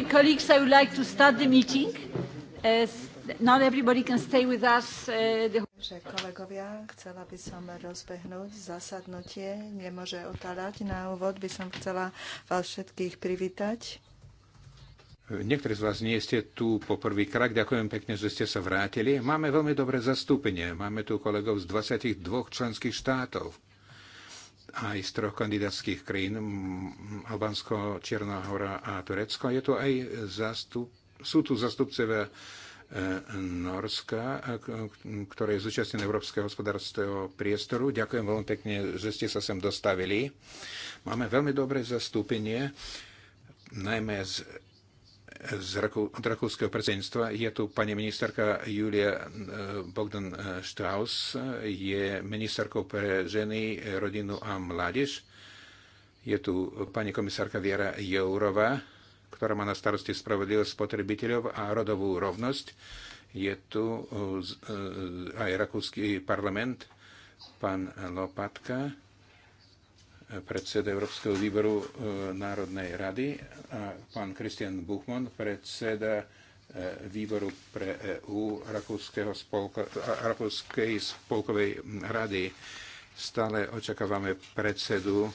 Dear colleagues, I would like to start the meeting. As not everybody can stay with us. Uh, the... kolegovia, chcela by som rozbehnúť zasadnutie, nemôže otáľať. Na úvod by som chcela vás všetkých privítať. Niektorí z vás nie ste tu po prvý krát. Ďakujem pekne, že ste sa vrátili. Máme veľmi dobré zastúpenie. Máme tu kolegov z 22 členských štátov aj z troch kandidátskych krajín, Albánsko, Čierna hora a Turecko. Je tu aj zastup, sú tu zastupcovia e, Norska, e, ktoré je zúčastnené Európskeho hospodárskeho priestoru. Ďakujem veľmi pekne, že ste sa sem dostavili. Máme veľmi dobré zastúpenie, najmä z z rakúskeho predsedníctva. Je tu pani ministerka Julia e, Bogdan Strauss, e, je ministerkou pre ženy, rodinu a mládež. Je tu pani komisárka Viera Jourova, ktorá má na starosti spravodlivosť spotrebiteľov a rodovú rovnosť. Je tu e, aj rakúsky parlament, pán Lopatka predseda Európskeho výboru e, Národnej rady a pán Kristian Buchmann, predseda e, výboru pre EU spolko, Rakúskej spolkovej rady. Stále očakávame predsedu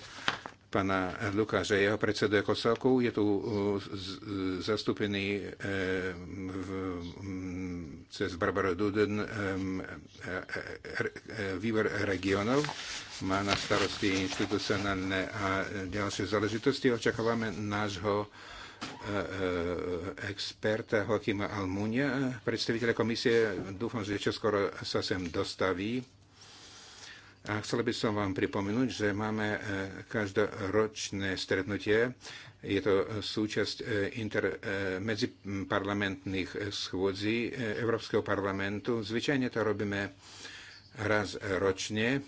pána Lukáša, jeho predsedu Kosoku. Je tu uh, zastúpený um, um, cez Barbara Duden um, e, e, e, výbor regionov. Má na starosti inštitucionálne a ďalšie záležitosti. Očakávame nášho experta Joachima Almunia, predstaviteľa komisie. Dúfam, že čoskoro sa sem dostaví a chcel by som vám pripomenúť, že máme e, každoročné stretnutie. Je to e, súčasť e, inter, medziparlamentných schôdzí Európskeho parlamentu. Zvyčajne to robíme raz ročne.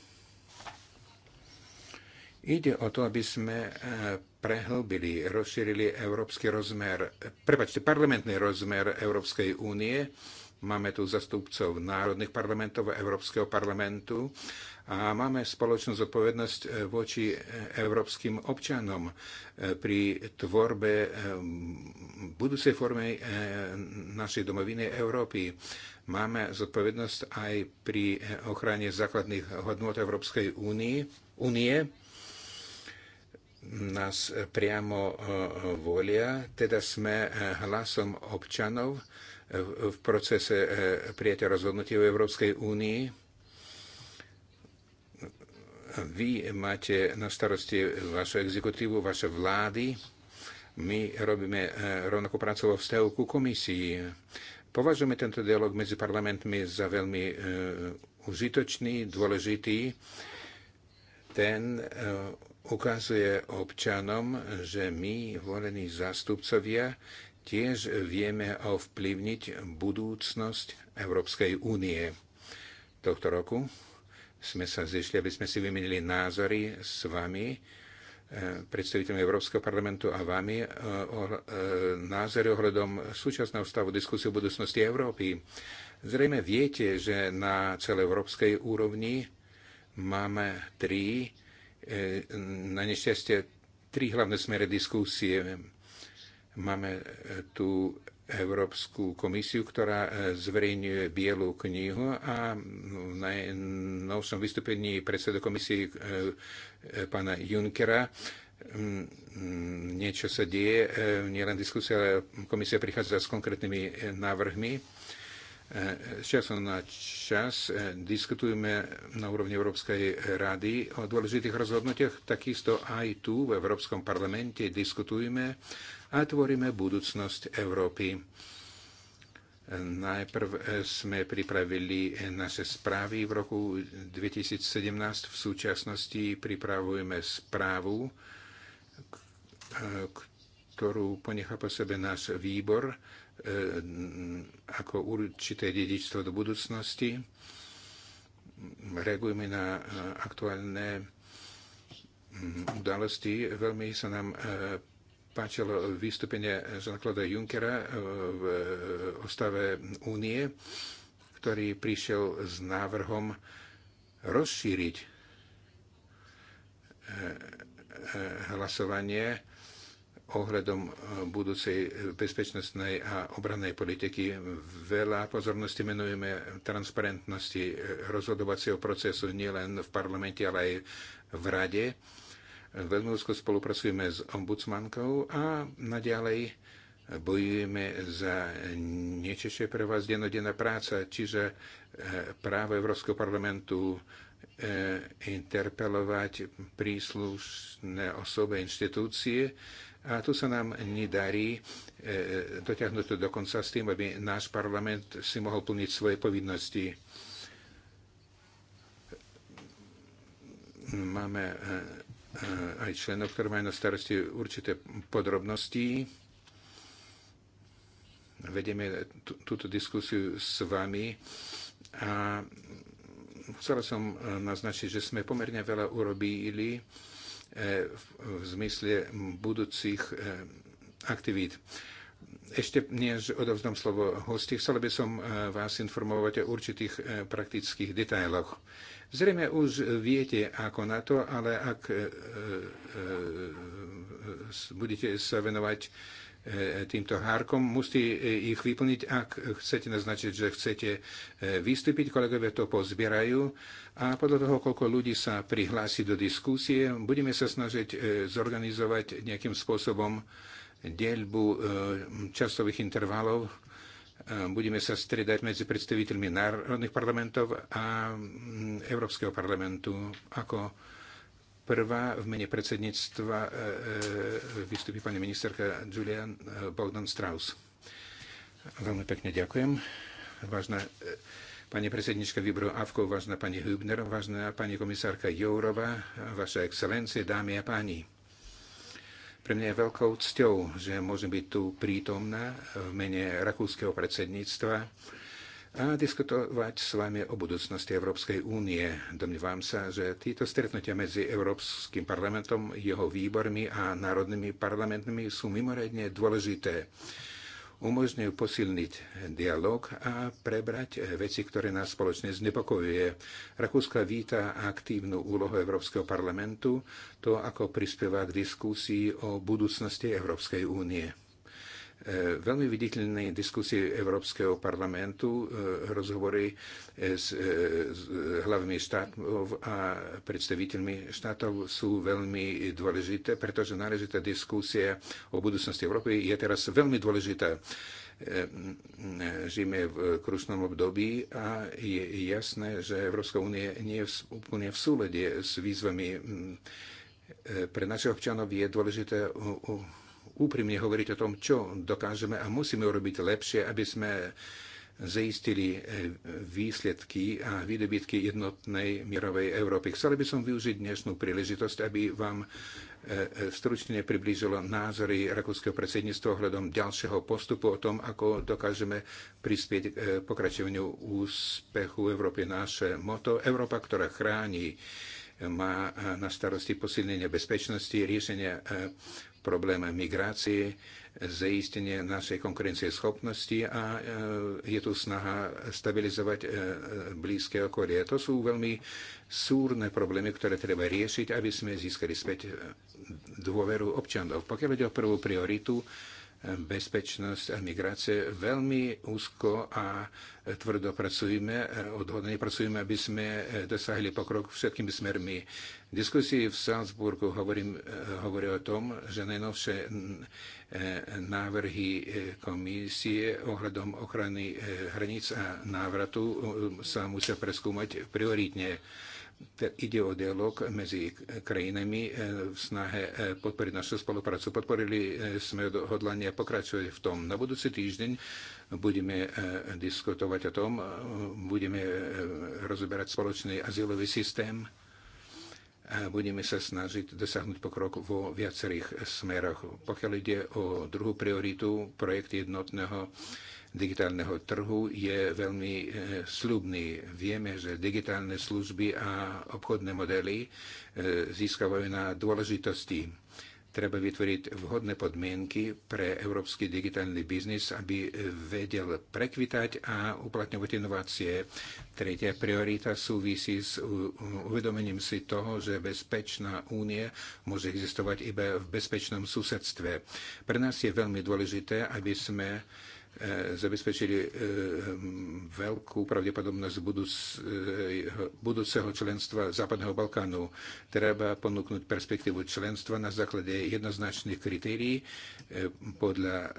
Ide o to, aby sme prehlbili, rozšírili európsky rozmer, prepačte, parlamentný rozmer Európskej únie. Máme tu zastupcov národných parlamentov a Európskeho parlamentu a máme spoločnú zodpovednosť e, voči e, európskym občanom e, pri tvorbe budúcej formy našej domoviny Európy. Máme zodpovednosť aj pri ochrane základných hodnot Európskej únie, únie nás priamo volia, teda sme hlasom občanov v procese prijatia rozhodnutí v Európskej únii vy máte na starosti vašu exekutívu, vaše vlády. My robíme eh, rovnakú prácu vo vzťahu ku komisii. Považujeme tento dialog medzi parlamentmi za veľmi eh, užitočný, dôležitý. Ten eh, ukazuje občanom, že my, volení zástupcovia, tiež vieme ovplyvniť budúcnosť Európskej únie tohto roku sme sa zišli, aby sme si vymenili názory s vami, e, predstaviteľmi Európskeho parlamentu a vami, e, o e, názory ohľadom súčasného stavu diskusie o budúcnosti Európy. Zrejme viete, že na európskej úrovni máme tri, na nešťastie tri hlavné smere diskusie. Máme tu Európsku komisiu, ktorá e, zverejňuje Bielú knihu a na najnovšom vystúpení predseda komisie e, e, pána Junkera niečo sa deje, nielen diskusia, ale komisia prichádza s konkrétnymi návrhmi. Z času na čas diskutujeme na úrovni Európskej rady o dôležitých rozhodnutiach, takisto aj tu v Európskom parlamente diskutujeme a tvoríme budúcnosť Európy. Najprv eh, sme pripravili eh, naše správy v roku 2017. V súčasnosti pripravujeme správu, eh, ktorú ponechá po sebe náš výbor ako určité dedičstvo do budúcnosti. Reagujeme na aktuálne mm, udalosti. Veľmi sa nám páčilo vystúpenie jean Junckera eh, v eh, ostave únie, ktorý prišiel s návrhom rozšíriť eh, hlasovanie ohľadom budúcej bezpečnostnej a obrannej politiky. Veľa pozornosti menujeme transparentnosti rozhodovacieho procesu nielen v parlamente, ale aj v rade Veľmi úzko spolupracujeme s ombudsmankou a naďalej bojujeme za niečo, čo je pre vás denodenná práca, čiže e, právo Európskeho parlamentu e, interpelovať príslušné osoby, inštitúcie. A tu sa nám nedarí e, dotiahnuť to dokonca s tým, aby náš parlament si mohol plniť svoje povinnosti. Máme Eh, aj členov, ktorí majú na starosti určité podrobnosti. Vedeme túto diskusiu s vami a chcela som eh, naznačiť, že sme pomerne veľa urobili eh, v zmysle budúcich aktivít. Ešte než odovzdám slovo hosti, chcel by som vás informovať o určitých praktických detailoch. Zrejme už viete, ako na to, ale ak e, e, e, budete sa venovať týmto hárkom. Musíte ich vyplniť, ak chcete naznačiť, že chcete vystúpiť. Kolegovia to pozbierajú a podľa toho, koľko ľudí sa prihlási do diskusie, budeme sa snažiť zorganizovať nejakým spôsobom deľbu časových intervalov Ehm, budeme sa striedať medzi predstaviteľmi národných parlamentov a mm, Európskeho parlamentu. Ako prvá v mene predsedníctva e, e, vystupí pani ministerka Julian e, Bogdan Strauss. Veľmi pekne ďakujem. Vážna pani predsednička výboru AVKO, vážna pani Hübner, vážna pani komisárka Jourova, vaša excelencie, dámy a páni. Pre mňa je veľkou cťou, že môžem byť tu prítomná v mene rakúskeho predsedníctva a diskutovať s vami o budúcnosti Európskej únie. Domnívam sa, že títo stretnutia medzi Európskym parlamentom, jeho výbormi a národnými parlamentmi sú mimoriadne dôležité umožňujú posilniť dialog a prebrať veci, ktoré nás spoločne znepokojuje. Rakúska víta aktívnu úlohu Európskeho parlamentu, to ako prispieva k diskusii o budúcnosti Európskej únie. E, veľmi viditeľné diskusie Európskeho parlamentu, e, rozhovory e, s, s hlavami štátov a predstaviteľmi štátov sú veľmi dôležité, pretože náležitá diskusia o budúcnosti Európy je teraz veľmi dôležitá žijeme v krušnom období a je jasné, že Európska únie nie je úplne v súlede s výzvami. Pre našich občanov je dôležité úprimne hovoriť o tom, čo dokážeme a musíme urobiť lepšie, aby sme zaistili eh, výsledky a výdobytky jednotnej mierovej Európy. Chcel by som využiť dnešnú príležitosť, aby vám eh, eh, stručne priblížilo názory rakúskeho predsedníctva ohľadom ďalšieho postupu o tom, ako dokážeme prispieť k pokračovaniu úspechu Európy. Naše moto Európa, ktorá chráni má na starosti posilnenie bezpečnosti, riešenie problém migrácie, zaistenie našej konkurencie schopnosti a e, je tu snaha stabilizovať e, blízke okolie. To sú veľmi súrne problémy, ktoré treba riešiť, aby sme získali späť e, dôveru občanov. Pokiaľ ide o prvú prioritu, bezpečnosť a migrácie veľmi úzko a tvrdo pracujeme, odhodne pracujeme, aby sme dosahli pokrok všetkými smermi. diskusii v Salzburgu hovorím, hovorím o tom, že najnovšie eh, návrhy eh, komisie ohľadom ochrany eh, hraníc a návratu sa musia preskúmať prioritne Ide o dialog medzi krajinami e, v snahe e, podporiť našu spoluprácu. Podporili e, sme hodlanie pokračovať v tom. Na budúci týždeň budeme diskutovať o tom, budeme rozoberať spoločný azylový systém a budeme sa snažiť dosiahnuť pokrok vo viacerých smeroch. Pokiaľ ide o druhú prioritu, projekt jednotného digitálneho trhu je veľmi e, slubný. Vieme, že digitálne služby a obchodné modely e, získavajú na dôležitosti. Treba vytvoriť vhodné podmienky pre európsky digitálny biznis, aby vedel prekvitať a uplatňovať inovácie. Tretia priorita súvisí s uvedomením si toho, že bezpečná únie môže existovať iba v bezpečnom susedstve. Pre nás je veľmi dôležité, aby sme E, zabezpečili e, veľkú pravdepodobnosť e, budúceho členstva Západného Balkánu. Treba ponúknuť perspektívu členstva na základe jednoznačných kritérií podľa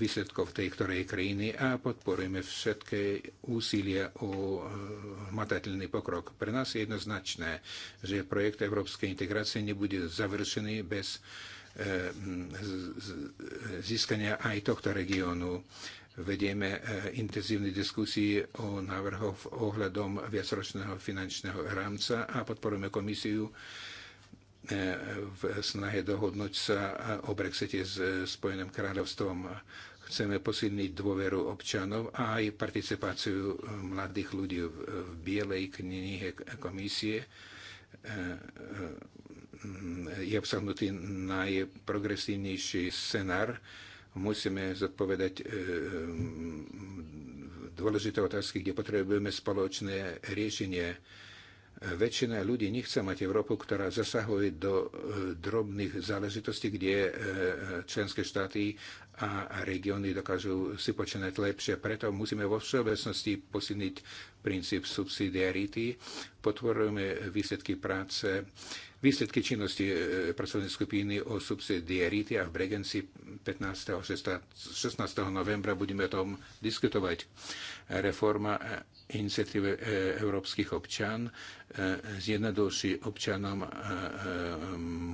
výsledkov tej ktorej krajiny a podporujeme všetky úsilia o hmatateľný pokrok. Pre nás je jednoznačné, že projekt európskej integrácie nebude završený bez získania aj tohto regiónu. Vedieme e, intenzívne diskusie o návrhoch ohľadom viacročného finančného rámca a podporujeme komisiu e, v snahe dohodnúť sa o Brexite s Spojeným kráľovstvom. Chceme posilniť dôveru občanov a aj participáciu mladých ľudí v Bielej knihe komisie e, je obsahnutý najprogresívnejší scenár. Musíme zodpovedať e, e, dôležité otázky, kde potrebujeme spoločné riešenie. Väčšina ľudí nechce mať Európu, ktorá zasahuje do e, drobných záležitostí, kde členské štáty a regióny dokážu si počínať lepšie. Preto musíme vo všeobecnosti posilniť princíp subsidiarity. Potvorujeme výsledky práce Výsledky činnosti e, e, pracovnej skupiny o subsidiarite a v Bregenci 15. a 16. novembra budeme o tom diskutovať. Reforma e, iniciatíve e, európskych občan e, zjednoduší občanom e,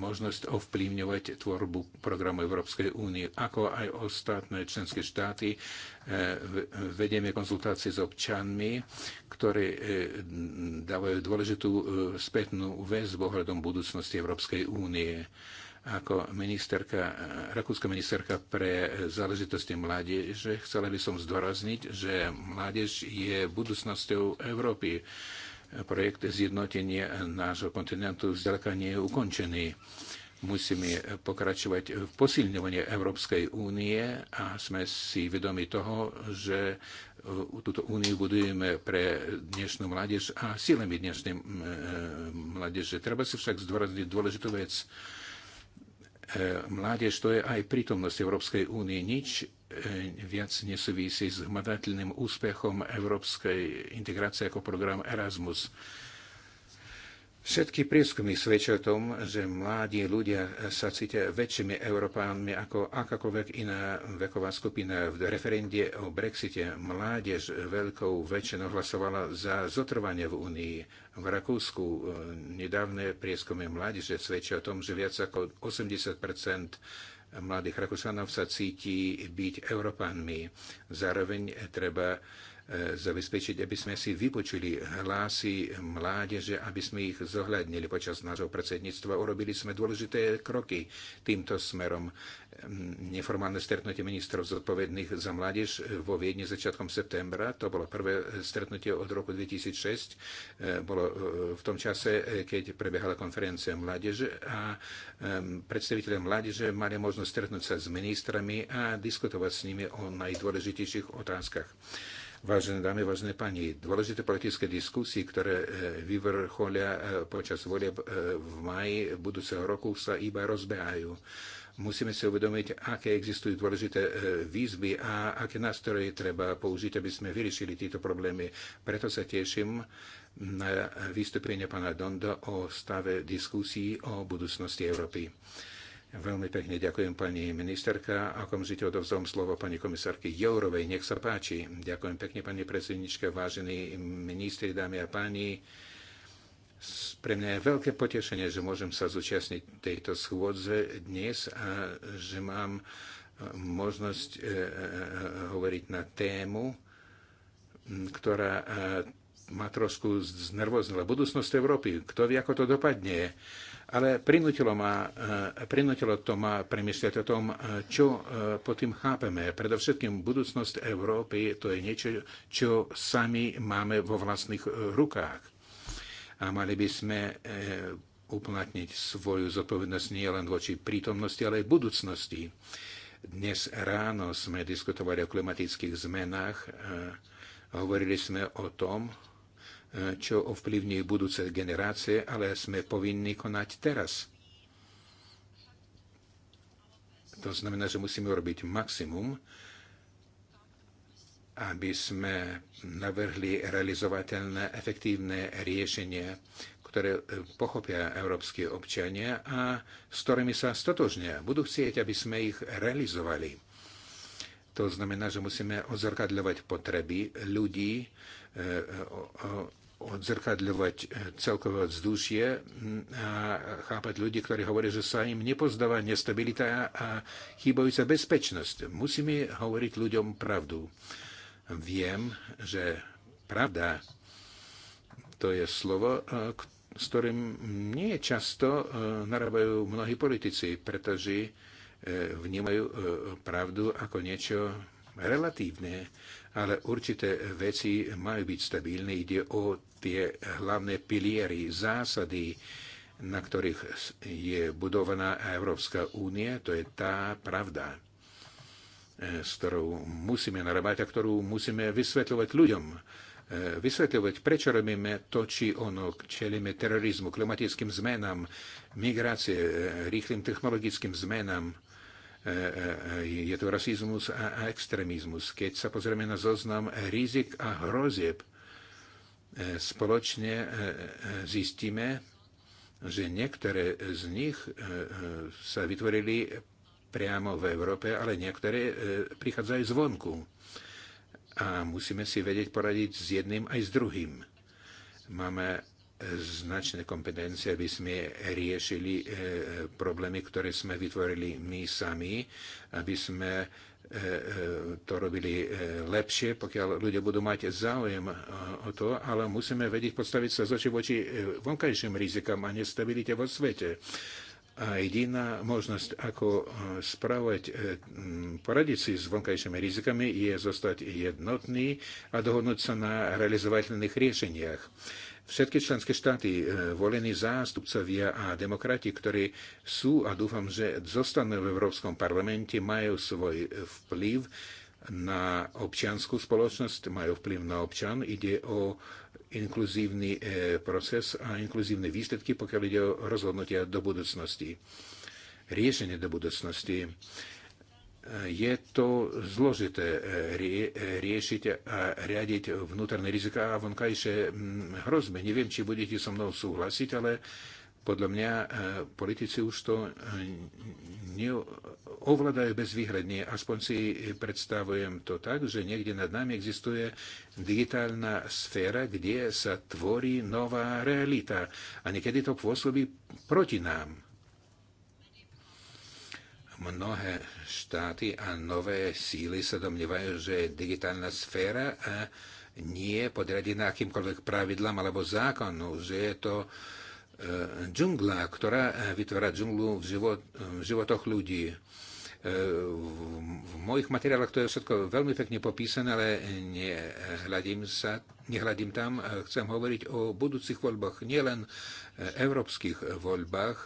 možnosť ovplyvňovať tvorbu programu Európskej únie. Ako aj ostatné členské štáty vedieme konzultácie s občanmi, ktorí dávajú dôležitú spätnú väzbu ohľadom budúcnosti Európskej únie. Ako ministerka, rakúska ministerka pre záležitosti mládeže chcela by som zdôrazniť, že mládež je budúcnosťou Európy. Projekt zjednotenie nášho kontinentu zďaleka nie je ukončený musíme pokračovať v posilňovaní Európskej únie a sme si vedomi toho, že túto úniu budujeme pre dnešnú mládež a silami dnešnej eh, mládeže. Treba si však zdôrazniť dôležitú vec. E, mládež to je aj prítomnosť Európskej únie. Nič e, viac nesúvisí s hmatateľným úspechom európskej integrácie ako program Erasmus. Všetky prieskumy svedčia o tom, že mladí ľudia sa cítia väčšími Európánmi ako akákoľvek iná veková skupina. V referende o Brexite mládež veľkou väčšinou hlasovala za zotrvanie v Únii. V Rakúsku e, nedávne prieskumy mládeže svedčia o tom, že viac ako 80 mladých Rakúšanov sa cíti byť Európánmi. Zároveň treba E, zabezpečiť, aby sme si vypočuli hlasy mládeže, aby sme ich zohľadnili počas nášho predsedníctva. Urobili sme dôležité kroky týmto smerom. Mm, neformálne stretnutie ministrov zodpovedných za mládež vo Viedne začiatkom septembra, to bolo prvé stretnutie od roku 2006, e, bolo e, v tom čase, keď prebiehala konferencia mládeže a predstaviteľe mládeže mali možnosť stretnúť sa s ministrami a diskutovať s nimi o najdôležitejších otázkach. Vážené dámy, vážené pani, dôležité politické diskusie, ktoré e, vyvrcholia e, počas volieb e, v maji budúceho roku, sa iba rozbehajú. Musíme si uvedomiť, aké existujú dôležité výzvy a aké nástroje treba použiť, aby sme vyriešili tieto problémy. Preto sa teším na vystúpenie pána Donda o stave diskusí o budúcnosti Európy. Veľmi pekne ďakujem pani ministerka a okamžite odovzdom slovo pani komisárky Jourovej. Nech sa páči. Ďakujem pekne pani predsednička, vážení ministri, dámy a páni. Pre mňa je veľké potešenie, že môžem sa zúčastniť tejto schôdze dnes a že mám e, možnosť e, e, hovoriť na tému, ktorá ma trošku znervoznila. Budúcnosť Európy. Kto vie, ako to dopadne? ale prinútilo, ma, e, prinútilo to ma premyslieť o tom, e, čo e, po tým chápeme. Predovšetkým budúcnosť Európy to je niečo, čo sami máme vo vlastných rukách. A mali by sme uplatniť svoju zodpovednosť nie len voči prítomnosti, ale aj budúcnosti. Dnes ráno sme diskutovali o klimatických zmenách, hovorili sme o tom, čo ovplyvní budúce generácie, ale sme povinní konať teraz. To znamená, že musíme robiť maximum, aby sme navrhli realizovateľné, efektívne riešenie, ktoré pochopia európske občania a s ktorými sa stotožnia. Budú chcieť, aby sme ich realizovali. To znamená, že musíme odzrkadľovať potreby ľudí, e, odzrkadľovať eh, celkové vzdušie hm, a chápať ľudí, ktorí hovoria, že sa im nepozdáva nestabilita a chýbajúca bezpečnosť. Musíme hovoriť ľuďom pravdu. Viem, že pravda to je slovo, eh, s ktorým nie často eh, narábajú mnohí politici, pretože vnímajú pravdu ako niečo relatívne ale určité veci majú byť stabilné. Ide o tie hlavné piliery, zásady, na ktorých je budovaná Európska únia. To je tá pravda, e, s ktorou musíme narábať a ktorú musíme vysvetľovať ľuďom. E, vysvetľovať, prečo robíme to či ono, čelíme terorizmu, klimatickým zmenám, migrácie, rýchlým technologickým zmenám je to rasizmus a extrémizmus. Keď sa pozrieme na zoznam rizik a hrozieb, e, spoločne e, e, zistíme, že niektoré z nich sa vytvorili priamo v Európe, ale niektoré prichádzajú zvonku. A musíme si vedieť poradiť s jedným aj s druhým. Máme značné kompetencie, aby sme riešili e, problémy, ktoré sme vytvorili my sami, aby sme e, e, to robili lepšie, pokiaľ ľudia budú mať záujem o to, ale musíme vedieť postaviť sa z oči voči vonkajším rizikám a nestabilite vo svete. A jediná možnosť, ako spravovať, poradiť si s vonkajšími rizikami, je zostať jednotný a dohodnúť sa na realizovateľných riešeniach Všetky členské štáty, e, volení zástupcovia a demokrati, ktorí sú a dúfam, že zostanú v Európskom parlamente, majú svoj vplyv na občianskú spoločnosť, majú vplyv na občan. Ide o inkluzívny e, proces a inkluzívne výsledky, pokiaľ ide o rozhodnutia do budúcnosti. Riešenie do budúcnosti je to zložité eh, eh, riešiť a riadiť vnútorné rizika a vonkajšie mm, hrozby. Neviem, či budete so mnou súhlasiť, ale podľa mňa eh, politici už to ovládajú bezvýhradne. Aspoň si predstavujem to tak, že niekde nad nami existuje digitálna sféra, kde sa tvorí nová realita. A niekedy to pôsobí proti nám. Mnohé štáty a nové síly sa domnievajú, že digitálna sféra nie je podriadená akýmkoľvek pravidlám alebo zákonu, že je to e, džungla, ktorá e, vytvára džunglu v, život, v životoch ľudí. E, v mojich materiáloch to je všetko veľmi pekne popísané, ale nehľadím, sa, nehľadím tam. E, chcem hovoriť o budúcich voľbách, nielen e, európskych voľbách,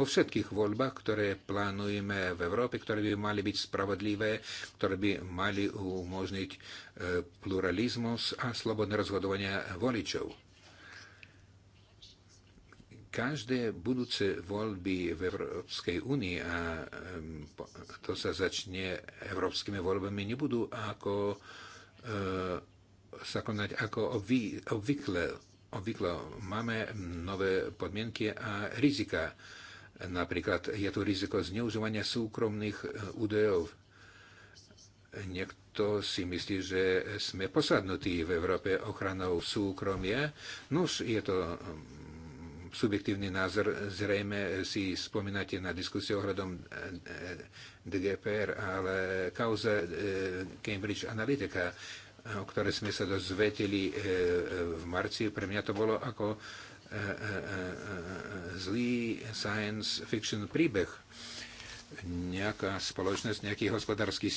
o všetkých voľbách, ktoré plánujeme v Európe, ktoré by mali byť spravodlivé, ktoré by mali umožniť pluralizmus a slobodné rozhodovania voličov každé budúce voľby v Európskej únii, a to sa začne európskymi voľbami, nebudú ako e, sa konať ako obvy, obvykle. obvykle. Máme nové podmienky a rizika. Napríklad je tu riziko zneužívania súkromných e, údajov. Niekto si myslí, že sme posadnutí v Európe ochranou súkromia. už je to subjektívny názor. Zrejme si spomínate na diskusiu ohľadom eh, DGPR, ale kauza eh, Cambridge Analytica, o ktorej sme sa dozvetili eh, v marci, pre mňa to bolo ako zlý science fiction príbeh nejaká spoločnosť, nejaký hospodársky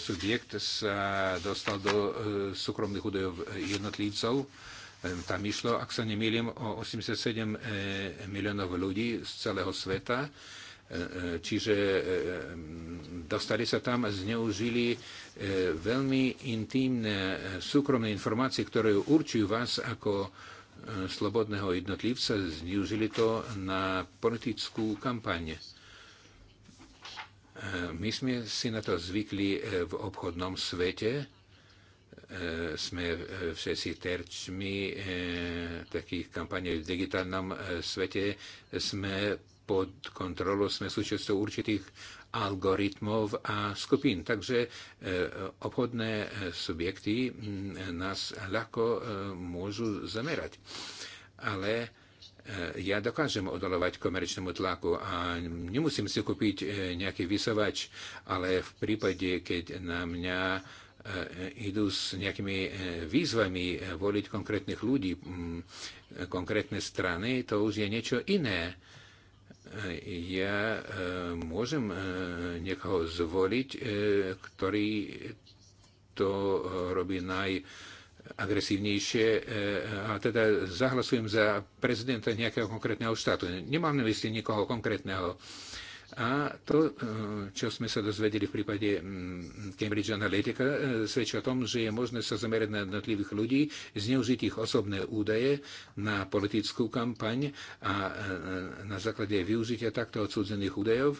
subjekt sa dostal do súkromných údajov jednotlivcov Ehm, tam išlo, ak sa nemýlim, o 87 e, miliónov ľudí z celého sveta. E, e, čiže ehm, dostali sa tam a zneužili veľmi intimné súkromné informácie, ktoré určujú vás ako slobodného jednotlivca, zneužili to na politickú kampaň. My sme si na to zvykli v obchodnom svete, e, sme e, všetci terčmi e, takých kampaní v digitálnom e, svete. Sme pod kontrolou, sme súčasťou určitých algoritmov a skupín. Takže e, obchodné e, subjekty e, nás ľahko e, môžu zamerať. Ale e, ja dokážem odolovať komerčnému tlaku a nemusím si kúpiť e, nejaký vysovač, ale v prípade, keď na mňa e, E, idú s nejakými e, výzvami e, voliť konkrétnych ľudí, konkrétne strany, to už je niečo iné. Ja môžem niekoho zvoliť, ktorý to robí naj agresívnejšie a teda zahlasujem za prezidenta nejakého konkrétneho štátu. Nemám na mysli nikoho konkrétneho a to, eh, čo sme sa dozvedeli v prípade mm, Cambridge Analytica, eh, svedčí o tom, že je možné sa zamerať na jednotlivých ľudí, zneužiť ich osobné údaje na politickú kampaň a eh, na základe využitia takto odsudzených údajov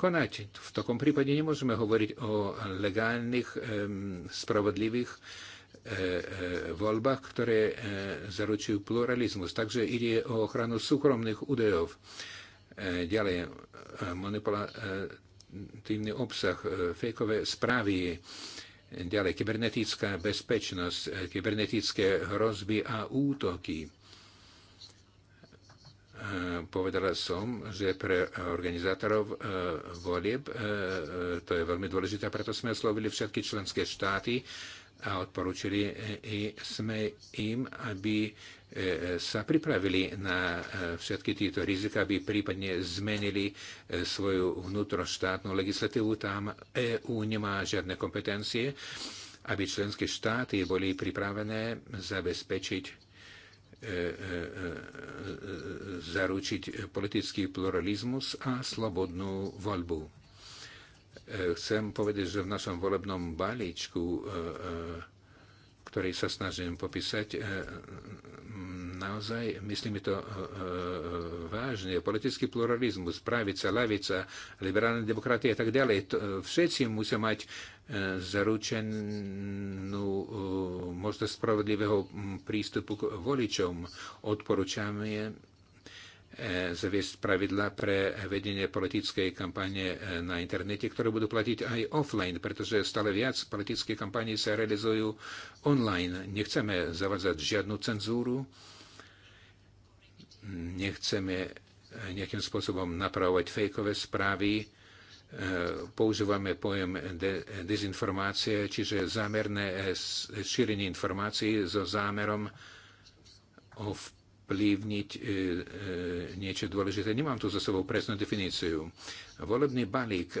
konať. V takom prípade nemôžeme hovoriť o legálnych, spravodlivých voľbách, ktoré zaručujú pluralizmus. Takže ide o ochranu súkromných údajov. E, ďalej, e, manipulatívny obsah, e, fejkové správy, ďalej kybernetická bezpečnosť, kybernetické hrozby a útoky. Povedala som, že pre organizátorov volieb to je veľmi dôležité, preto sme oslovili všetky členské štáty a odporúčili i sme im, aby E, e, sa pripravili na e, všetky tieto rizika, aby prípadne zmenili svoju vnútroštátnu legislatívu. Tam EÚ nemá žiadne kompetencie, aby členské štáty boli pripravené zabezpečiť zaručiť politický pluralizmus a slobodnú voľbu. Chcem povedať, že v našom volebnom balíčku ktorý sa snažím popísať, e, naozaj myslíme to e, e, vážne. Politický pluralizmus, pravica, lavica, liberálna demokratia a tak ďalej. Všetci musia mať zaručenú možnosť spravodlivého prístupu k voličom. Odporúčame zaviesť pravidla pre vedenie politickej kampane na internete, ktoré budú platiť aj offline, pretože stále viac politické kampanie sa realizujú online. Nechceme zavádzať žiadnu cenzúru, nechceme nejakým spôsobom napravovať fejkové správy, e, používame pojem dezinformácie, čiže zámerné e, šírenie informácií so zámerom o ovplyvniť e, e, niečo dôležité. Nemám tu za sebou presnú definíciu. Volebný balík e,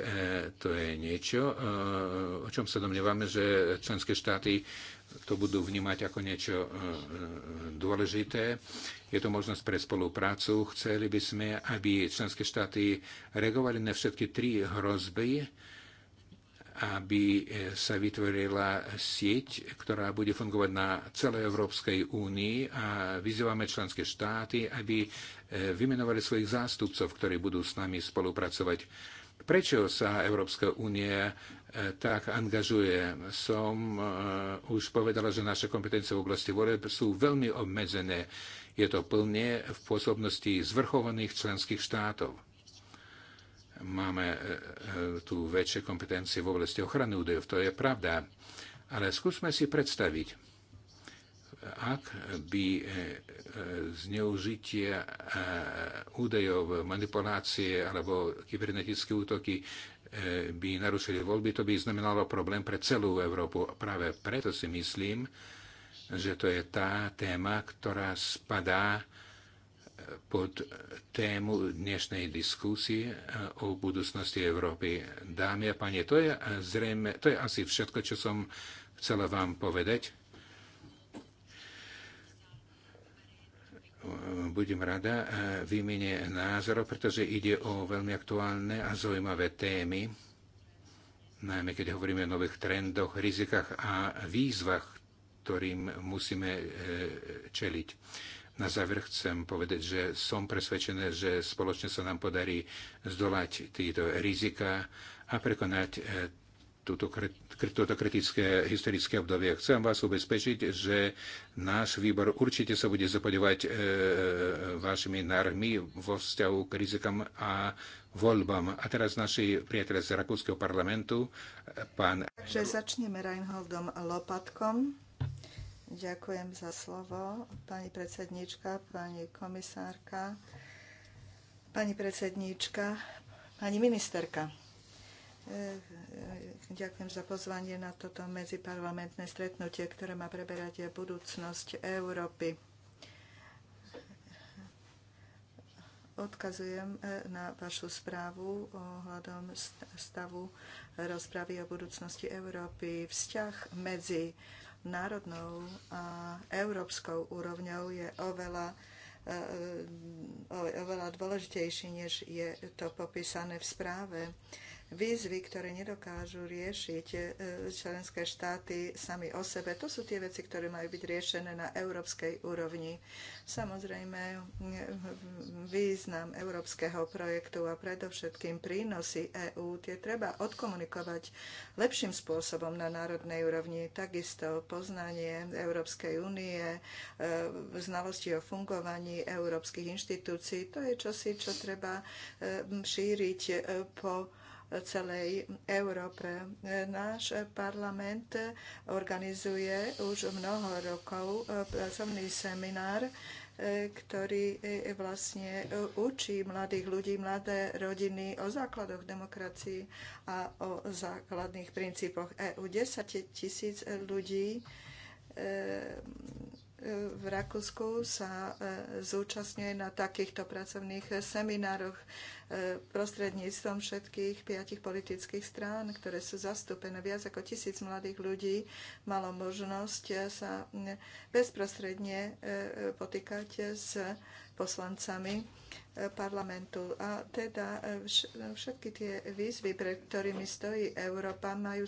to je niečo, o čom sa domnievame, že členské štáty to budú vnímať ako niečo dôležité. Je to možnosť pre spoluprácu. Chceli by sme, aby členské štáty reagovali na všetky tri hrozby, aby e, sa vytvorila sieť, ktorá bude fungovať na celej Európskej únii a vyzývame členské štáty, aby e, vymenovali svojich zástupcov, ktorí budú s nami spolupracovať. Prečo sa Európska únia e, tak angažuje? Som už povedala, že naše kompetencie v oblasti voľb sú veľmi obmedzené. Je to plne v pôsobnosti zvrchovaných členských štátov. Máme e, e, tu väčšie kompetencie v oblasti ochrany údajov, to je pravda. Ale skúsme si predstaviť, ak by e, zneužitie údajov, manipulácie alebo kybernetické útoky by narušili voľby, to by znamenalo problém pre celú Európu. Práve preto si myslím, že to je tá téma, ktorá spadá pod tému dnešnej diskusie e, o budúcnosti Európy. Dámy a páni, to je zrejme, to je asi všetko, čo som chcela vám povedať. Budem rada e, výmene názorov, pretože ide o veľmi aktuálne a zaujímavé témy, najmä keď hovoríme o nových trendoch, rizikách a výzvach, ktorým musíme e, čeliť na záver chcem povedať, že som presvedčený, že spoločne sa nám podarí zdolať tieto rizika a prekonať e, túto, toto kritické historické obdobie. Chcem vás ubezpečiť, že náš výbor určite sa bude zapodívať e, e vašimi nármi vo vzťahu k rizikám a voľbám. A teraz naši priatelia z Rakúskeho parlamentu, e, pán... Takže začneme Reinholdom Lopatkom. Ďakujem za slovo, pani predsednička, pani komisárka, pani predsednička, pani ministerka. E, ďakujem za pozvanie na toto medziparlamentné stretnutie, ktoré má preberať budúcnosť Európy. Odkazujem e, na vašu správu ohľadom stavu rozpravy o budúcnosti Európy. Vzťah medzi národnou a európskou úrovňou je oveľa e, e, oveľa dôležitejší, než je to popísané v správe výzvy, ktoré nedokážu riešiť e, členské štáty sami o sebe. To sú tie veci, ktoré majú byť riešené na európskej úrovni. Samozrejme, e, význam európskeho projektu a predovšetkým prínosy EÚ, tie treba odkomunikovať lepším spôsobom na národnej úrovni. Takisto poznanie Európskej únie, e, znalosti o fungovaní európskych inštitúcií, to je čosi, čo treba šíriť po celej Európe. Náš parlament organizuje už mnoho rokov pracovný seminár, ktorý vlastne učí mladých ľudí, mladé rodiny o základoch demokracii a o základných princípoch EU. 10 tisíc ľudí v Rakúsku sa e, zúčastňuje na takýchto pracovných seminároch e, prostredníctvom všetkých piatich politických strán, ktoré sú zastúpené. Viac ako tisíc mladých ľudí malo možnosť sa bezprostredne e, potýkať s poslancami e, parlamentu. A teda e, e, všetky tie výzvy, pre ktorými stojí Európa, majú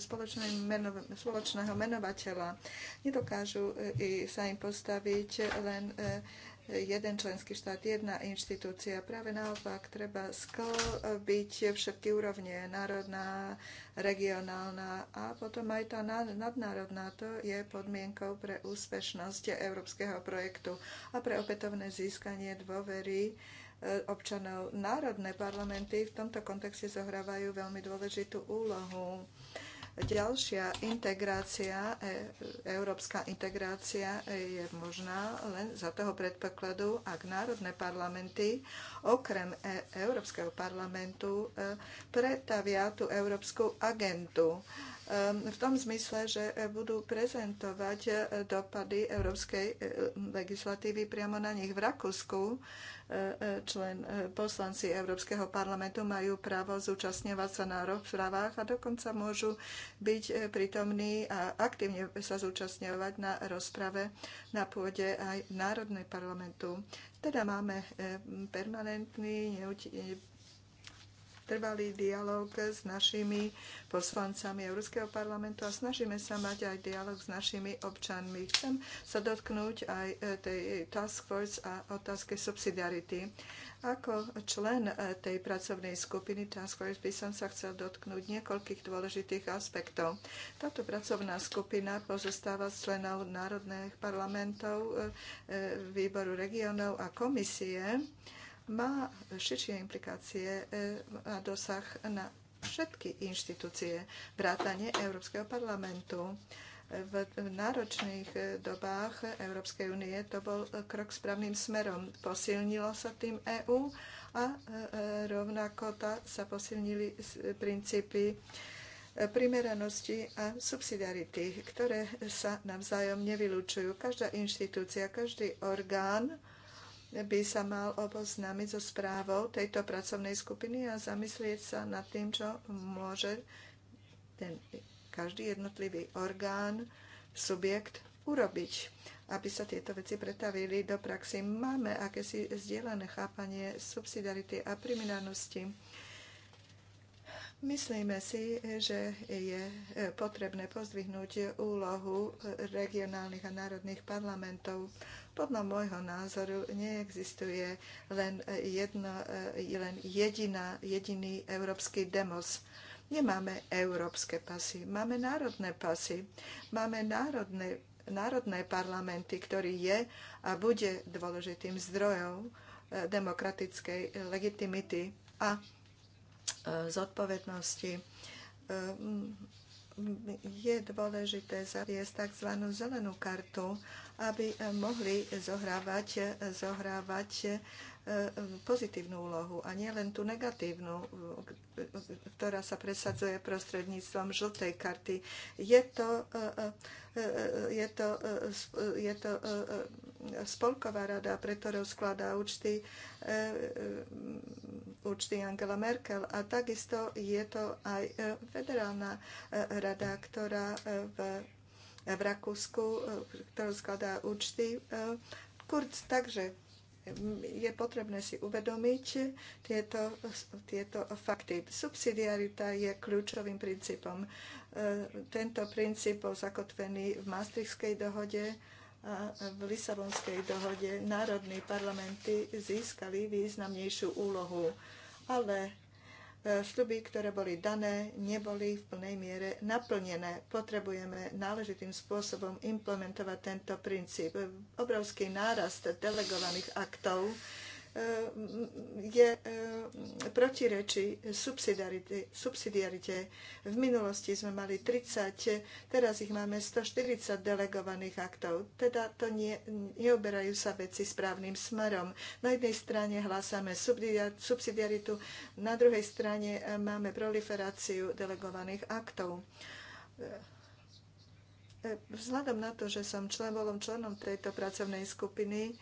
meno, spoločného menovateľa. Nedokážu sa im postaviť len jeden členský štát, jedna inštitúcia. Práve naopak, treba sklbiť všetky úrovne, národná, regionálna a potom aj tá nadnárodná. To je podmienkou pre úspešnosť európskeho projektu a pre opätovné získanie dôvery e, občanov. Národné parlamenty v tomto kontexte zohrávajú veľmi dôležitú úlohu. Ďalšia integrácia, e, európska integrácia e, je možná len za toho predpokladu, ak národné parlamenty okrem e, Európskeho parlamentu pretavia tú európsku agentu v tom zmysle, že budú prezentovať dopady európskej legislatívy priamo na nich. V Rakúsku člen e, poslanci Európskeho parlamentu majú právo zúčastňovať sa na rozprávach a dokonca môžu byť e, prítomní a aktívne sa zúčastňovať na rozprave na pôde aj Národnej parlamentu. Teda máme e, permanentný, trvalý dialog s našimi poslancami Európskeho parlamentu a snažíme sa mať aj dialog s našimi občanmi. Chcem sa dotknúť aj e, tej task force a otázky subsidiarity. Ako člen e, tej pracovnej skupiny Task Force by som sa chcel dotknúť niekoľkých dôležitých aspektov. Táto pracovná skupina pozostáva z členov národných parlamentov, e, výboru regionov a komisie má širšie implikácie e, a dosah na všetky inštitúcie, vrátanie Európskeho parlamentu. V náročných e, dobách Európskej únie to bol krok správnym smerom. Posilnilo sa tým EÚ a e, rovnako sa posilnili princípy primeranosti a subsidiarity, ktoré sa navzájom nevylučujú. Každá inštitúcia, každý orgán by sa mal oboznámiť so správou tejto pracovnej skupiny a zamyslieť sa nad tým, čo môže ten každý jednotlivý orgán, subjekt urobiť, aby sa tieto veci pretavili do praxi. Máme akési zdieľané chápanie subsidiarity a primeranosti. Myslíme si, že je e, potrebné pozdvihnúť úlohu regionálnych a národných parlamentov. Podľa môjho názoru neexistuje len, jedno, e, len jediná, jediný európsky demos. Nemáme európske pasy, máme národné pasy, máme národné, národné parlamenty, ktorý je a bude dôležitým zdrojom e, demokratickej legitimity a zodpovednosti ehm, je dôležité zaviesť tzv. zelenú kartu, aby mohli zohrávať, zohrávať e, pozitívnu úlohu a nielen tú negatívnu, ktorá sa presadzuje prostredníctvom žltej karty. Je to, e, e, je to, je to spolková rada, pre ktorou skladá účty, e, e, účty Angela Merkel. A takisto je to aj e, federálna rada, ktorá v, v Rakúsku, ktorú skladá účty Kurz. Takže je potrebné si uvedomiť tieto, tieto fakty. Subsidiarita je kľúčovým princípom. Tento princíp bol zakotvený v Maastrichtskej dohode a v Lisabonskej dohode národní parlamenty získali významnejšiu úlohu, ale e, sluby, ktoré boli dané, neboli v plnej miere naplnené. Potrebujeme náležitým spôsobom implementovať tento princíp. Obrovský nárast delegovaných aktov Eh, je eh, protireči subsidiarite, subsidiarite. V minulosti sme mali 30, teraz ich máme 140 delegovaných aktov. Teda to nie, neoberajú sa veci správnym smerom. Na jednej strane hlásame subsidiaritu, na druhej strane eh, máme proliferáciu delegovaných aktov. Vzhľadom na to, že som bolom členom tejto pracovnej skupiny,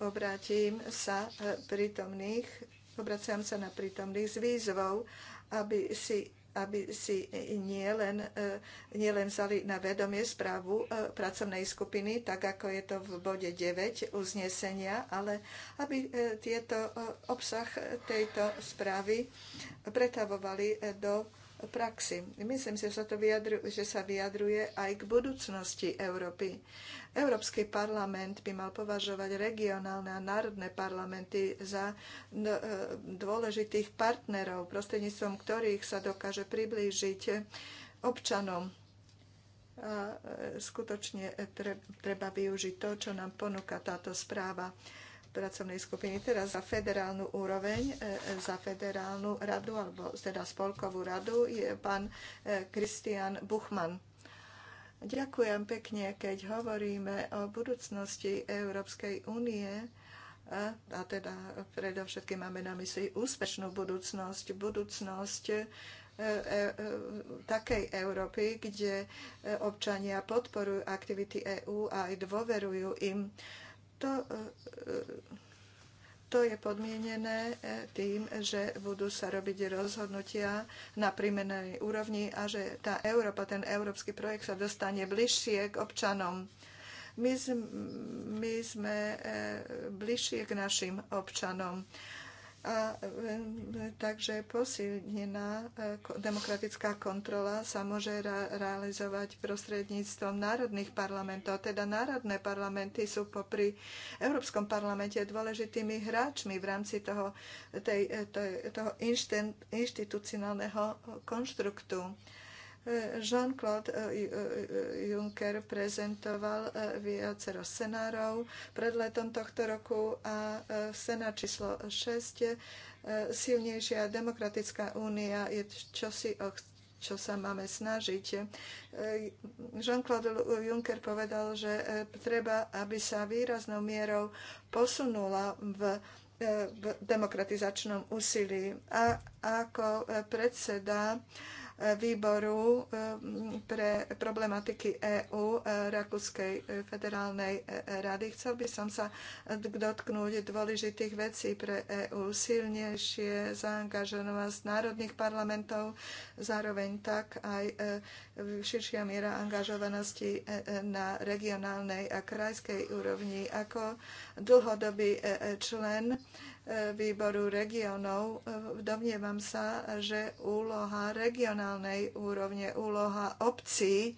obrátim sa e, prítomných, obraciam sa na prítomných s výzvou, aby si aby si nielen e, vzali na vedomie správu e, pracovnej skupiny, tak ako je to v bode 9 uznesenia, ale aby tieto obsah tejto správy pretavovali do praxi. Myslím si, že sa, to vyjadru, že sa vyjadruje aj k budúcnosti Európy. Európsky parlament by mal považovať regionálne a národné parlamenty za no, e, dôležitých partnerov, prostredníctvom ktorých sa dokáže priblížiť občanom. A e, skutočne e, treba využiť to, čo nám ponúka táto správa pracovnej skupiny, teraz za federálnu úroveň, e, e, za federálnu radu, alebo teda spolkovú radu, je pán Kristian e, Buchmann. Ďakujem pekne, keď hovoríme o budúcnosti Európskej únie, a teda predovšetkým máme na mysli úspešnú budúcnosť, budúcnosť takej Európy, kde občania podporujú aktivity EÚ a aj dôverujú im. To, e, e, to je podmienené e, tým, že budú sa robiť rozhodnutia na primeranej úrovni a že tá Európa, ten európsky projekt sa dostane bližšie k občanom. My, my sme bližšie k našim občanom a e, takže posilnená e, demokratická kontrola sa môže realizovať prostredníctvom národných parlamentov. Teda národné parlamenty sú popri Európskom parlamente dôležitými hráčmi v rámci toho, tej, e, tej, toho inštitucionálneho konštruktu. Jean-Claude eh, eh, eh, Juncker prezentoval viacero scenárov pred letom tohto roku a scenár číslo 6 silnejšia demokratická únia je čosi, o čo sa máme snažiť. Jean-Claude Juncker povedal, že treba, aby sa výraznou mierou posunula v v demokratizačnom úsilí. A ako predseda výboru ehm, pre problematiky EÚ e, Rakúskej e, federálnej e, rady. Chcel by som sa dotknúť dôležitých vecí pre EÚ. Silnejšie zaangažovanosť národných parlamentov, zároveň tak aj širšia miera angažovanosti na regionálnej a krajskej úrovni. Ako dlhodobý člen výboru regionov. Domnievam sa, že úloha regionálnej úrovne, úloha obcí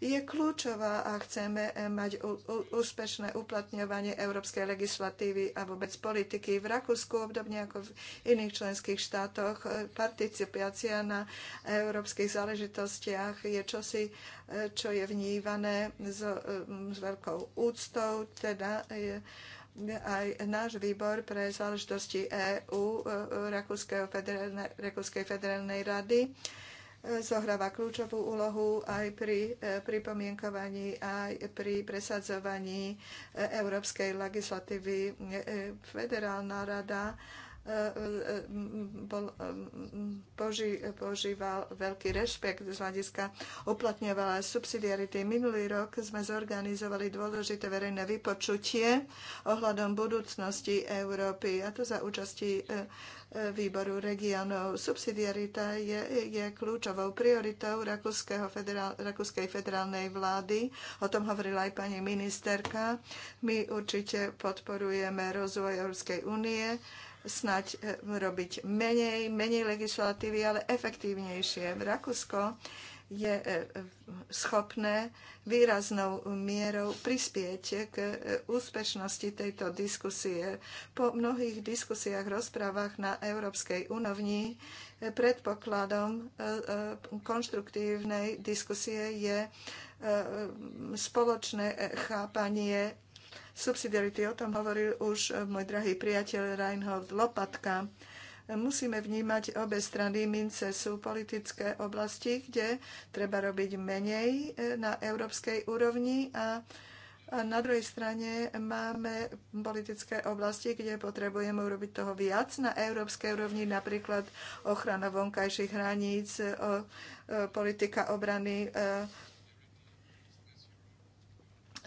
je kľúčová a chceme mať úspešné uplatňovanie európskej legislatívy a vôbec politiky. V Rakúsku, obdobne ako v iných členských štátoch, participácia na európskych záležitostiach je čosi, čo je vnívané s, um, s veľkou úctou, teda je, aj náš výbor pre záležitosti EÚ e, Rakúskej federálnej rady e, zohráva kľúčovú úlohu aj pri e, pripomienkovaní, aj pri presadzovaní európskej legislatívy. Federálna rada bol, poži, požíval veľký rešpekt z hľadiska uplatňovala subsidiarity. Minulý rok sme zorganizovali dôležité verejné vypočutie ohľadom budúcnosti Európy, a to za účasti e, e, výboru regionov. Subsidiarita je, je kľúčovou prioritou federál, Rakúskej federálnej vlády. O tom hovorila aj pani ministerka. My určite podporujeme rozvoj Európskej únie snať e, robiť menej, menej legislatívy, ale efektívnejšie. V Rakúsko je e, schopné výraznou mierou prispieť k e, úspešnosti tejto diskusie. Po mnohých diskusiách, rozprávach na európskej úrovni predpokladom konštruktívnej diskusie je spoločné chápanie subsidiarity. O tom hovoril už môj drahý priateľ Reinhold Lopatka. Musíme vnímať obe strany mince. Sú politické oblasti, kde treba robiť menej e, na európskej úrovni a a na druhej strane máme politické oblasti, kde potrebujeme urobiť toho viac na európskej úrovni, napríklad ochrana vonkajších hraníc, e, e, politika obrany,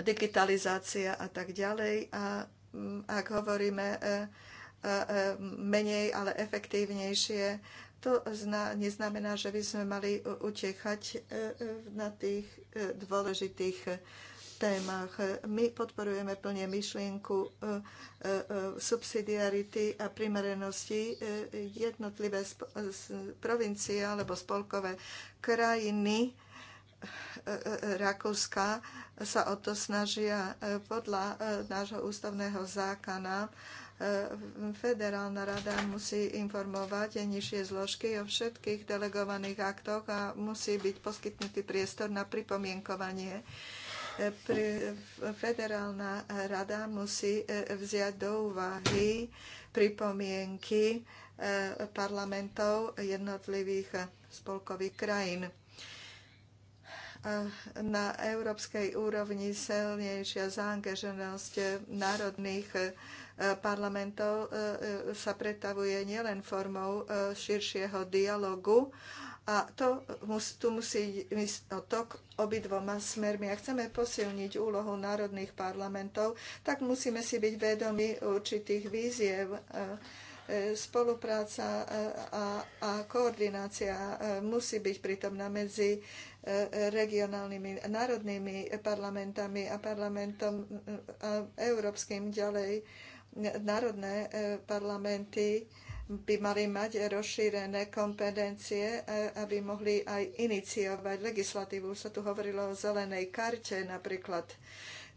digitalizácia a tak ďalej. A mm, ak hovoríme e, e, e, menej, ale efektívnejšie, to neznamená, že by sme mali utechať na tých dôležitých témach. My podporujeme plne myšlienku subsidiarity a primerenosti. Jednotlivé provincie alebo spolkové krajiny Rakúska sa o to snažia e, podľa e, nášho ústavného zákona. E, federálna rada musí informovať nižšie zložky o všetkých delegovaných aktoch a musí byť poskytnutý priestor na pripomienkovanie federálna rada musí vziať do úvahy pripomienky parlamentov jednotlivých spolkových krajín na európskej úrovni silnejšia zaangaženosť národných e, parlamentov e, e, sa pretavuje nielen formou širšieho dialogu, a to, tu musí ísť o tok obidvoma smermi. Ak chceme posilniť úlohu národných parlamentov, tak musíme si byť vedomi určitých víziev spolupráca a, a koordinácia musí byť pritomná medzi regionálnymi, národnými parlamentami a parlamentom a európskym ďalej. Národné e, parlamenty by mali mať rozšírené kompetencie, e, aby mohli aj iniciovať legislatívu. Sa tu hovorilo o zelenej karte napríklad.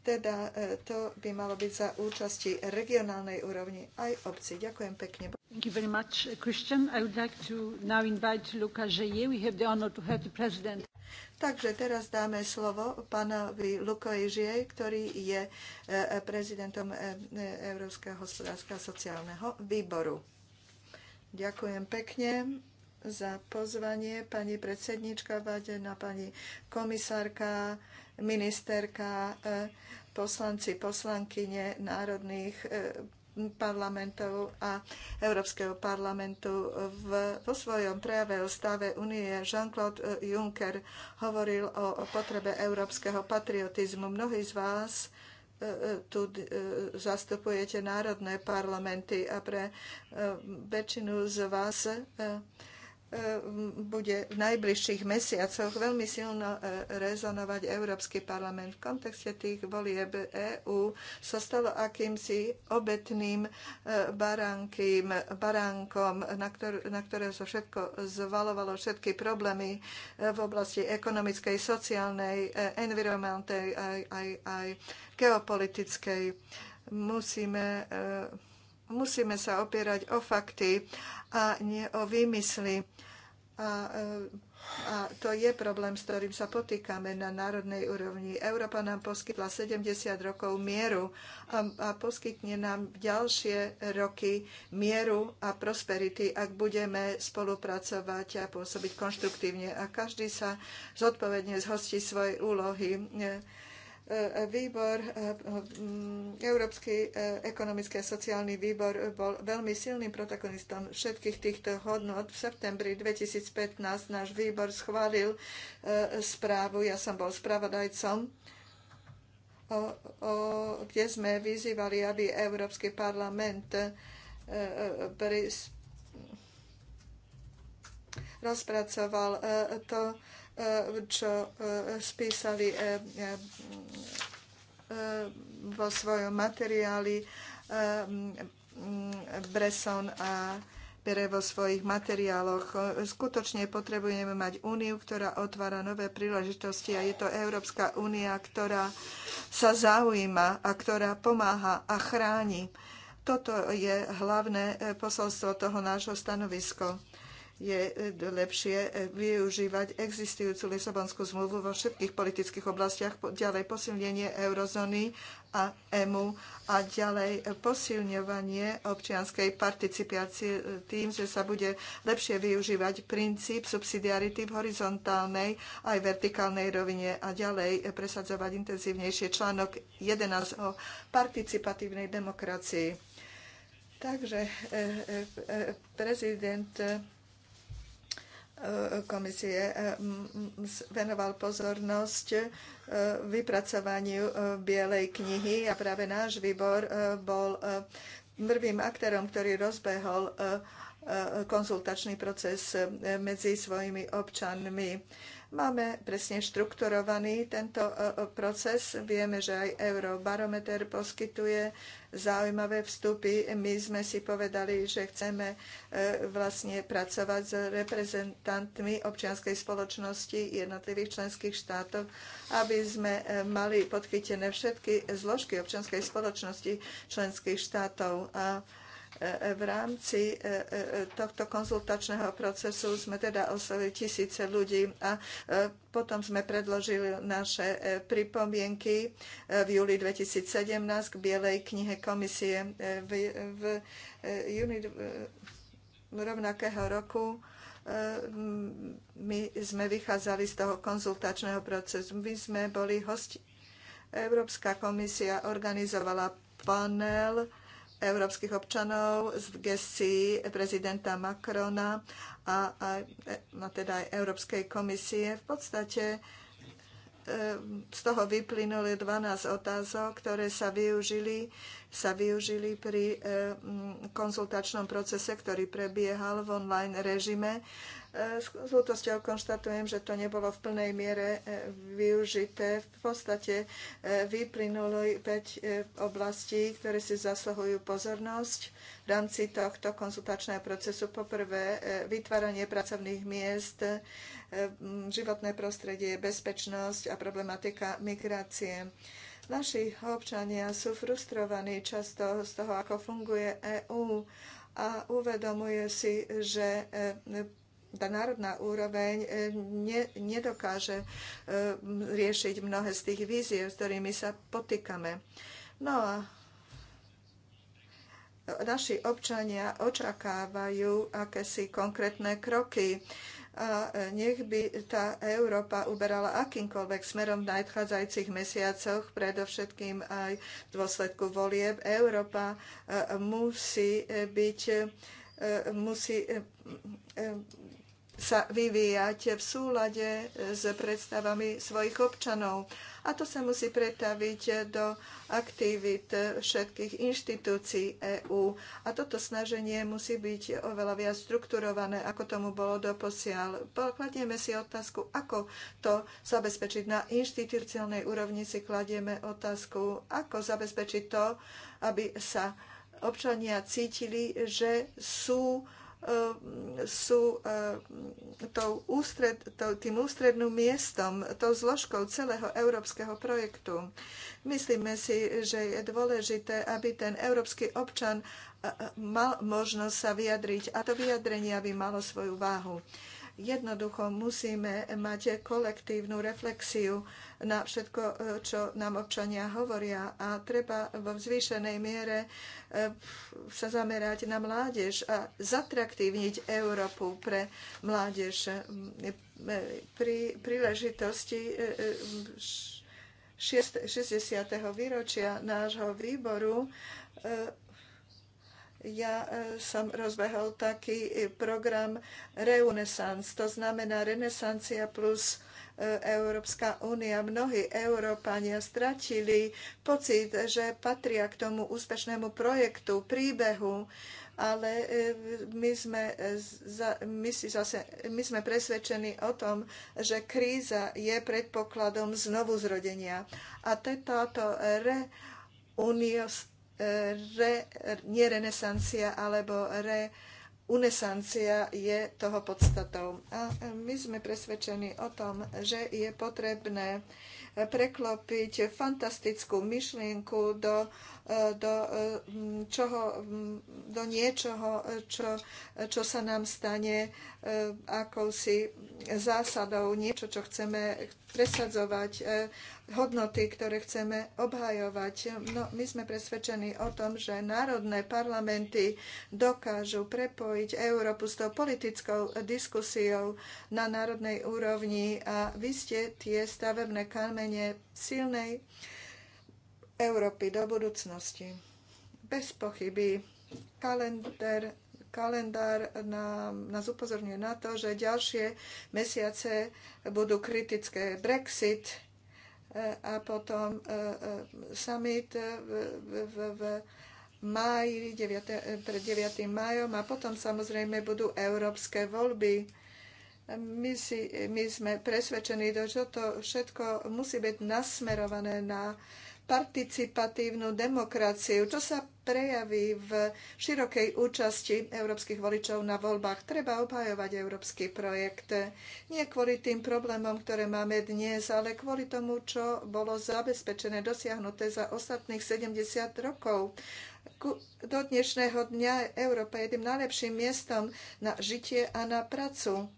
Teda e, to by malo byť za účasti regionálnej úrovni aj obci. Ďakujem pekne. Thank you very much, uh, Christian. I would like to now invite Luka Žeje. We have the honor to have the president. Takže teraz dáme slovo pánovi Lukovi Žije, ktorý je e, prezidentom e, Európskeho hospodárskeho sociálneho výboru. Ďakujem pekne za pozvanie, pani predsednička, Vadena, pani komisárka, ministerka, e, poslanci, poslankyne národných e, parlamentov a Európskeho parlamentu. V, vo svojom prejave o stave únie Jean-Claude e, Juncker hovoril o, o potrebe európskeho patriotizmu. Mnohí z vás tu zastupujete národné parlamenty a pre väčšinu z vás E, bude v najbližších mesiacoch veľmi silno e, rezonovať Európsky parlament. V kontexte tých volieb EÚ sa stalo akýmsi obetným e, baránkým, baránkom, na, ktor- na ktoré sa všetko zvalovalo, všetky problémy v oblasti ekonomickej, sociálnej, environmentej aj, aj, aj geopolitickej. Musíme Musíme sa opierať o fakty a nie o výmysly. A, e, a to je problém, s ktorým sa potýkame na národnej úrovni. Európa nám poskytla 70 rokov mieru a, a poskytne nám ďalšie roky mieru a prosperity, ak budeme spolupracovať a pôsobiť konštruktívne. A každý sa zodpovedne zhostí svojej úlohy. Nie, E, výbor, e, Európsky e, ekonomický a sociálny výbor bol veľmi silným protagonistom všetkých týchto hodnot. V septembri 2015 náš výbor schválil správu, ja som bol spravodajcom, o, o, kde sme vyzývali, aby Európsky parlament rozpracoval to, čo eh, spísali eh, eh, vo svojom materiáli mm, Bresson a bere vo svojich materiáloch. Skutočne potrebujeme mať úniu, ktorá otvára nové príležitosti a je to Európska únia, ktorá sa zaujíma a ktorá pomáha a chráni. Toto je hlavné posolstvo toho nášho stanovisko je e, lepšie e, využívať existujúcu Lisabonskú zmluvu vo všetkých politických oblastiach, ďalej posilnenie eurozóny a EMU a ďalej posilňovanie občianskej participácie e, tým, že sa bude lepšie využívať princíp subsidiarity v horizontálnej aj vertikálnej rovine a ďalej presadzovať intenzívnejšie článok 11 o participatívnej demokracii. Takže prezident komisie eh, venoval pozornosť eh, vypracovaniu eh, Bielej knihy a práve náš výbor bol prvým aktérom, ktorý rozbehol konzultačný proces medzi svojimi občanmi Máme presne štrukturovaný tento e, e, proces. Vieme, že aj Eurobarometer poskytuje zaujímavé vstupy. My sme si povedali, že chceme e, vlastne pracovať s reprezentantmi občianskej spoločnosti jednotlivých členských štátov, aby sme mali podchytené všetky zložky občianskej spoločnosti členských štátov. A E, e, v rámci e, tohto konzultačného procesu sme teda oslovili tisíce ľudí a potom sme predložili naše pripomienky v júli 2017 k Bielej knihe komisie v, v júni rovnakého roku my sme vychádzali z toho konzultačného procesu. My sme boli hosti. Európska komisia organizovala panel európskych občanov v gestii prezidenta Macrona a, a, a teda aj Európskej komisie. V podstate e, z toho vyplynuli 12 otázok, ktoré sa využili, sa využili pri e, konzultačnom procese, ktorý prebiehal v online režime E, s útosťou konštatujem, že to nebolo v plnej miere e, využité. V podstate e, vyplynulo 5 oblastí, ktoré si zasluhujú pozornosť v rámci tohto konzultačného procesu. Poprvé, vytváranie pracovných miest, životné prostredie, bezpečnosť a problematika migrácie. Naši občania sú frustrovaní často z toho, ako funguje EÚ a uvedomuje si, že tá národná úroveň eh, ne, nedokáže eh, riešiť mnohé z tých víziev, s ktorými sa potýkame. No a naši občania očakávajú akési konkrétne kroky a eh, nech by tá Európa uberala akýmkoľvek smerom v nadchádzajúcich mesiacoch, predovšetkým aj v dôsledku volieb. Európa musí byť musí sa vyvíjať v súlade s predstavami svojich občanov. A to sa musí pretaviť do aktivít všetkých inštitúcií EÚ. A toto snaženie musí byť oveľa viac strukturované, ako tomu bolo doposiaľ. Kladieme si otázku, ako to zabezpečiť. Na inštitúciálnej úrovni si kladieme otázku, ako zabezpečiť to, aby sa občania cítili, že sú Ehm, sú ehm, tou ústred, tým ústredným miestom, tou zložkou celého európskeho projektu. Myslíme si, že je dôležité, aby ten európsky občan e, e, mal možnosť sa vyjadriť a to vyjadrenie by malo svoju váhu. Jednoducho musíme mať kolektívnu reflexiu na všetko, e, čo nám občania hovoria a treba vo zvýšenej miere e, sa zamerať na mládež a zatraktívniť Európu pre mládež. E, pri príležitosti 60. výročia nášho výboru ja som rozbehol taký program Reunesans, to znamená renesancia plus E, Európska únia. Mnohí Európania stratili pocit, že patria k tomu úspešnému projektu, príbehu, ale e, my sme, e, my, si zase, my sme presvedčení o tom, že kríza je predpokladom znovuzrodenia. A táto re re, nie renesancia alebo re unesancia je toho podstatou. A e, my sme presvedčení o tom, že je potrebné preklopiť fantastickú myšlienku do do, eh, čoho, mm, do niečoho, čo, čo sa nám stane eh, akousi zásadou, niečo, čo chceme presadzovať, eh, hodnoty, ktoré chceme obhajovať. No, my sme presvedčení o tom, že národné parlamenty dokážu prepojiť Európu s tou politickou diskusiou na národnej úrovni a vy ste tie stavebné kamene silnej Európy do budúcnosti. Bez pochyby kalendár, kalendár nám, nás upozorňuje na to, že ďalšie mesiace budú kritické. Brexit e, a potom e, e, summit v, v, v máji, 9, pred 9. májom a potom samozrejme budú európske voľby. My, si, my sme presvedčení, že to všetko musí byť nasmerované na participatívnu demokraciu, čo sa prejaví v širokej účasti európskych voličov na voľbách. Treba obhajovať európsky projekt. Nie kvôli tým problémom, ktoré máme dnes, ale kvôli tomu, čo bolo zabezpečené, dosiahnuté za ostatných 70 rokov. Do dnešného dňa Európa je tým najlepším miestom na žitie a na pracu.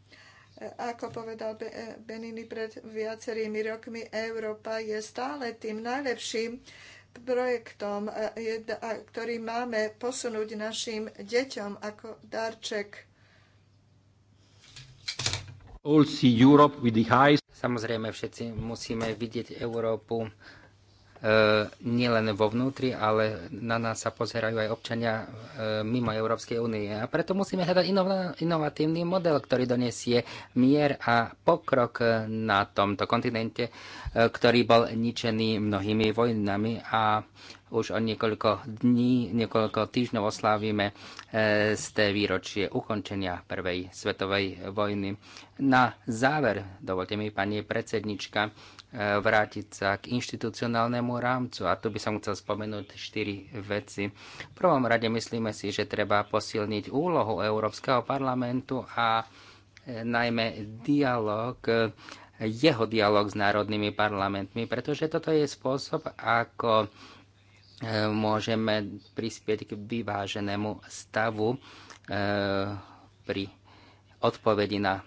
Ako povedal eh, Benini pred viacerými rokmi, Európa je stále tým najlepším projektom, eh, ktorý máme posunúť našim deťom ako darček. All see Europe with the Samozrejme, všetci musíme vidieť Európu E, nielen vo vnútri, ale na nás sa pozerajú aj občania e, mimo Európskej únie. A preto musíme hľadať inovatívny model, ktorý donesie mier a pokrok na tomto kontinente, e, ktorý bol ničený mnohými vojnami a už o niekoľko dní, niekoľko týždňov oslávime z e, té výročie ukončenia Prvej svetovej vojny. Na záver, dovolte mi, pani predsednička, e, vrátiť sa k inštitucionálnemu rámcu. A tu by som chcel spomenúť štyri veci. V prvom rade myslíme si, že treba posilniť úlohu Európskeho parlamentu a e, najmä dialog, jeho dialog s národnými parlamentmi, pretože toto je spôsob, ako E, môžeme prispieť k vyváženému stavu e, pri odpovedi na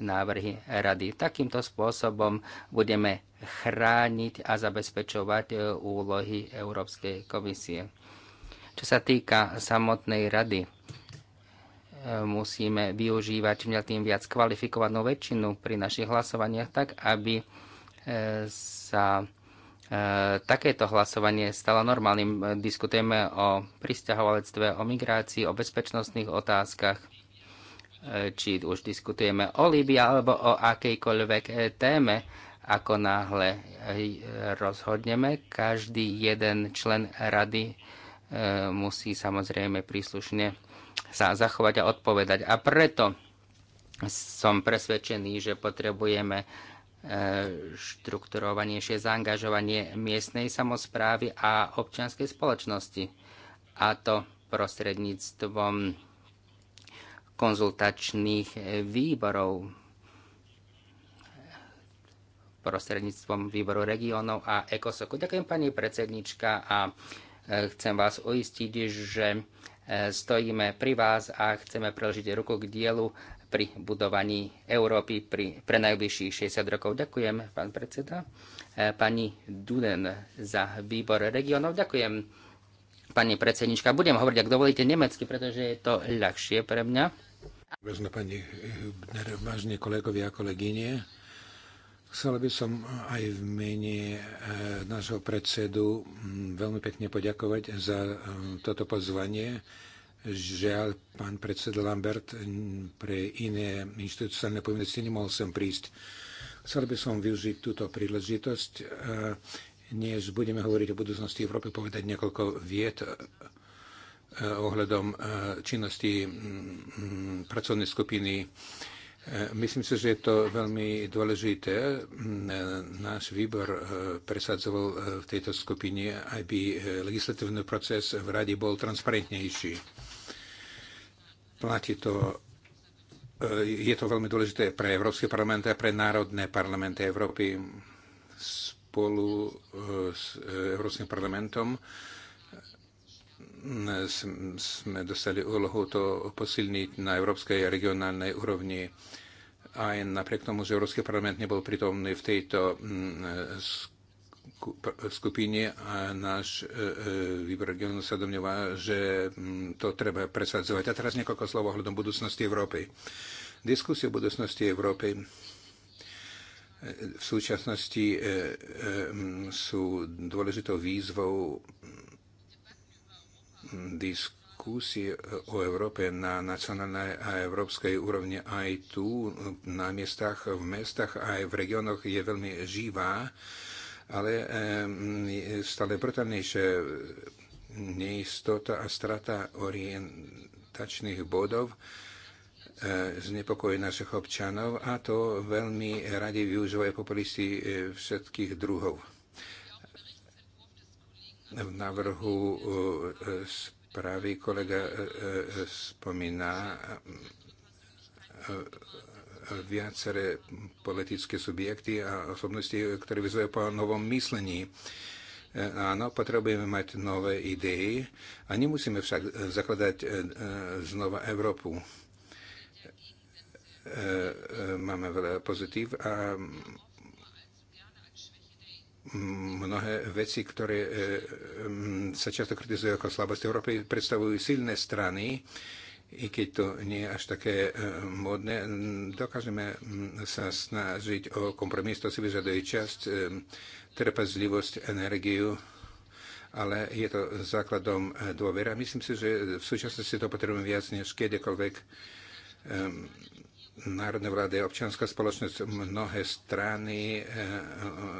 návrhy rady. Takýmto spôsobom budeme chrániť a zabezpečovať e, úlohy Európskej komisie. Čo sa týka samotnej rady, musíme využívať čím tým viac kvalifikovanú väčšinu pri našich hlasovaniach tak, aby sa E, takéto hlasovanie stalo normálnym. E, diskutujeme o pristahovalectve, o migrácii, o bezpečnostných otázkach, e, či už diskutujeme o Líbii alebo o akejkoľvek téme. Ako náhle rozhodneme, každý jeden člen rady musí samozrejme príslušne sa zachovať a odpovedať. A preto som presvedčený, že potrebujeme štrukturovanejšie zaangažovanie miestnej samozprávy a občianskej spoločnosti. A to prostredníctvom konzultačných výborov, prostredníctvom výboru regionov a ekosoku. Ďakujem pani predsednička a e, chcem vás uistiť, že e, stojíme pri vás a chceme preložiť ruku k dielu pri budovaní Európy pri, pre najbližších 60 rokov. Ďakujem, pán predseda, e, pani Duden za výbor regionov. Ďakujem, pani predsednička. Budem hovoriť, ak dovolíte, nemecky, pretože je to ľahšie pre mňa. Vážne pani Hübner, vážne kolegovia a kolegyne, chcel by som aj v mene e, nášho predsedu veľmi pekne poďakovať za toto pozvanie Žiaľ, pán predseda Lambert, pre iné inštitucionálne povinnosti nemohol sem prísť. Chcel by som využiť túto príležitosť. E, než budeme hovoriť o budúcnosti Európy, povedať niekoľko vied e, ohľadom e, činnosti pracovnej skupiny. Myslím si, že je to veľmi dôležité. Náš výbor presadzoval v tejto skupine, aby legislatívny proces v rade bol transparentnejší Platí to, e, je to veľmi dôležité pre Európsky parlament a pre národné parlamenty Európy spolu e, s e, Európskym parlamentom sme dostali úlohu to posilniť na európskej a regionálnej úrovni. Aj napriek tomu, že Európsky parlament nebol pritomný v tejto skupine a náš e, e, výbor regionu sa domnieva, že mm, to treba presadzovať. A teraz niekoľko slov ohľadom budúcnosti Európy. Diskusie o budúcnosti Európy e, v súčasnosti mm, sú dôležitou výzvou diskusie mm, diskusie o Európe na nacionálnej a európskej úrovni aj tu, na miestach, v mestách, aj v regiónoch je veľmi živá ale ehm, stále brutálnejšia neistota a strata orientačných bodov e, znepokojí našich občanov a to veľmi radi využívajú populisti e, všetkých druhov. V návrhu e, správy kolega spomína viaceré politické subjekty a osobnosti, ktoré vyzvajú po novom myslení. Áno, potrebujeme mať nové idei a nemusíme však zakladať e, e, znova Európu. E, máme veľa pozitív a mnohé veci, ktoré sa často kritizujú ako slabosti Európy, predstavujú silné strany, i keď to nie je až také e, modné, dokážeme sa snažiť o kompromis, to si vyžaduje časť, e, trpezlivosť, energiu, ale je to základom e, dôvera. Myslím si, že v súčasnosti to potrebujeme viac než kedykoľvek Národné vlády, občianská spoločnosť, mnohé strany, eh, eh,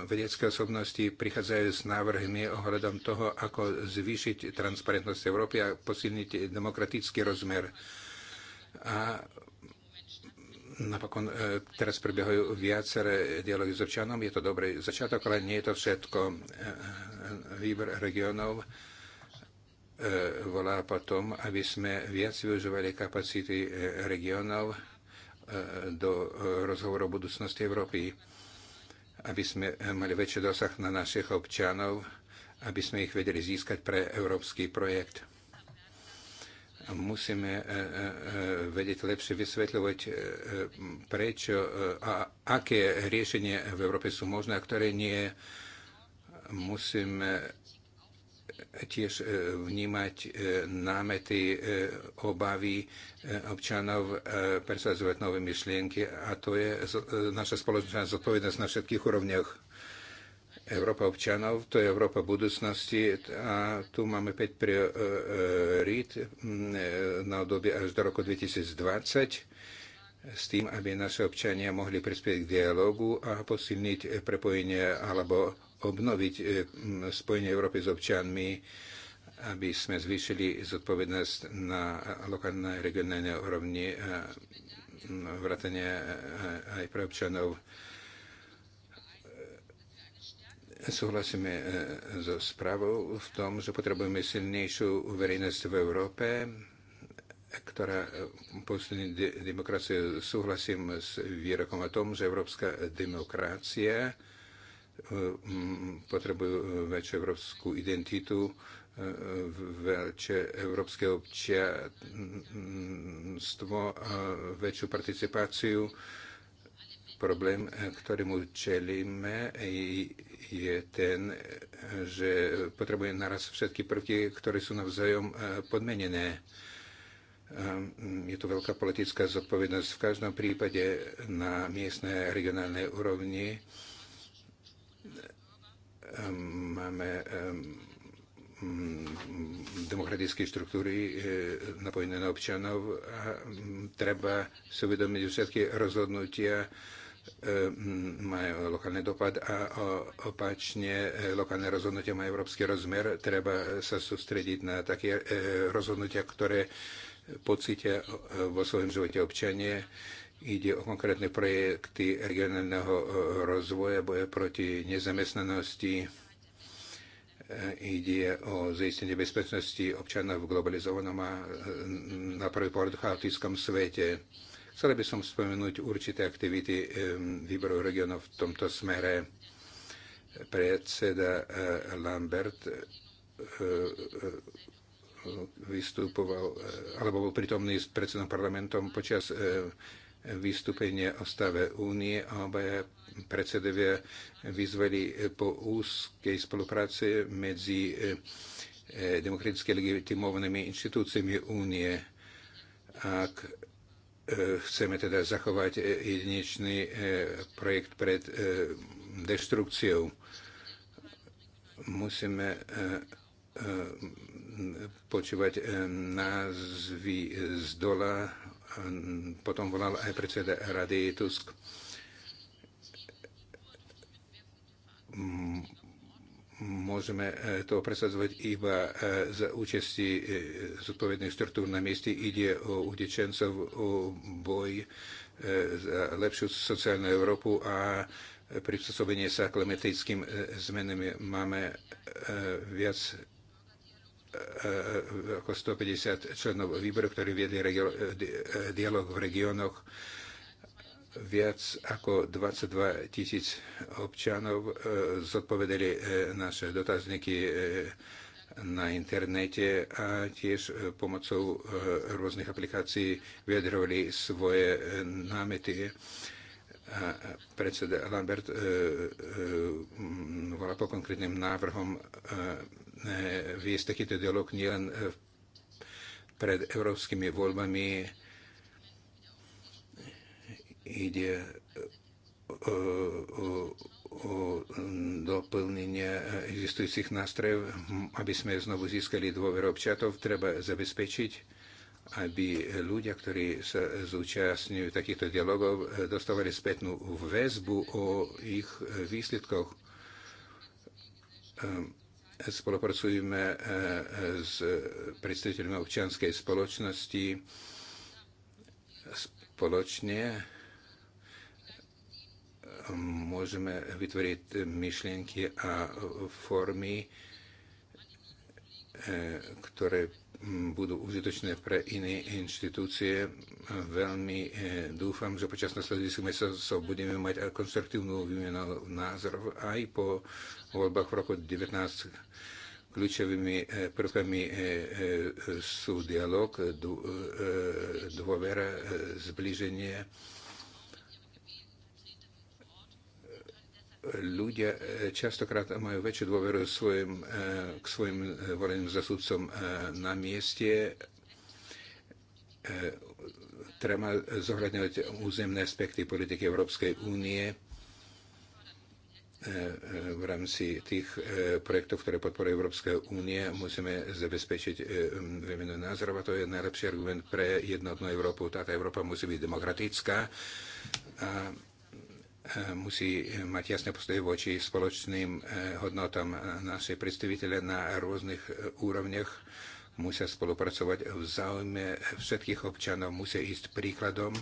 vedecké osobnosti prichádzajú s návrhmi ohľadom toho, ako zvýšiť transparentnosť Európy a posilniť demokratický rozmer. A napokon eh, teraz prebiehajú viaceré dialógy s občanom. Je to dobrý začiatok, ale nie je to všetko. Výber regionov volá potom, aby sme viac využívali kapacity regionov E, do e, rozhovoru o budúcnosti Európy, aby sme mali väčší dosah na našich občanov, aby sme ich vedeli získať pre európsky projekt. Musíme e, vedieť lepšie vysvetľovať, prečo a aké riešenie v Európe sú možné a ktoré nie. Musíme tiež e, vnímať e, námety, e, obavy občanov, presadzovať nové myšlienky a to je naša spoločná zodpovednosť na všetkých úrovniach. Európa občanov, to je Európa budúcnosti a tu máme 5 priorít na obdobie až do roku 2020 s tým, aby naše občania mohli prispieť k dialogu a posilniť prepojenie alebo obnoviť e, spojenie Európy s občanmi, aby sme zvýšili zodpovednosť na lokálnej a regionálnej úrovni e, vrátane e, aj pre občanov. Súhlasíme so správou v tom, že potrebujeme silnejšiu verejnosť v Európe, ktorá posilní de- demokraciu. Súhlasím s výrokom o tom, že európska demokracia E, potrebujú e, väčšiu európsku identitu, e, väčšie európske občianstvo, väčšiu participáciu. Problém, ktorému čelíme, je ten, že potrebuje naraz všetky prvky, ktoré sú navzájom podmenené. Je to veľká politická zodpovednosť v každom prípade na miestnej a regionálnej úrovni Ehm, máme ehm, mm, demokratické štruktúry e, napojené na občanov a mm, treba si uvedomiť, že všetky rozhodnutia e, mm, majú lokálny dopad a opačne e, lokálne rozhodnutia majú európsky rozmer. Treba sa sústrediť na také rozhodnutia, ktoré pocítia vo svojom živote občanie Ide o konkrétne projekty regionálneho e, rozvoja, boja proti nezamestnanosti, e, ide o zaistenie bezpečnosti občanov v globalizovanom a e, na prvý pohľad chaotickom svete. Chcel by som spomenúť určité aktivity výboru regionov v tomto smere. Predseda Lambert vystupoval, alebo bol pritomný s predsedom parlamentom počas vystúpenie o stave únie a obaja predsedovia vyzvali po úzkej spolupráci medzi eh, demokraticky legitimovanými inštitúciami únie. Ak eh, chceme teda zachovať eh, jedinečný projekt pred deštrukciou, musíme počúvať názvy z dola potom volal aj predseda rady Tusk. Môžeme eh, to presadzovať iba eh, z účasti eh, zodpovedných štruktúr na mieste. Ide o utečencov, o boj za lepšiu sociálnu Európu a prispôsobenie sa klimatickým zmenami. Máme viac ako 150 členov výboru, ktorí viedli dialog v regiónoch viac ako 22 tisíc občanov zodpovedali naše dotazníky na internete a tiež pomocou rôznych aplikácií vyjadrovali svoje námety. A predseda Lambert volá po konkrétnym návrhom Eh, viesť takýto dialog nielen eh, pred európskymi voľbami. Ide eh, o, o, o doplnenie existujúcich nástrojov, aby sme znovu získali dôveru občatov. Treba zabezpečiť, aby ľudia, ktorí sa zúčastňujú takýchto dialogov, dostávali spätnú väzbu o ich výsledkoch. Um, Spolupracujeme eh, eh, s predstaviteľmi občianskej spoločnosti spoločne môžeme vytvoriť myšlienky a formy, eh, ktoré budú užitočné pre iné inštitúcie. Veľmi dúfam, že počas nasledujúcich mesiacov budeme mať konstruktívnu výmenu názorov aj po voľbách v roku 19 kľúčovými eh, prvkami eh, eh, sú dialog, dôvera, zbliženie. Ľudia častokrát majú väčšiu dôveru svojim, k svojim voleným zasudcom na mieste treba zohľadňovať územné aspekty politiky Európskej únie v rámci tých e, projektov, ktoré podporuje Európska únie, musíme zabezpečiť e, výmenu názorov a to je najlepší argument pre jednotnú Európu. Táto Európa musí byť demokratická a e, musí mať jasné postoje voči spoločným hodnotám. Naši predstaviteľe na rôznych úrovniach musia spolupracovať v záujme všetkých občanov, musia ísť príkladom,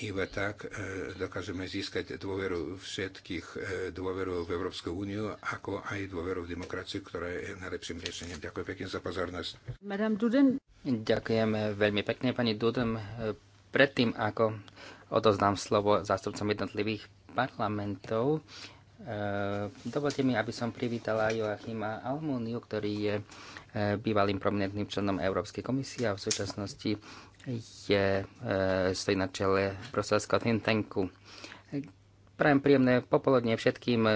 iba tak e, dokážeme získať dôveru všetkých, e, dôverov v Európsku úniu, ako aj dôveru v demokraciu, ktorá je najlepším riešením. Ďakujem pekne za pozornosť. Madame Duden. Ďakujeme veľmi pekne, pani Duden. E, predtým, ako odoznám slovo zástupcom jednotlivých parlamentov, dovolte mi, aby som privítala Joachima Almuniu, ktorý je bývalým prominentným členom Európskej komisie a v súčasnosti je, e, stojí na čele Bruselského think tanku. Prajem príjemné popoludne všetkým. E,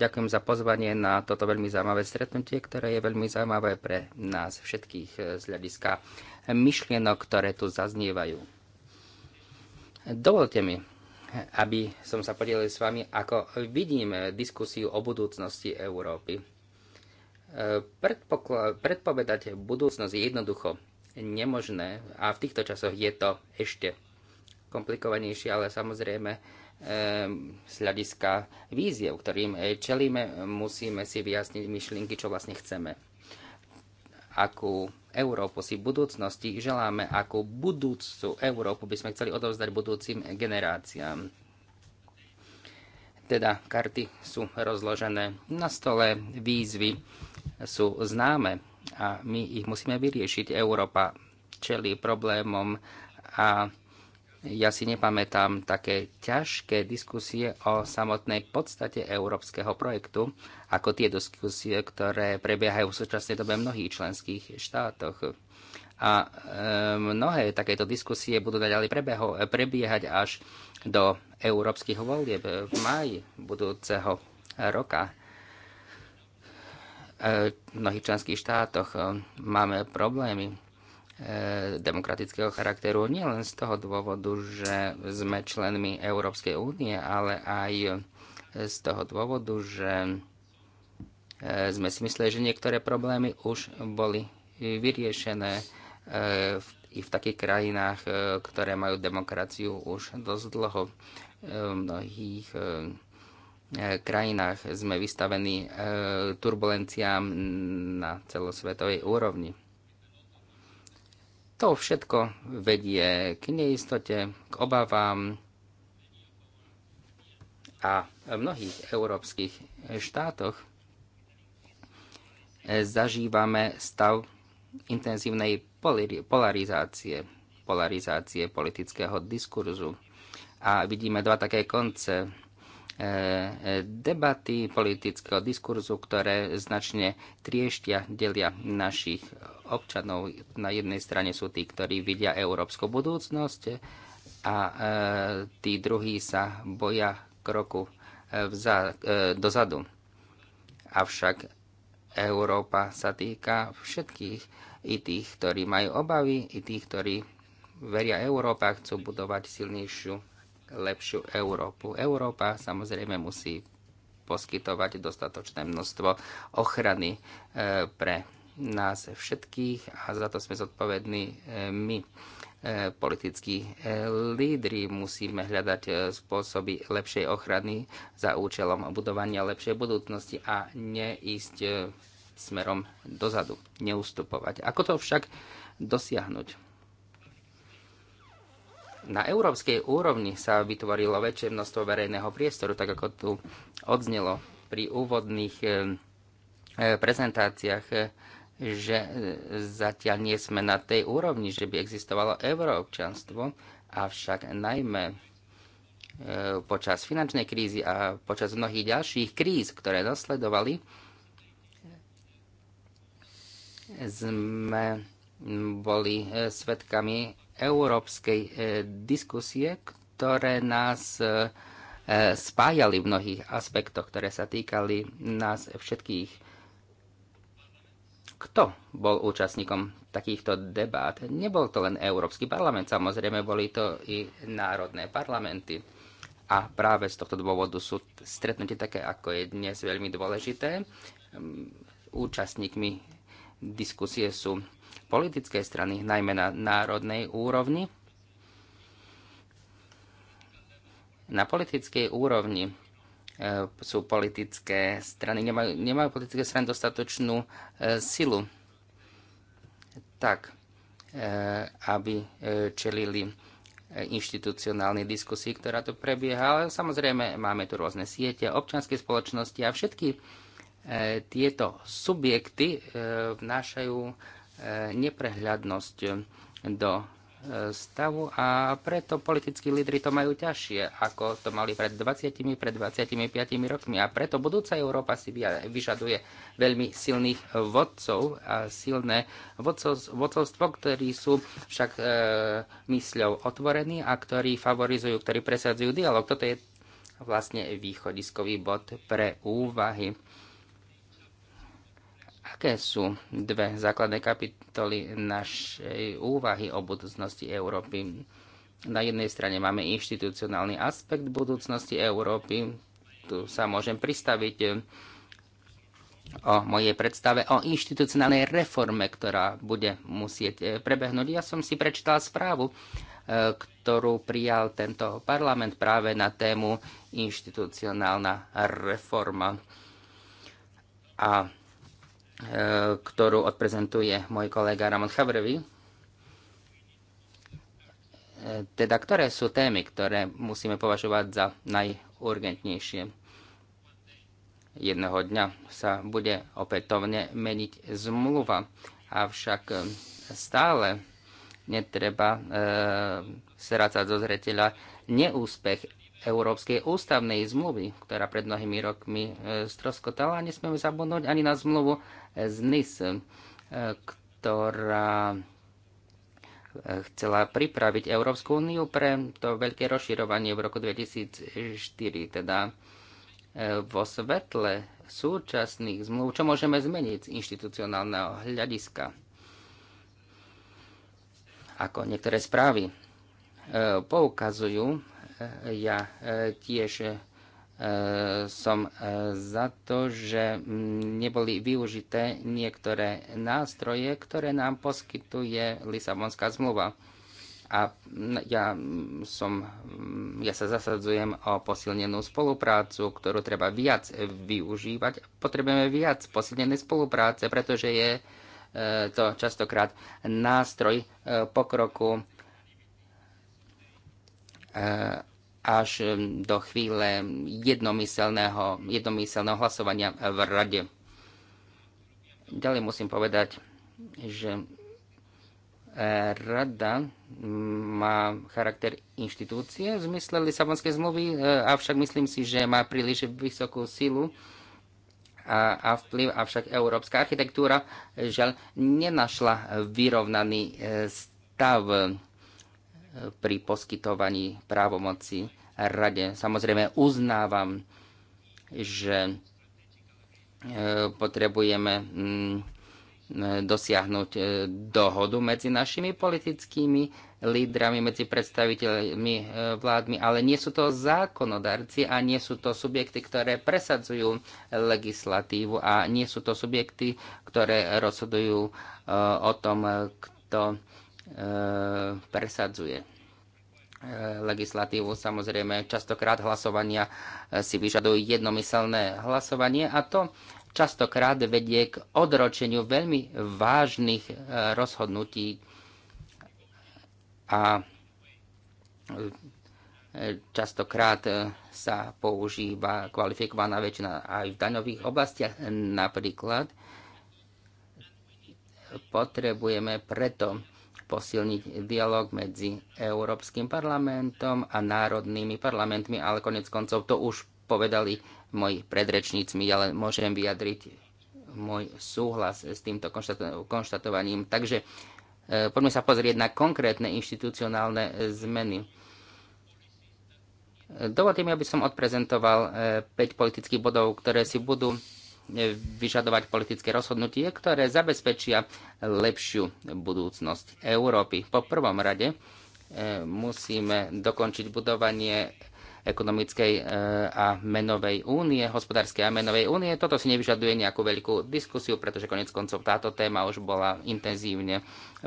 ďakujem za pozvanie na toto veľmi zaujímavé stretnutie, ktoré je veľmi zaujímavé pre nás všetkých e, z hľadiska myšlienok, ktoré tu zaznievajú. Dovolte mi, aby som sa podielil s vami, ako vidím diskusiu o budúcnosti Európy. Predpokl- predpovedať budúcnosť je jednoducho nemožné. A v týchto časoch je to ešte komplikovanejšie, ale samozrejme eh, z hľadiska víziev, ktorým eh, čelíme, musíme si vyjasniť myšlienky, čo vlastne chceme. Akú Európu si v budúcnosti želáme, akú budúcu Európu by sme chceli odovzdať budúcim generáciám. Teda karty sú rozložené na stole, výzvy sú známe a my ich musíme vyriešiť. Európa čelí problémom a ja si nepamätám také ťažké diskusie o samotnej podstate európskeho projektu, ako tie diskusie, ktoré prebiehajú v súčasnej dobe v mnohých členských štátoch. A e, mnohé takéto diskusie budú naďalej prebiehať až do európskych volieb v maji budúceho roka. E, v mnohých členských štátoch e, máme problémy e, demokratického charakteru nielen z toho dôvodu, že sme členmi Európskej únie, ale aj z toho dôvodu, že sme si mysleli, že niektoré problémy už boli vyriešené v, i v takých krajinách, ktoré majú demokraciu už dosť dlho. V mnohých E, krajinách sme vystavení e, turbulenciám na celosvetovej úrovni. To všetko vedie k neistote, k obavám a v mnohých európskych štátoch e, zažívame stav intenzívnej polarizácie, polarizácie politického diskurzu. A vidíme dva také konce E, e, debaty, politického diskurzu, ktoré značne trieštia, delia našich občanov. Na jednej strane sú tí, ktorí vidia európsku budúcnosť a e, tí druhí sa boja kroku vza, dozadu. Avšak Európa sa týka všetkých, i tých, ktorí majú obavy, i tých, ktorí veria Európa a chcú budovať silnejšiu lepšiu Európu. Európa samozrejme musí poskytovať dostatočné množstvo ochrany e, pre nás všetkých a za to sme zodpovední e, my e, politickí lídry. Musíme hľadať spôsoby lepšej ochrany za účelom budovania lepšej budúcnosti a neísť smerom dozadu, neustupovať. Ako to však dosiahnuť? na európskej úrovni sa vytvorilo väčšie množstvo verejného priestoru, tak ako tu odznelo pri úvodných eh, eh, prezentáciách, eh, že zatiaľ nie sme na tej úrovni, že by existovalo euroobčanstvo, avšak najmä počas finančnej krízy a počas mnohých ďalších kríz, ktoré nasledovali, sme boli svetkami európskej e, diskusie, ktoré nás e, e, spájali v mnohých aspektoch, ktoré sa týkali nás všetkých. Kto bol účastníkom takýchto debát? Nebol to len Európsky parlament, samozrejme boli to i národné parlamenty. A práve z tohto dôvodu sú stretnutie také, ako je dnes veľmi dôležité. Účastníkmi diskusie sú politické strany, najmä na národnej úrovni. Na politickej úrovni e, sú politické strany, nemajú, nemajú politické strany dostatočnú e, silu tak, e, aby čelili inštitucionálnej diskusii, ktorá tu prebieha. Ale samozrejme, máme tu rôzne siete, občianske spoločnosti a všetky tieto subjekty vnášajú neprehľadnosť do e, stavu a preto politickí lídry to majú ťažšie, ako to mali pred 20, pred 25 rokmi. A preto budúca Európa si vyžaduje veľmi silných vodcov a silné vodcovstvo, ktorí sú však e, mysľou otvorení a ktorí favorizujú, ktorí presadzujú dialog. Toto je vlastne východiskový bod pre úvahy. Aké sú dve základné kapitoly našej úvahy o budúcnosti Európy? Na jednej strane máme inštitucionálny aspekt budúcnosti Európy. Tu sa môžem pristaviť eh, o mojej predstave o inštitucionálnej reforme, ktorá bude musieť eh, prebehnúť. Ja som si prečítal správu, eh, ktorú prijal tento parlament práve na tému inštitucionálna reforma. A E, ktorú odprezentuje môj kolega Ramon Chavrevi. E, teda, ktoré sú témy, ktoré musíme považovať za najurgentnejšie? Jedného dňa sa bude opätovne meniť zmluva, avšak stále netreba e, srácať zo zreteľa neúspech Európskej ústavnej zmluvy, ktorá pred mnohými rokmi e, stroskotala. nesmieme zabudnúť ani na zmluvu z NIS, e, ktorá e, chcela pripraviť Európsku úniu pre to veľké rozširovanie v roku 2004, teda e, vo svetle súčasných zmluv, čo môžeme zmeniť z inštitucionálneho hľadiska, ako niektoré správy poukazujú. Ja tiež som e, za to, že mm, neboli využité niektoré nástroje, ktoré nám poskytuje Lisabonská zmluva. A ja, som, ja sa zasadzujem o posilnenú spoluprácu, ktorú treba viac využívať. Potrebujeme viac posilnenej spolupráce, pretože je e, to častokrát nástroj e, pokroku až do chvíle jednomyselného, jednomyselného hlasovania v rade. Ďalej musím povedať, že rada má charakter inštitúcie v zmysle Lisabonskej zmluvy, e, avšak myslím si, že má príliš vysokú silu a, vplyv, avšak európska architektúra e, žiaľ nenašla vyrovnaný e, stav pri poskytovaní právomoci rade. Samozrejme uznávam, že e, potrebujeme mm, dosiahnuť e, dohodu medzi našimi politickými lídrami, medzi predstaviteľmi e, vládmi, ale nie sú to zákonodarci a nie sú to subjekty, ktoré presadzujú legislatívu a nie sú to subjekty, ktoré rozhodujú o tom, kto E, presadzuje e, legislatívu. Samozrejme, častokrát hlasovania e, si vyžadujú jednomyselné hlasovanie a to častokrát vedie k odročeniu veľmi vážnych rozhodnutí a častokrát sa používa kvalifikovaná väčšina aj v daňových oblastiach. Napríklad potrebujeme preto posilniť dialog medzi Európskym parlamentom a národnými parlamentmi, ale konec koncov to už povedali moji predrečníci, ale môžem vyjadriť môj súhlas s týmto konštatovaním. Takže e, poďme sa pozrieť na konkrétne inštitucionálne zmeny. Dovolte mi, aby som odprezentoval 5 e, politických bodov, ktoré si budú vyžadovať politické rozhodnutie, ktoré zabezpečia lepšiu budúcnosť Európy. Po prvom rade e, musíme dokončiť budovanie ekonomickej e, a menovej únie, hospodárskej a menovej únie. Toto si nevyžaduje nejakú veľkú diskusiu, pretože konec koncov táto téma už bola intenzívne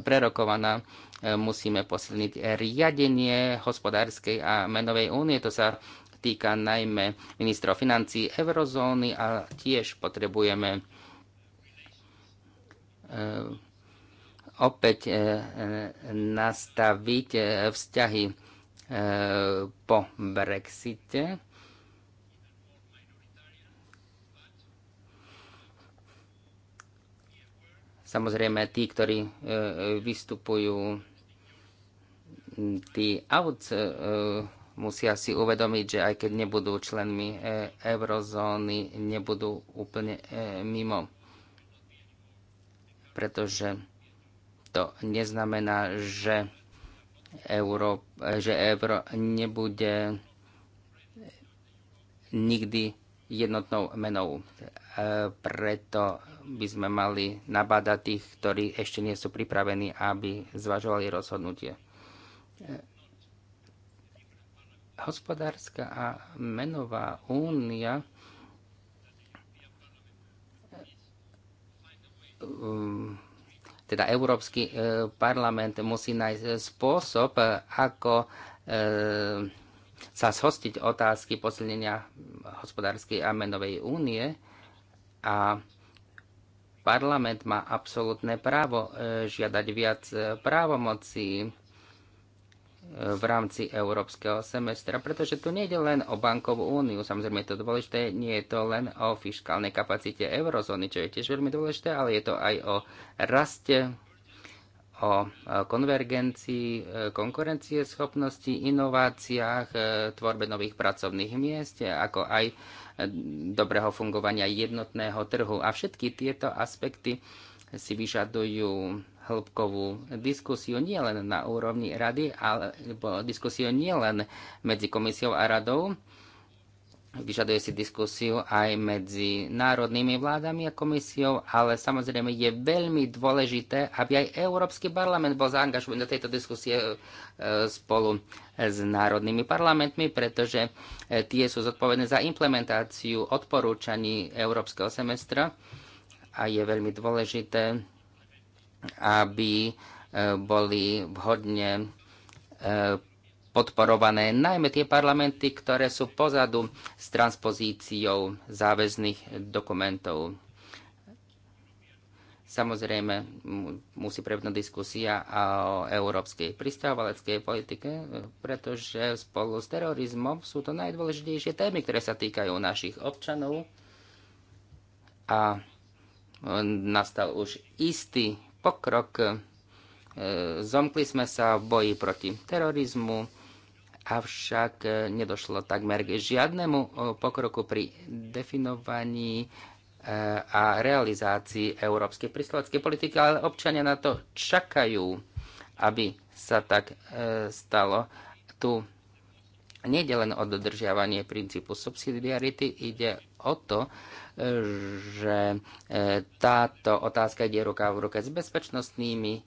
prerokovaná. E, musíme posilniť riadenie hospodárskej a menovej únie. To sa týka najmä ministrov financí eurozóny a tiež potrebujeme e, opäť e, e, nastaviť vzťahy po Brexite. Samozrejme, tí, ktorí vystupujú, tí musia si uvedomiť, že aj keď nebudú členmi e, eurozóny, nebudú úplne e, mimo. Pretože to neznamená, že euro, že euro nebude nikdy jednotnou menou. E, preto by sme mali nabádať tých, ktorí ešte nie sú pripravení, aby zvažovali rozhodnutie hospodárska a menová únia teda Európsky e, parlament musí nájsť spôsob, ako e, sa zhostiť otázky posilnenia hospodárskej a menovej únie a parlament má absolútne právo e, žiadať viac právomocí v rámci európskeho semestra, pretože tu nejde len o bankovú úniu, samozrejme je to dôležité, nie je to len o fiskálnej kapacite eurozóny, čo je tiež veľmi dôležité, ale je to aj o raste, o konvergencii, konkurencie schopnosti, inováciách, tvorbe nových pracovných miest, ako aj dobrého fungovania jednotného trhu. A všetky tieto aspekty si vyžadujú hĺbkovú diskusiu nielen na úrovni rady, alebo diskusiu nielen medzi komisiou a radou. Vyžaduje si diskusiu aj medzi národnými vládami a komisiou, ale samozrejme je veľmi dôležité, aby aj Európsky parlament bol zaangažovaný do tejto diskusie e, spolu s národnými parlamentmi, pretože e, tie sú zodpovedné za implementáciu odporúčaní Európskeho semestra a je veľmi dôležité aby e, boli vhodne e, podporované najmä tie parlamenty, ktoré sú pozadu s transpozíciou záväzných dokumentov. Samozrejme, musí prebehnúť diskusia o európskej pristáhovaleckej politike, pretože spolu s terorizmom sú to najdôležitejšie témy, ktoré sa týkajú našich občanov. A e, nastal už istý pokrok. E, zomkli sme sa v boji proti terorizmu, avšak e, nedošlo takmer k žiadnemu pokroku pri definovaní e, a realizácii európskej prísľadskej politiky, ale občania na to čakajú, aby sa tak stalo. Tu nejde len o dodržiavanie princípu subsidiarity, ide o to, že e, táto otázka ide ruka v ruke s bezpečnostnými e,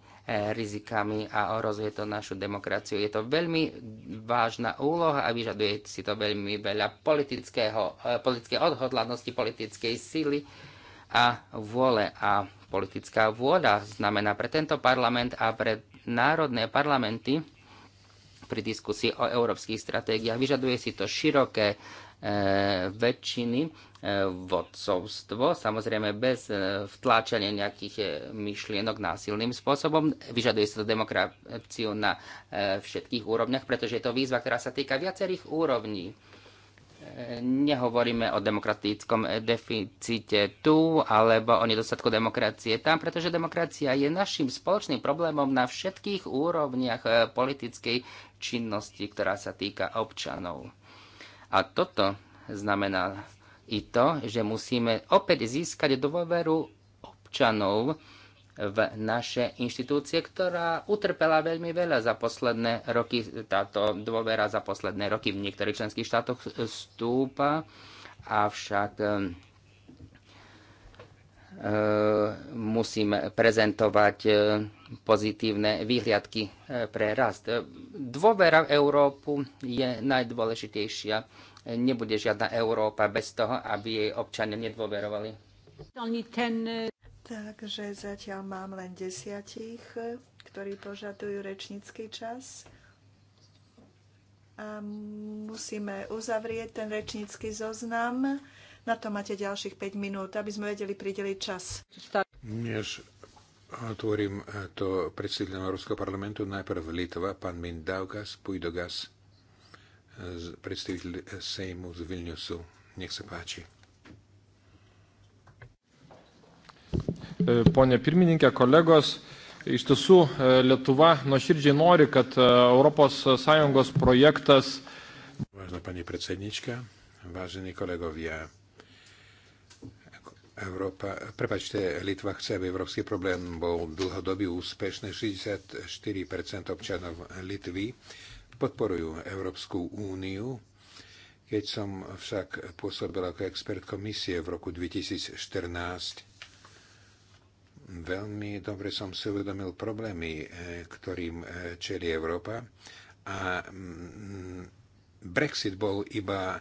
rizikami a ohrozuje to našu demokraciu. Je to veľmi vážna úloha a vyžaduje si to veľmi veľa politického, e, politické odhodlanosti, politickej síly a vôle. A politická vôľa znamená pre tento parlament a pre národné parlamenty pri diskusii o európskych stratégiách. Vyžaduje si to široké e, väčšiny E, vodcovstvo, samozrejme bez e, vtláčania nejakých e, myšlienok násilným spôsobom. Vyžaduje sa to demokraciu na všetkých úrovniach, pretože je to výzva, ktorá sa týka viacerých úrovní. Nehovoríme o demokratickom deficite tu alebo o nedostatku demokracie tam, pretože demokracia je našim spoločným problémom na všetkých úrovniach politickej činnosti, ktorá sa týka občanov. A toto znamená i to, že musíme opäť získať dôveru občanov v naše inštitúcie, ktorá utrpela veľmi veľa za posledné roky. Táto dôvera za posledné roky v niektorých členských štátoch stúpa, avšak e, musíme prezentovať e, pozitívne výhliadky e, pre rast. Dôvera v Európu je najdôležitejšia nebude žiadna Európa bez toho, aby jej občania nedôverovali. Takže zatiaľ mám len desiatich, ktorí požadujú rečnícky čas. A musíme uzavrieť ten rečnícky zoznam. Na to máte ďalších 5 minút, aby sme vedeli prideliť čas. Než otvorím to predsedlom Európskeho parlamentu, najprv Litva, pán Mindaugas, Pujdogas predstaviteľ Sejmu z Vilniusu. Nech sa páči. E, pone pirmininkė, kolegos, iš tiesų e, Lietuva nuoširdžiai nori, kad ES projektas. Vážna pani predsednička, vážení kolegovia, Európa, prepačte, Litva chce, aby európsky problém bol dlhodobý úspešný. 64% občanov Litvy podporujú Európsku úniu. Keď som však pôsobil ako expert komisie v roku 2014, veľmi dobre som si uvedomil problémy, eh, ktorým eh, čeli Európa a mm, Brexit bol iba eh,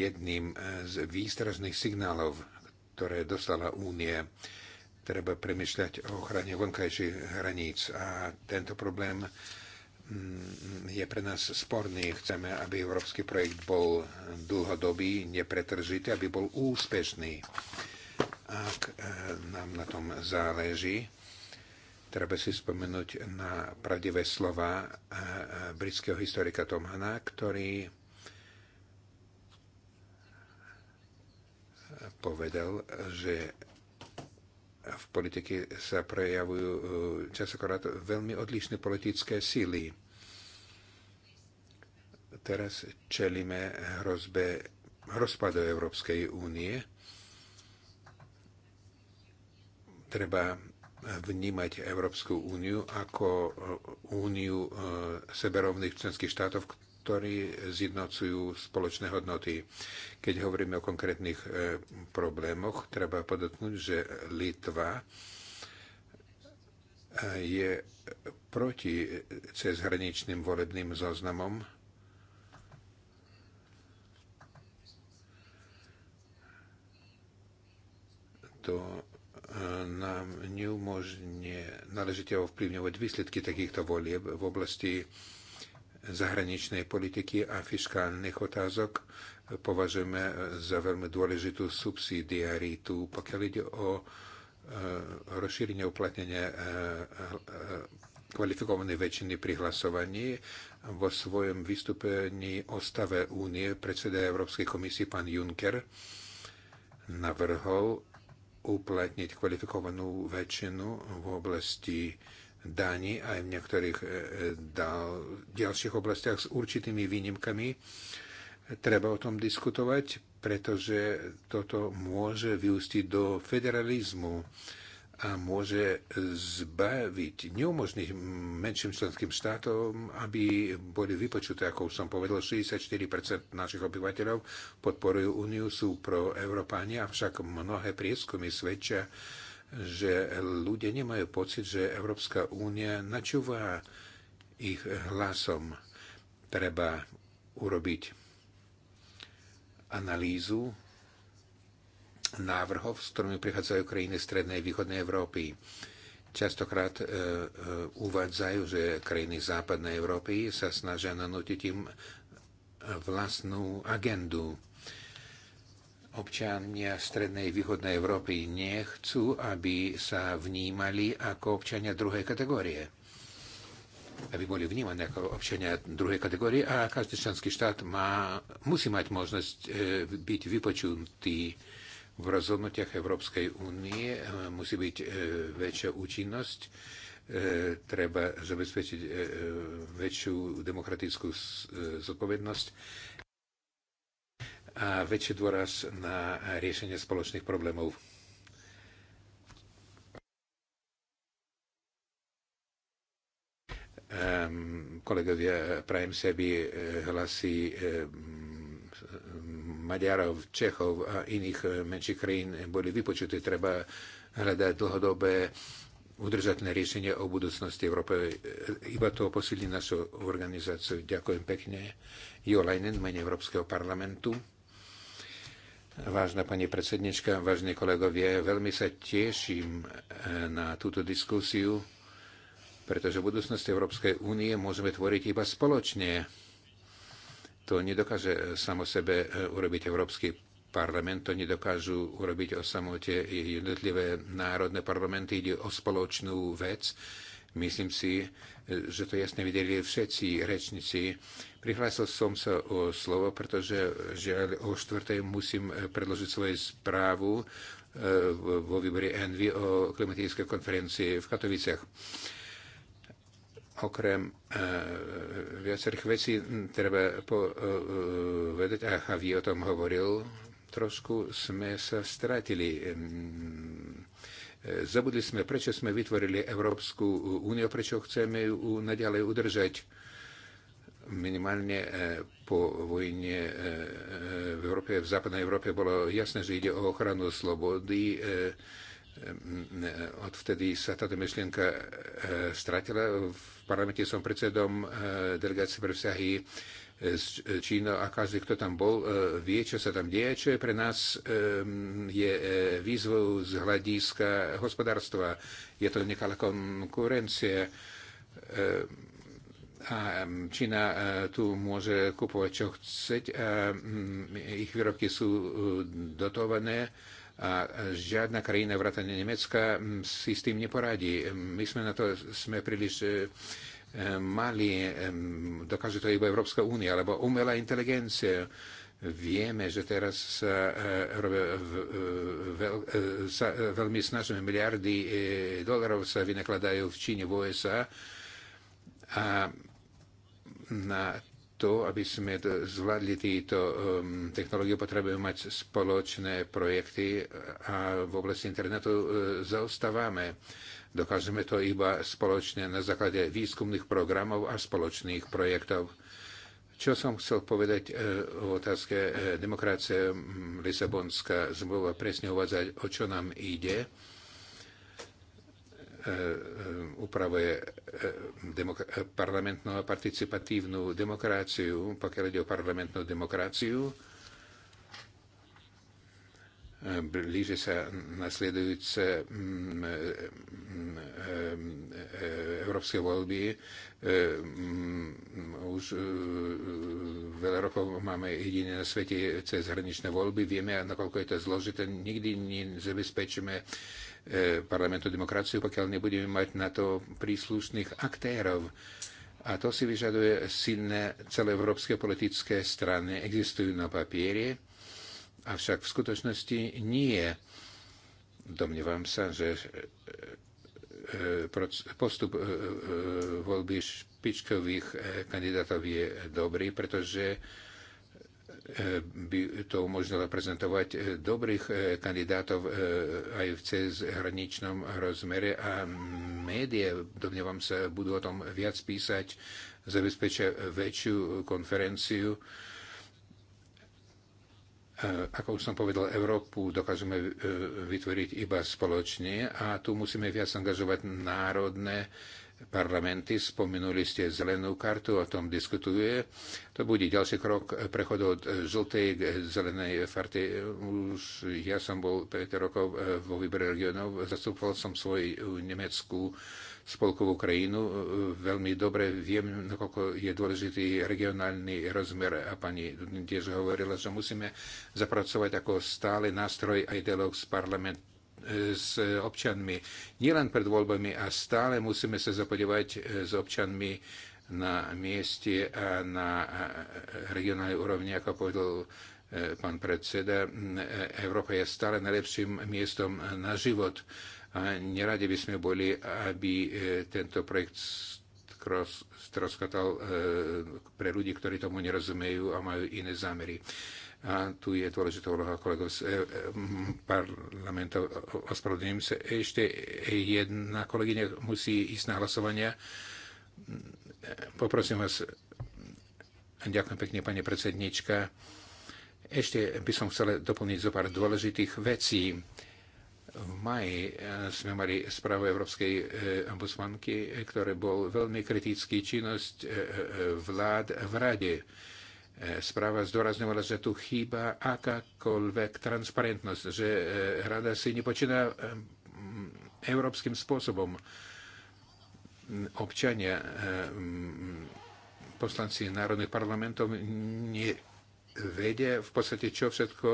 jedným z výstražných signálov, ktoré dostala Únie. Treba premyšľať o ochrane vonkajších hraníc a tento problém Mm, je pre nás sporný. Chceme, aby európsky projekt bol dlhodobý, nepretržitý, aby bol úspešný. Ak eh, nám na tom záleží, treba si spomenúť na pravdivé slova eh, britského historika Tomhana, ktorý eh, povedal, že v politike sa prejavujú e, časokrát veľmi odlišné politické síly. Teraz čelíme hrozbe rozpadu Európskej únie. Treba vnímať Európsku úniu ako e, úniu e, seberovných členských štátov, ktorí zjednocujú spoločné hodnoty. Keď hovoríme o konkrétnych e, problémoch, treba podotknúť, že Litva e, je proti cezhraničným volebným zoznamom to e, nám neumožňuje náležite ovplyvňovať výsledky takýchto volieb v oblasti zahraničnej politiky a fiskálnych otázok považujeme za veľmi dôležitú subsidiaritu, pokiaľ ide o e, rozšírenie uplatnenia e, e, kvalifikovanej väčšiny pri hlasovaní. Vo svojom vystúpení o stave únie predseda Európskej komisie pán Juncker navrhol uplatniť kvalifikovanú väčšinu v oblasti daní aj v niektorých e, e, ďalších oblastiach s určitými výnimkami. Treba o tom diskutovať, pretože toto môže vyústiť do federalizmu a môže zbaviť, neumožniť menším členským štátom, aby boli vypočuté, ako už som povedal, 64% našich obyvateľov podporujú Úniu, sú pro Európania, avšak mnohé prieskumy svedčia, že ľudia nemajú pocit, že Európska únia načúva ich hlasom. Treba urobiť analýzu návrhov, s ktorými prichádzajú krajiny Strednej a Východnej Európy. Častokrát e, e, uvádzajú, že krajiny Západnej Európy sa snažia nanútiť im vlastnú agendu občania strednej východnej Európy nechcú, aby sa vnímali ako občania druhej kategórie. Aby boli vnímaní ako občania druhej kategórie a každý členský štát má, musí mať možnosť e, byť vypočutý v rozhodnutiach Európskej únie. E, musí byť e, väčšia účinnosť treba zabezpečiť väčšiu demokratickú zodpovednosť a väčší dôraz na riešenie spoločných problémov. Ehm, kolegovia, prajem si, aby eh, hlasy ehm, Maďarov, Čechov a iných eh, menších krajín boli vypočuté. Treba hľadať dlhodobé udržateľné riešenie o budúcnosti Európy. Eh, iba to posilní našu organizáciu. Ďakujem pekne. Jo Leinen, mene Európskeho parlamentu. Vážna pani predsednička, vážni kolegovia, veľmi sa teším eh, na túto diskusiu, pretože budúcnosť Európskej únie môžeme tvoriť iba spoločne. To nedokáže samo sebe eh, urobiť Európsky parlament, to nedokážu urobiť o samote jednotlivé národné parlamenty, ide o spoločnú vec Myslím si, e, že to jasne videli všetci rečníci. Prihlásil som sa o slovo, pretože žiaľ o štvrtej musím e, predložiť svoju správu e, vo výbore ENVI o klimatickej konferencii v Katoviciach okrem e, viacerých vecí treba povedať, a Javi o tom hovoril, trošku sme sa stratili. E, zabudli sme, prečo sme vytvorili Európsku úniu, prečo chceme ju naďalej udržať minimálne e, po vojne e, v Európe, v západnej Európe bolo jasné, že ide o ochranu slobody. Od vtedy sa táto myšlienka stratila. V parlamente som predsedom delegácie pre vzťahy s Čínou a každý, kto tam bol, e, vie, čo sa tam deje, čo je pre nás e, je e, výzvou z hľadiska hospodárstva. Je to nekalá konkurencia a Čína tu môže kupovať, čo chceť. A ich výrobky sú dotované a žiadna krajina vrátane Nemecka si s tým neporadí. My sme na to sme príliš E, mali, dokáže to iba Európska únia, alebo umelá inteligencia. Vieme, že teraz sa, e, veľ, e, sa veľmi snažíme, miliardy dolarov sa vynakladajú v Číne, v USA a na to, aby sme zvládli tieto technológie, potrebujeme mať spoločné projekty a v oblasti internetu zaostávame Dokážeme to iba spoločne na základe výskumných programov a spoločných projektov. Čo som chcel povedať o e, otázke e, demokracie, Lisabonská zmluva presne uvádzať, o čo nám ide e, upravuje parlamentnú a participatívnu demokraciu, pokiaľ ide o parlamentnú demokraciu, blíže sa nasledujúce mm, mm, mm, európske voľby. Už veľa rokov máme jediné na svete cez hraničné voľby. Vieme, nakoľko je to zložité. Nikdy nezabezpečíme e, parlamentu demokraciu, pokiaľ nebudeme mať na to príslušných aktérov. A to si vyžaduje silné celé európske politické strany. Existujú na papieri Avšak v skutočnosti nie. Domnievam sa, že e, e, postup e, voľby špičkových kandidátov je dobrý, pretože by to umožnilo prezentovať dobrých kandidátov aj v cezhraničnom rozmere a médiá, domnievam sa, budú o tom viac písať, zabezpečia väčšiu konferenciu E, ako už som povedal, Európu dokážeme e, vytvoriť iba spoločne a tu musíme viac angažovať národné parlamenty. Spomenuli ste zelenú kartu, o tom diskutuje. To bude ďalší krok prechodu od žltej k zelenej farty. Už ja som bol 5 rokov e, vo výbere regionov, zastupoval som svoju nemeckú spolkovú krajinu. E, e, veľmi dobre viem, nakoľko je dôležitý regionálny rozmer a pani tiež hovorila, že musíme zapracovať ako stále nástroj aj dialog s parlamentom e, s občanmi nielen pred voľbami a stále musíme sa zapodívať s občanmi na mieste a na regionálnej úrovni, ako povedal pán predseda. Európa je stále najlepším miestom na život a neradi by sme boli, aby e, tento projekt stroskatal e, pre ľudí, ktorí tomu nerozumejú a majú iné zámery. A tu je dôležitá úloha kolegov z e, parlamentov. Ospravedlňujem sa. Ešte jedna kolegyňa musí ísť na hlasovania. Poprosím vás. Ďakujem pekne, pani predsednička. Ešte by som chcel doplniť zo pár dôležitých vecí. V maji eh, sme mali správu Európskej eh, ombudsmanky, eh, ktoré bol veľmi kritický činnosť vlád v rade. Správa zdôrazňovala, že tu chýba akákoľvek transparentnosť, že rada si nepočína európskym spôsobom. Občania, poslanci národných parlamentov nevedia v podstate, čo všetko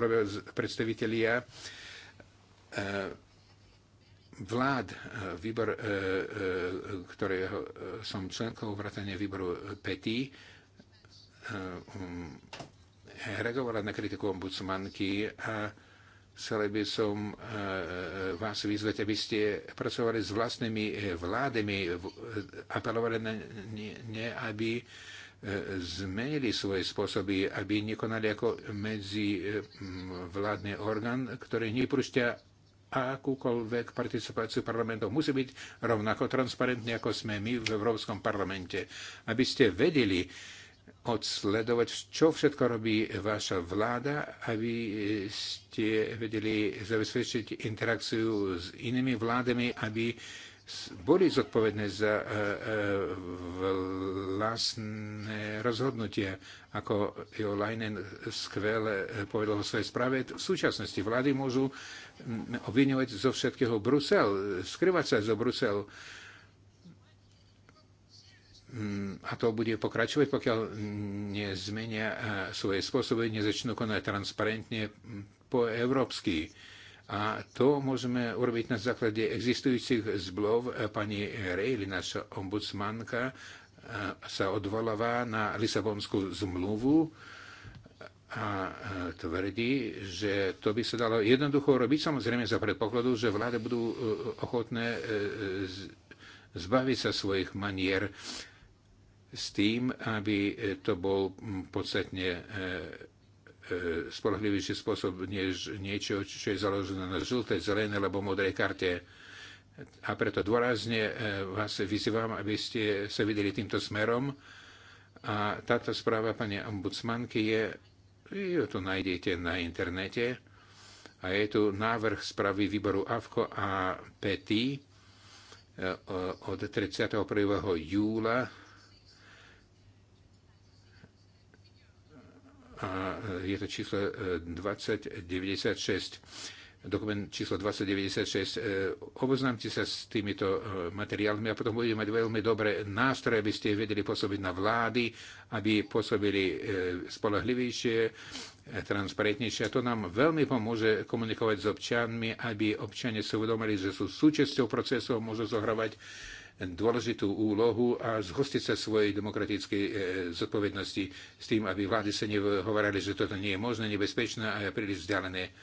robia predstavitelia E, vlád, e, výbor, e, ktorého som členkou, vrátane výboru PETI, um, reagovala na kritiku ombudsmanky a chcel by som vás vyzvať, aby ste pracovali s vlastnými vládami, apelovali na ne, aby zmenili svoje spôsoby, aby nekonali ako medzi vládny orgán, ktorý nepúšťa a akúkoľvek participáciu parlamentov musí byť rovnako transparentný, ako sme my v Európskom parlamente. Aby ste vedeli odsledovať, čo všetko robí vaša vláda, aby ste vedeli zabezpečiť interakciu s inými vládami, aby boli zodpovedné za e, e, vlastné rozhodnutie, ako Jo Leinen skvele e, povedal vo svojej správe. V súčasnosti vlády môžu obviňovať zo všetkého Brusel, skrývať sa zo Bruselu. Mm, a to bude pokračovať, pokiaľ nezmenia eh, svoje spôsoby, nezačnú konať transparentne mm, po európsky. A to môžeme urobiť na základe existujúcich zblov. Eh, pani Rejli, naša ombudsmanka, eh, sa odvoláva na Lisabonskú zmluvu, a e, tvrdí, že to by sa dalo jednoducho robiť, samozrejme za predpokladu, že vlády budú e, ochotné e, zbaviť sa svojich manier s tým, aby to bol podstatne spolahlivejší spôsob než niečo, čo je založené na žltej, zelenej alebo modrej karte. A preto dôrazne vás vyzývam, aby ste sa videli týmto smerom. A táto správa pani ombudsmanky je je to nájdete na internete. A je tu návrh správy výboru AFKO a PETI od 31. júla a je to číslo 2096 e, dokument číslo 2096. E, oboznámte sa s týmito e, materiálmi a potom budete mať veľmi dobré nástroje, aby ste vedeli pôsobiť na vlády, aby pôsobili e, spolahlivejšie, transparentnejšie. A to nám veľmi pomôže komunikovať s občanmi, aby občania si uvedomili, že sú súčasťou procesu a môžu zohrávať dôležitú úlohu a zhostiť sa svojej demokratickej zodpovednosti s tým, aby vlády sa nehovorali, že toto nie je možné, nebezpečné a je príliš vzdialené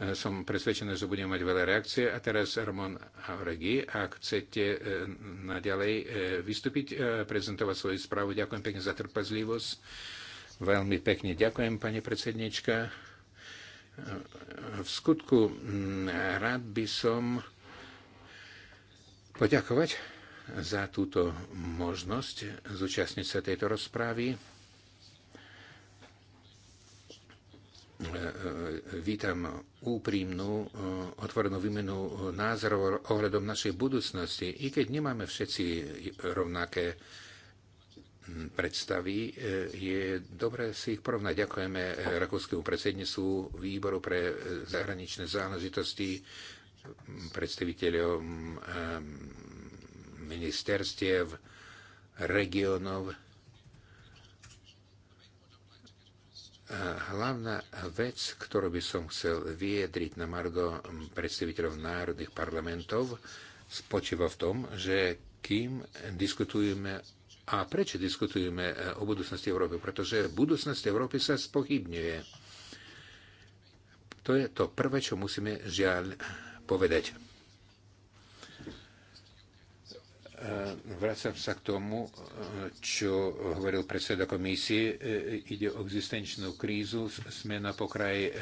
Eh, som presvedčený, že budeme mať veľa reakcie. A teraz Ramon Auregi, ak chcete eh, naďalej eh, vystúpiť, prezentovať svoju správu, ďakujem pekne za trpezlivosť. Veľmi pekne ďakujem, pani predsednička. V skutku mm, rád by som poďakovať za túto možnosť zúčastniť sa tejto rozprávy. E, e, vítam úprimnú, e, otvorenú výmenu názorov ohľadom našej budúcnosti. I keď nemáme všetci rovnaké predstavy, je dobré si ich porovnať. Ďakujeme rakúskému predsedníctvu výboru pre zahraničné záležitosti, predstaviteľom ministerstiev, regionov, hlavná vec, ktorú by som chcel vyjadriť na margo predstaviteľov národných parlamentov, spočíva v tom, že kým diskutujeme a prečo diskutujeme e, o budúcnosti Európy? Pretože budúcnosť Európy sa spochybňuje. To je to prvé, čo musíme žiaľ povedať E, vracam sa k tomu, e, čo hovoril predseda komisie. E, ide o existenčnú krízu, sme na pokraji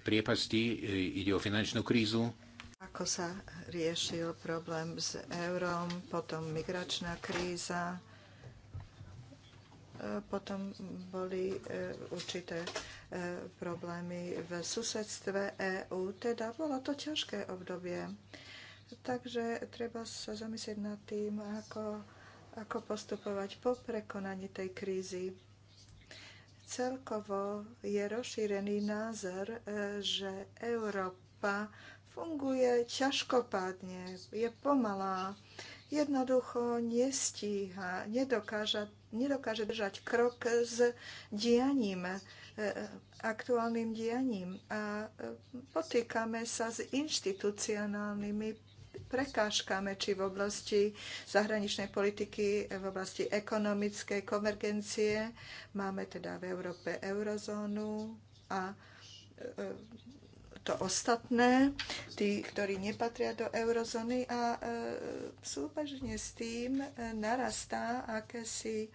priepasti, ide o finančnú krízu. Ako sa riešil problém s eurom, potom migračná kríza, potom boli určité problémy v susedstve EÚ, teda bolo to ťažké obdobie. Takže treba sa zamyslieť nad tým, ako, ako postupovať po prekonaní tej krízy. Celkovo je rozšírený názor, e, že Európa funguje ťažkopádne, je pomalá, jednoducho nestíha, nedokáže, nedokáže držať krok s dianím, e, aktuálnym dianím. A e, potýkame sa s inštitucionálnymi prekážkami, či v oblasti zahraničnej politiky, v oblasti ekonomickej konvergencie. Máme teda v Európe eurozónu a e, e, to ostatné, tí, ktorí nepatria do eurozóny a e, súbežne s tým e, narastá akési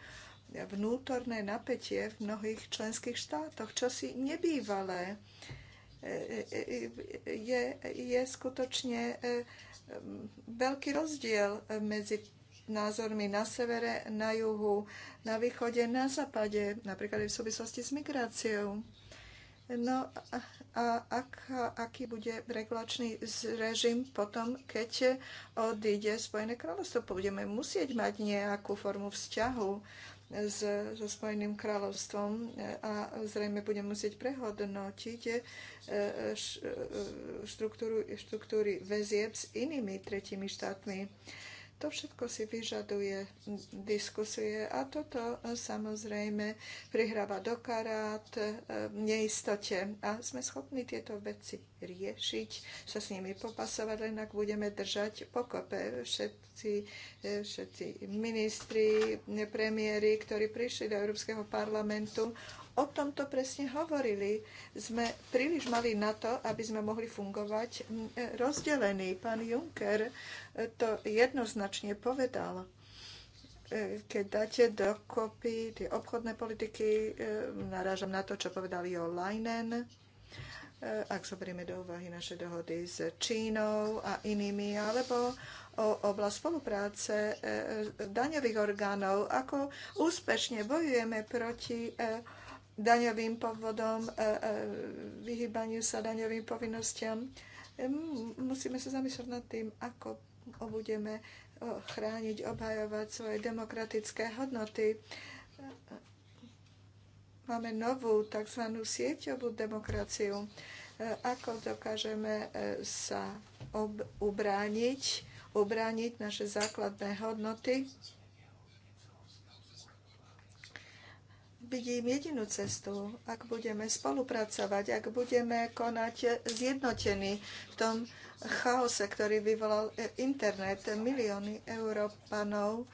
vnútorné napätie v mnohých členských štátoch, čo si nebývalé. je, je skutočne e, veľký rozdiel medzi názormi na severe, na juhu, na východe, na západe, napríklad v súvislosti s migráciou. No a ak, aký bude regulačný režim potom, keď odíde Spojené kráľovstvo? Budeme musieť mať nejakú formu vzťahu s, so Spojeným kráľovstvom e, a zrejme budem musieť prehodnotiť e, e, štruktúru, štruktúry väzieb s inými tretími štátmi to všetko si vyžaduje diskusie a toto samozrejme prihráva do karát e, neistote. A sme schopní tieto veci riešiť, sa s nimi popasovať, len ak budeme držať pokope. Všetci, e, všetci ministri, premiéry, ktorí prišli do Európskeho parlamentu, o tomto presne hovorili. Sme príliš mali na to, aby sme mohli fungovať e, rozdelení. Pán Juncker e, to jednoznačne povedal e, keď dáte dokopy tie obchodné politiky, narážam na to, čo povedal Jo Leinen, ak zoberieme do úvahy naše dohody s Čínou a inými, alebo o oblasť spolupráce daňových orgánov, ako úspešne bojujeme proti daňovým podvodom, e, e, vyhýbaniu sa daňovým povinnostiam. E, musíme sa zamýšľať nad tým, ako budeme chrániť, obhajovať svoje demokratické hodnoty. Máme novú tzv. sieťovú demokraciu. Ako dokážeme sa ob- ubrániť, ubrániť naše základné hodnoty? vidím jedinú cestu, ak budeme spolupracovať, ak budeme konať zjednotení v tom chaose, ktorý vyvolal internet. Milióny Európanov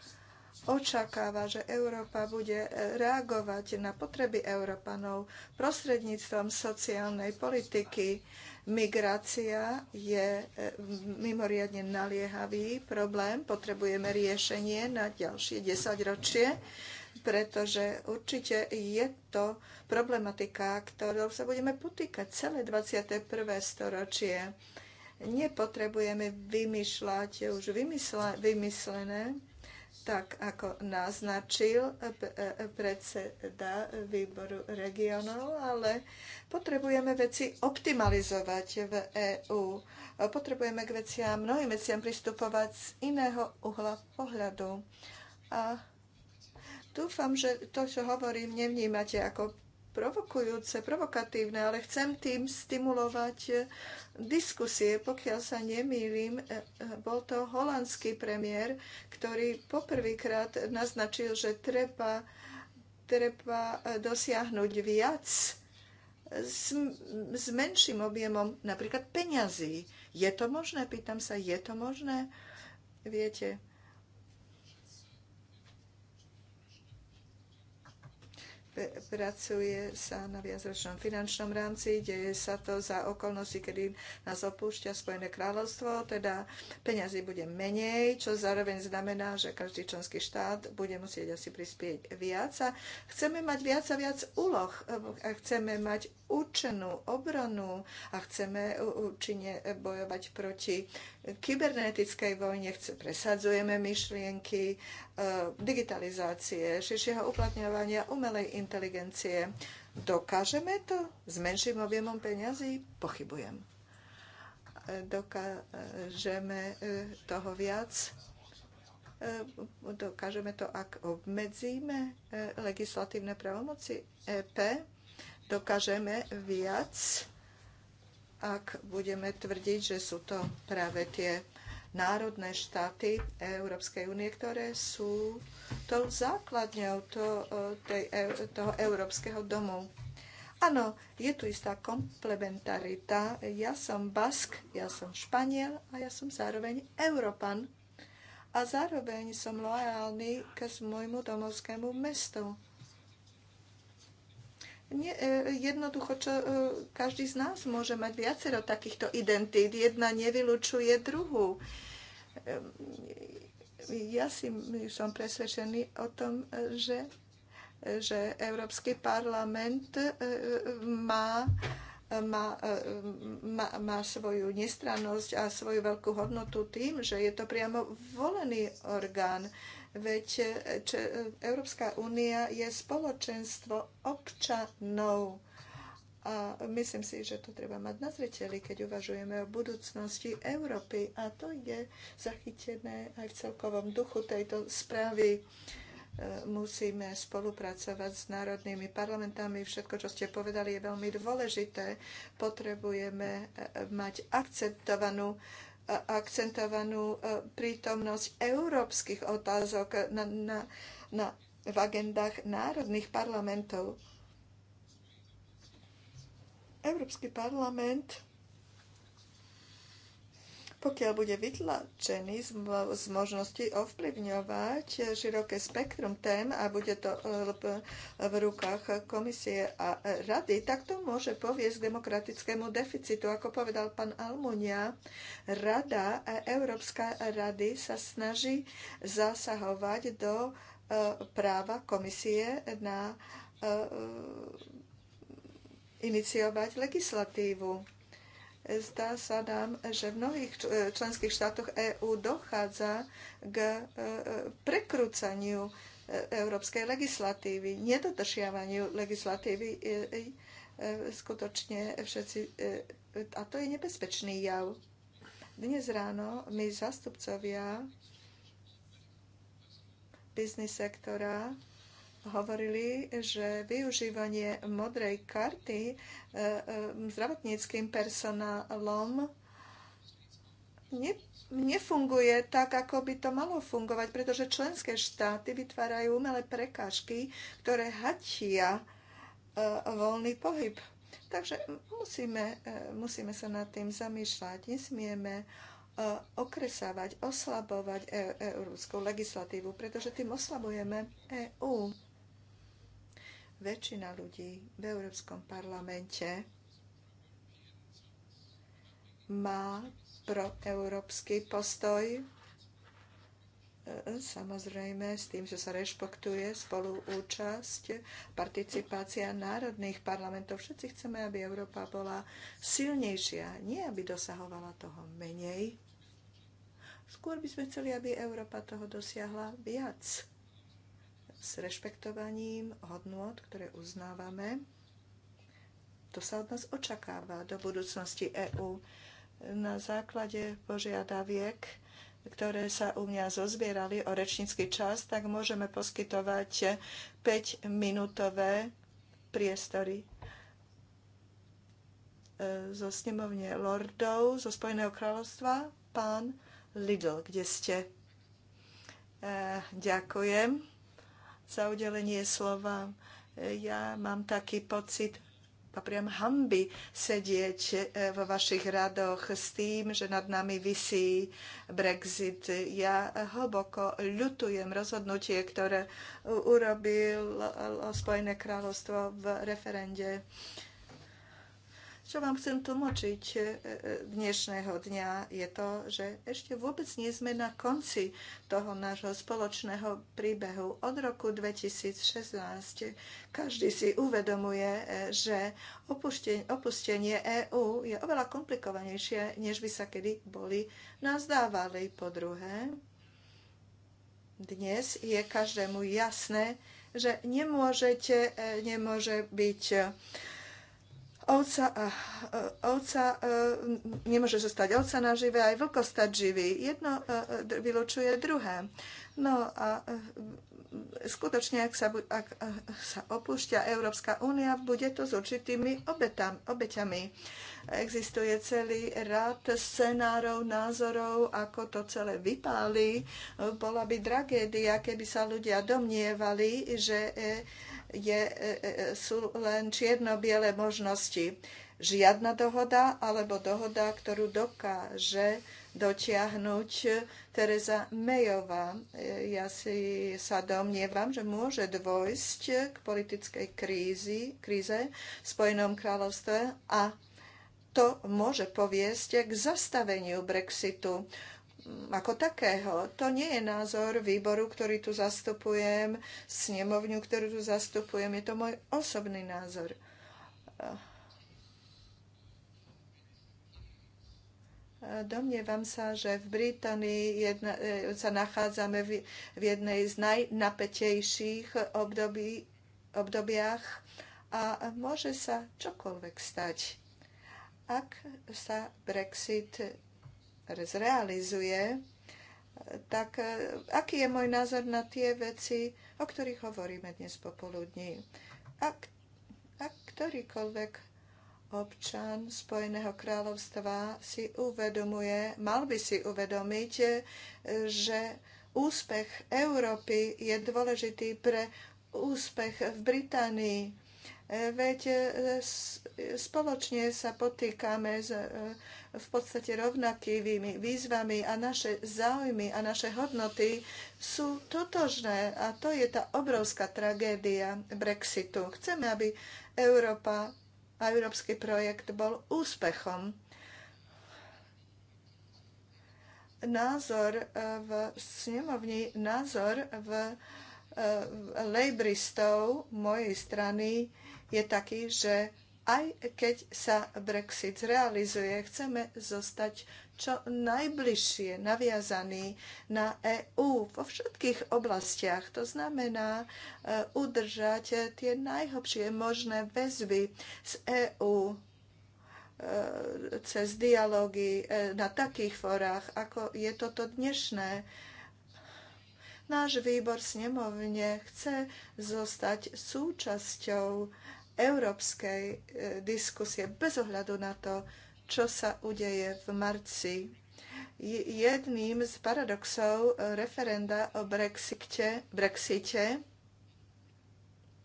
očakáva, že Európa bude reagovať na potreby Európanov prostredníctvom sociálnej politiky. Migrácia je mm, mimoriadne naliehavý problém, potrebujeme riešenie na ďalšie desaťročie. ročie pretože určite je to problematika, ktorou sa budeme potýkať celé 21. storočie. Nepotrebujeme vymýšľať už vymysle, vymyslené, tak ako naznačil e, predseda výboru regionov, ale potrebujeme veci optimalizovať v EÚ. Potrebujeme k veciam, mnohým veciam pristupovať z iného uhla pohľadu. A Dúfam, že to, čo hovorím, nevnímate ako provokujúce, provokatívne, ale chcem tým stimulovať eh, diskusie. Pokiaľ sa nemýlim, eh, eh, bol to holandský premiér, ktorý poprvýkrát naznačil, že treba, treba dosiahnuť viac s, s menším objemom napríklad peňazí. Je to možné? Pýtam sa, je to možné? Viete, pracuje sa na viacročnom finančnom rámci, deje sa to za okolnosti, kedy nás opúšťa Spojené kráľovstvo, teda peňazí bude menej, čo zároveň znamená, že každý členský štát bude musieť asi prispieť viac a chceme mať viac a viac úloh a chceme mať účenú obranu a chceme účinne bojovať proti kybernetickej vojne chce presadzujeme myšlienky e, digitalizácie, širšieho uplatňovania umelej inteligencie. Dokážeme to s menším objemom peňazí? Pochybujem. Dokážeme e, toho viac? E, dokážeme to, ak obmedzíme legislatívne pravomoci EP? Dokážeme viac? ak budeme tvrdiť, že sú to práve tie národné štáty Európskej únie, ktoré sú tou základňou to, e, tej, e, toho Európskeho domu. Áno, je tu istá komplementarita. Ja som Bask, ja som Španiel a ja som zároveň Európan. A zároveň som lojálny k môjmu domovskému mestu nie, e, jednoducho, čo e, každý z nás môže mať viacero takýchto identít. Jedna nevylučuje druhú. Ja si som presvedčený o tom, že, že Európsky parlament e, má, má, má, má svoju nestrannosť a svoju veľkú hodnotu tým, že je to priamo volený orgán Veď e, e, Európska únia je spoločenstvo občanov. A myslím si, že to treba mať na zreteli, keď uvažujeme o budúcnosti Európy. A to je zachytené aj v celkovom duchu tejto správy e, musíme spolupracovať s národnými parlamentami. Všetko, čo ste povedali, je veľmi dôležité. Potrebujeme mať akceptovanú akcentovanú e, prítomnosť európskych otázok na, na, na, v agendách národných parlamentov. Európsky parlament pokiaľ bude vytlačený z, z možnosti ovplyvňovať široké spektrum tém a bude to e, v rukách komisie a rady, tak to môže poviesť k demokratickému deficitu. Ako povedal pán Almunia, rada, Európska rady sa snaží zasahovať do e, práva komisie na e, iniciovať legislatívu Zdá sa nám, že v mnohých e, členských štátoch EÚ dochádza k e, e, prekrúcaniu európskej legislatívy, nedodržiavaniu legislatívy skutočne všetci. A to je nebezpečný jav. Dnes ráno my zastupcovia biznis sektora hovorili, že využívanie modrej karty e, e, zdravotníckým personálom nefunguje tak, ako by to malo fungovať, pretože členské štáty vytvárajú umelé prekážky, ktoré hatia e, voľný pohyb. Takže musíme, musíme sa nad tým zamýšľať. Nesmieme okresávať, oslabovať európsku legislatívu, pretože tým oslabujeme EÚ väčšina ľudí v Európskom parlamente má proeurópsky postoj, e, samozrejme s tým, že sa rešpektuje spoluúčasť, participácia národných parlamentov. Všetci chceme, aby Európa bola silnejšia, nie aby dosahovala toho menej. Skôr by sme chceli, aby Európa toho dosiahla viac s rešpektovaním hodnôt, ktoré uznávame. To sa od nás očakáva do budúcnosti EÚ na základe požiadaviek, ktoré sa u mňa zozbierali o rečnícky čas, tak môžeme poskytovať 5-minútové priestory e, zo snemovne lordov zo Spojeného kráľovstva, pán Lidl, kde ste. E, ďakujem za udelenie slova. Ja mám taký pocit a priam hamby sedieť e, vo vašich radoch s tým, že nad nami vysí Brexit. Ja hlboko ľutujem rozhodnutie, ktoré urobil Spojené kráľovstvo v referende čo vám chcem tlmočiť e, e, dnešného dňa je to, že ešte vôbec nie sme na konci toho nášho spoločného príbehu. Od roku 2016 každý si uvedomuje, e, že opustenie EÚ je oveľa komplikovanejšie, než by sa kedy boli nazdávali. Po druhé, dnes je každému jasné, že nemôžete, nemôže byť Ovca, e, ovca e, nemôže zostať ovca na živé, aj vlko stať živý. Jedno e, vylučuje druhé. No a skutočne, ak sa, ak sa opúšťa Európska únia, bude to s určitými obetam, obeťami. Existuje celý rád scenárov, názorov, ako to celé vypáli. Bola by tragédia, keby sa ľudia domnievali, že je, e, e, sú len čierno-biele možnosti. Žiadna dohoda alebo dohoda, ktorú dokáže dotiahnuť Tereza Mejová. Ja si sa domnievam, že môže dôjsť k politickej krízi, kríze v Spojenom kráľovstve a to môže poviesť k zastaveniu Brexitu ako takého. To nie je názor výboru, ktorý tu zastupujem, snemovňu, ktorú tu zastupujem. Je to môj osobný názor. Domnievam sa, že v Británii jedna, e, sa nachádzame v, v jednej z najnapetejších období, obdobiach a môže sa čokoľvek stať. Ak sa Brexit zrealizuje, tak e, aký je môj názor na tie veci, o ktorých hovoríme dnes popoludní? A a ktorýkoľvek občan Spojeného kráľovstva si uvedomuje, mal by si uvedomiť, e, že úspech Európy je dôležitý pre úspech v Británii Veď e, spoločne sa potýkame s e, v podstate rovnakými výzvami a naše záujmy a naše hodnoty sú totožné a to je tá obrovská tragédia Brexitu. Chceme, aby Európa a európsky projekt bol úspechom. Názor e, v snemovni, názor v lejbristov mojej strany je taký, že aj keď sa Brexit zrealizuje, chceme zostať čo najbližšie naviazaní na EÚ vo všetkých oblastiach. To znamená e, udržať tie najhlbšie možné väzby z EÚ e, cez dialógy e, na takých forách, ako je toto dnešné. Náš výbor snemovne chce zostať súčasťou európskej e, diskusie bez ohľadu na to, čo sa udeje v marci. Jedným z paradoxov e, referenda o Brexite, Brexite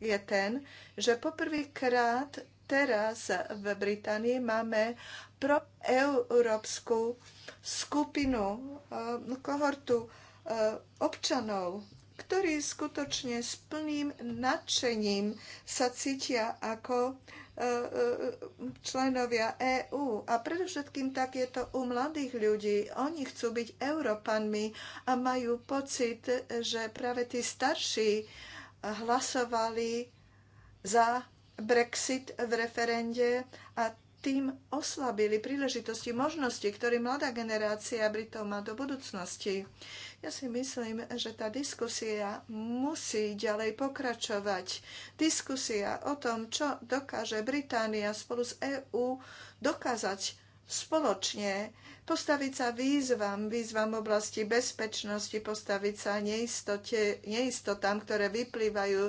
je ten, že poprvýkrát teraz v Británii máme proeurópsku skupinu, e, kohortu občanov ktorí skutočne s plným nadšením sa cítia ako e, e, členovia EÚ. A predovšetkým tak je to u mladých ľudí. Oni chcú byť Európanmi a majú pocit, že práve tí starší hlasovali za Brexit v referende a tým oslabili príležitosti, možnosti, ktoré mladá generácia Britov má do budúcnosti. Ja si myslím, že tá diskusia musí ďalej pokračovať. Diskusia o tom, čo dokáže Británia spolu s EÚ dokázať spoločne, postaviť sa výzvam, výzvam oblasti bezpečnosti, postaviť sa neistote, neistotám, ktoré vyplývajú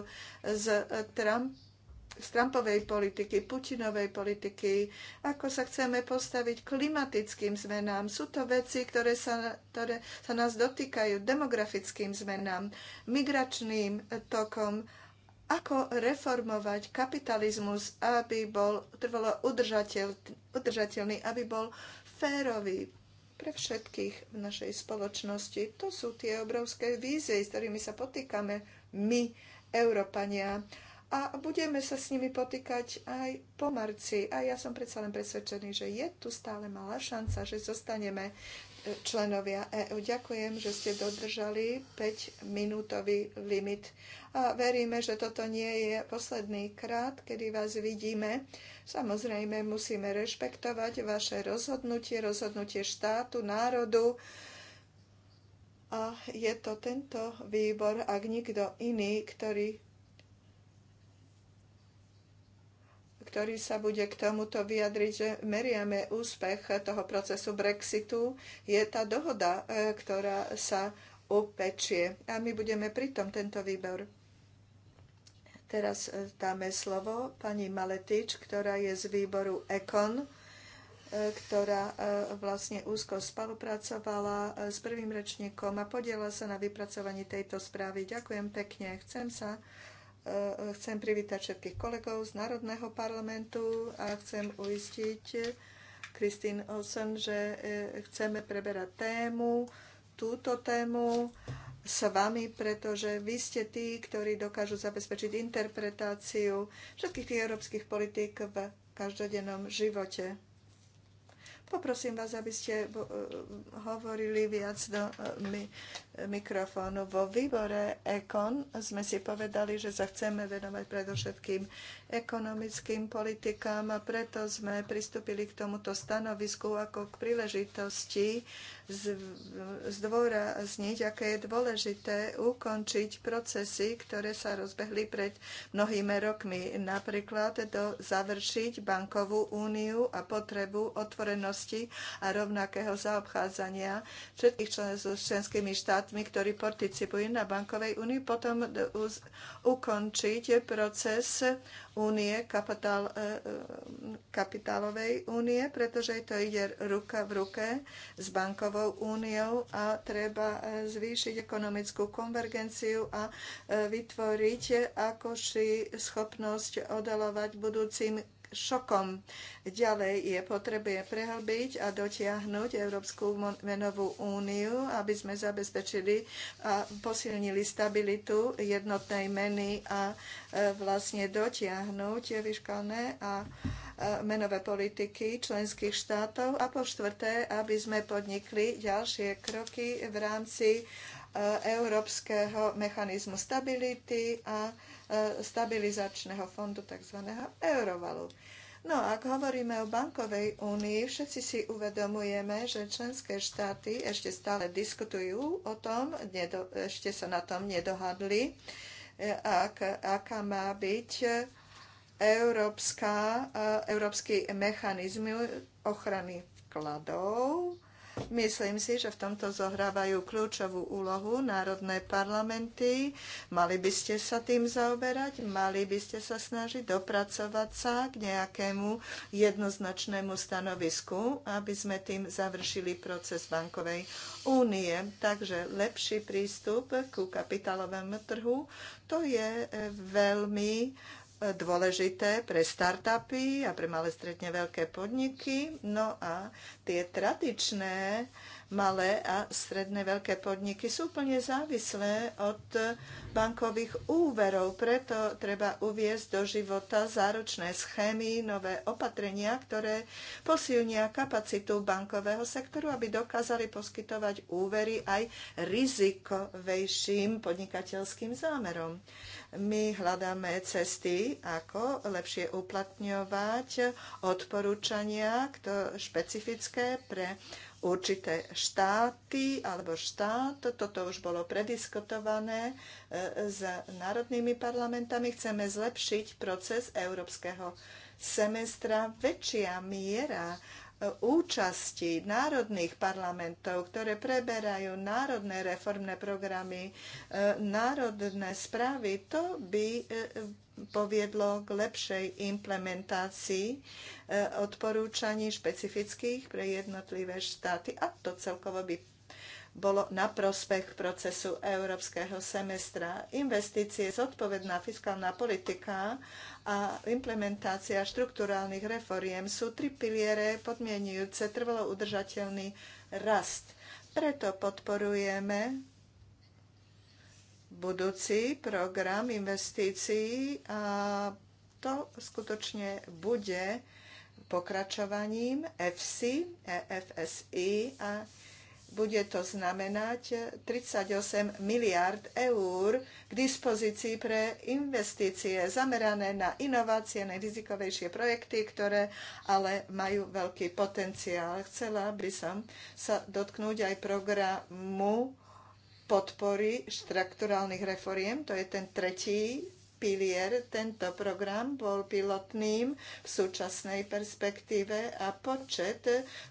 z Trump, z Trumpovej politiky, Putinovej politiky, ako sa chceme postaviť klimatickým zmenám. Sú to veci, ktoré sa, ktoré sa nás dotýkajú demografickým zmenám, migračným tokom, ako reformovať kapitalizmus, aby bol trvalo udržateľ, udržateľný, aby bol férový pre všetkých v našej spoločnosti. To sú tie obrovské vízie, s ktorými sa potýkame my, Európania a budeme sa s nimi potýkať aj po marci. A ja som predsa len presvedčený, že je tu stále malá šanca, že zostaneme e, členovia EU. Ďakujem, že ste dodržali 5-minútový limit. A veríme, že toto nie je posledný krát, kedy vás vidíme. Samozrejme, musíme rešpektovať vaše rozhodnutie, rozhodnutie štátu, národu. A je to tento výbor, ak nikto iný, ktorý ktorý sa bude k tomuto vyjadriť, že meriame úspech toho procesu Brexitu, je tá dohoda, e, ktorá sa upečie. A my budeme pritom tento výbor. Teraz e, dáme slovo pani Maletič, ktorá je z výboru ECON, e, ktorá vlastne úzko spolupracovala s prvým rečníkom a podiela sa na vypracovaní tejto správy. Ďakujem pekne. Chcem sa Eh, chcem privítať všetkých kolegov z Národného parlamentu a chcem uistiť eh, Kristín Olsen, že eh, chceme preberať tému, túto tému s vami, pretože vy ste tí, ktorí dokážu zabezpečiť interpretáciu všetkých tých európskych politík v každodennom živote. Poprosím vás, aby ste e, hovorili viac do e, mikrofónu. Vo výbore EKON sme si povedali, že sa chceme venovať predovšetkým ekonomickým politikám a preto sme pristúpili k tomuto stanovisku ako k príležitosti zdôrazniť, aké je dôležité ukončiť procesy, ktoré sa rozbehli pred mnohými rokmi. Napríklad do završiť bankovú úniu a potrebu otvorenosti a rovnakého zaobchádzania všetkých členov s členskými štátmi, ktorí participujú na bankovej únii, potom ukončiť proces únie, kapitál, e, e, kapitálovej únie, pretože to ide ruka v ruke s bankovou úniou a treba e, zvýšiť ekonomickú konvergenciu a vytvoriť akoši schopnosť odalovať budúcim šokom. Ďalej je potrebuje prehlbiť a dotiahnuť Európsku menovú úniu, aby sme zabezpečili a posilnili stabilitu jednotnej meny a e, vlastne dotiahnuť vyškolné a e, menové politiky členských štátov a po štvrté, aby sme podnikli ďalšie kroky v rámci Európskeho mechanizmu stability a e, stabilizačného fondu tzv. eurovalu. No a ak hovoríme o bankovej únii, všetci si uvedomujeme, že členské štáty ešte stále diskutujú o tom, nedo, ešte sa na tom nedohadli, e, ak, aká má byť európska, e, európsky mechanizmus ochrany vkladov Myslím si, že v tomto zohrávajú kľúčovú úlohu národné parlamenty. Mali by ste sa tým zaoberať, mali by ste sa snažiť dopracovať sa k nejakému jednoznačnému stanovisku, aby sme tým završili proces bankovej únie. Takže lepší prístup ku kapitálovému trhu, to je e, veľmi dôležité pre startupy a pre malé stredne veľké podniky. No a tie tradičné malé a stredne veľké podniky sú úplne závislé od bankových úverov. Preto treba uviezť do života záročné schémy, nové opatrenia, ktoré posilnia kapacitu bankového sektoru, aby dokázali poskytovať úvery aj rizikovejším podnikateľským zámerom. My hľadáme cesty, ako lepšie uplatňovať odporúčania špecifické pre určité štáty alebo štát. Toto už bolo prediskutované e, s národnými parlamentami. Chceme zlepšiť proces európskeho semestra. Väčšia miera účasti národných parlamentov, ktoré preberajú národné reformné programy, e, národné správy, to by e, poviedlo k lepšej implementácii e, odporúčaní špecifických pre jednotlivé štáty a to celkovo by bolo na prospech procesu európskeho semestra. Investície, zodpovedná fiskálna politika a implementácia štrukturálnych reforiem sú tri piliere podmienujúce trvalo udržateľný rast. Preto podporujeme budúci program investícií a to skutočne bude pokračovaním EFSI, EFSI a bude to znamenať 38 miliard eur k dispozícii pre investície zamerané na inovácie, najrizikovejšie projekty, ktoré ale majú veľký potenciál. Chcela by som sa dotknúť aj programu podpory štrukturálnych reforiem, to je ten tretí pilier. Tento program bol pilotným v súčasnej perspektíve a počet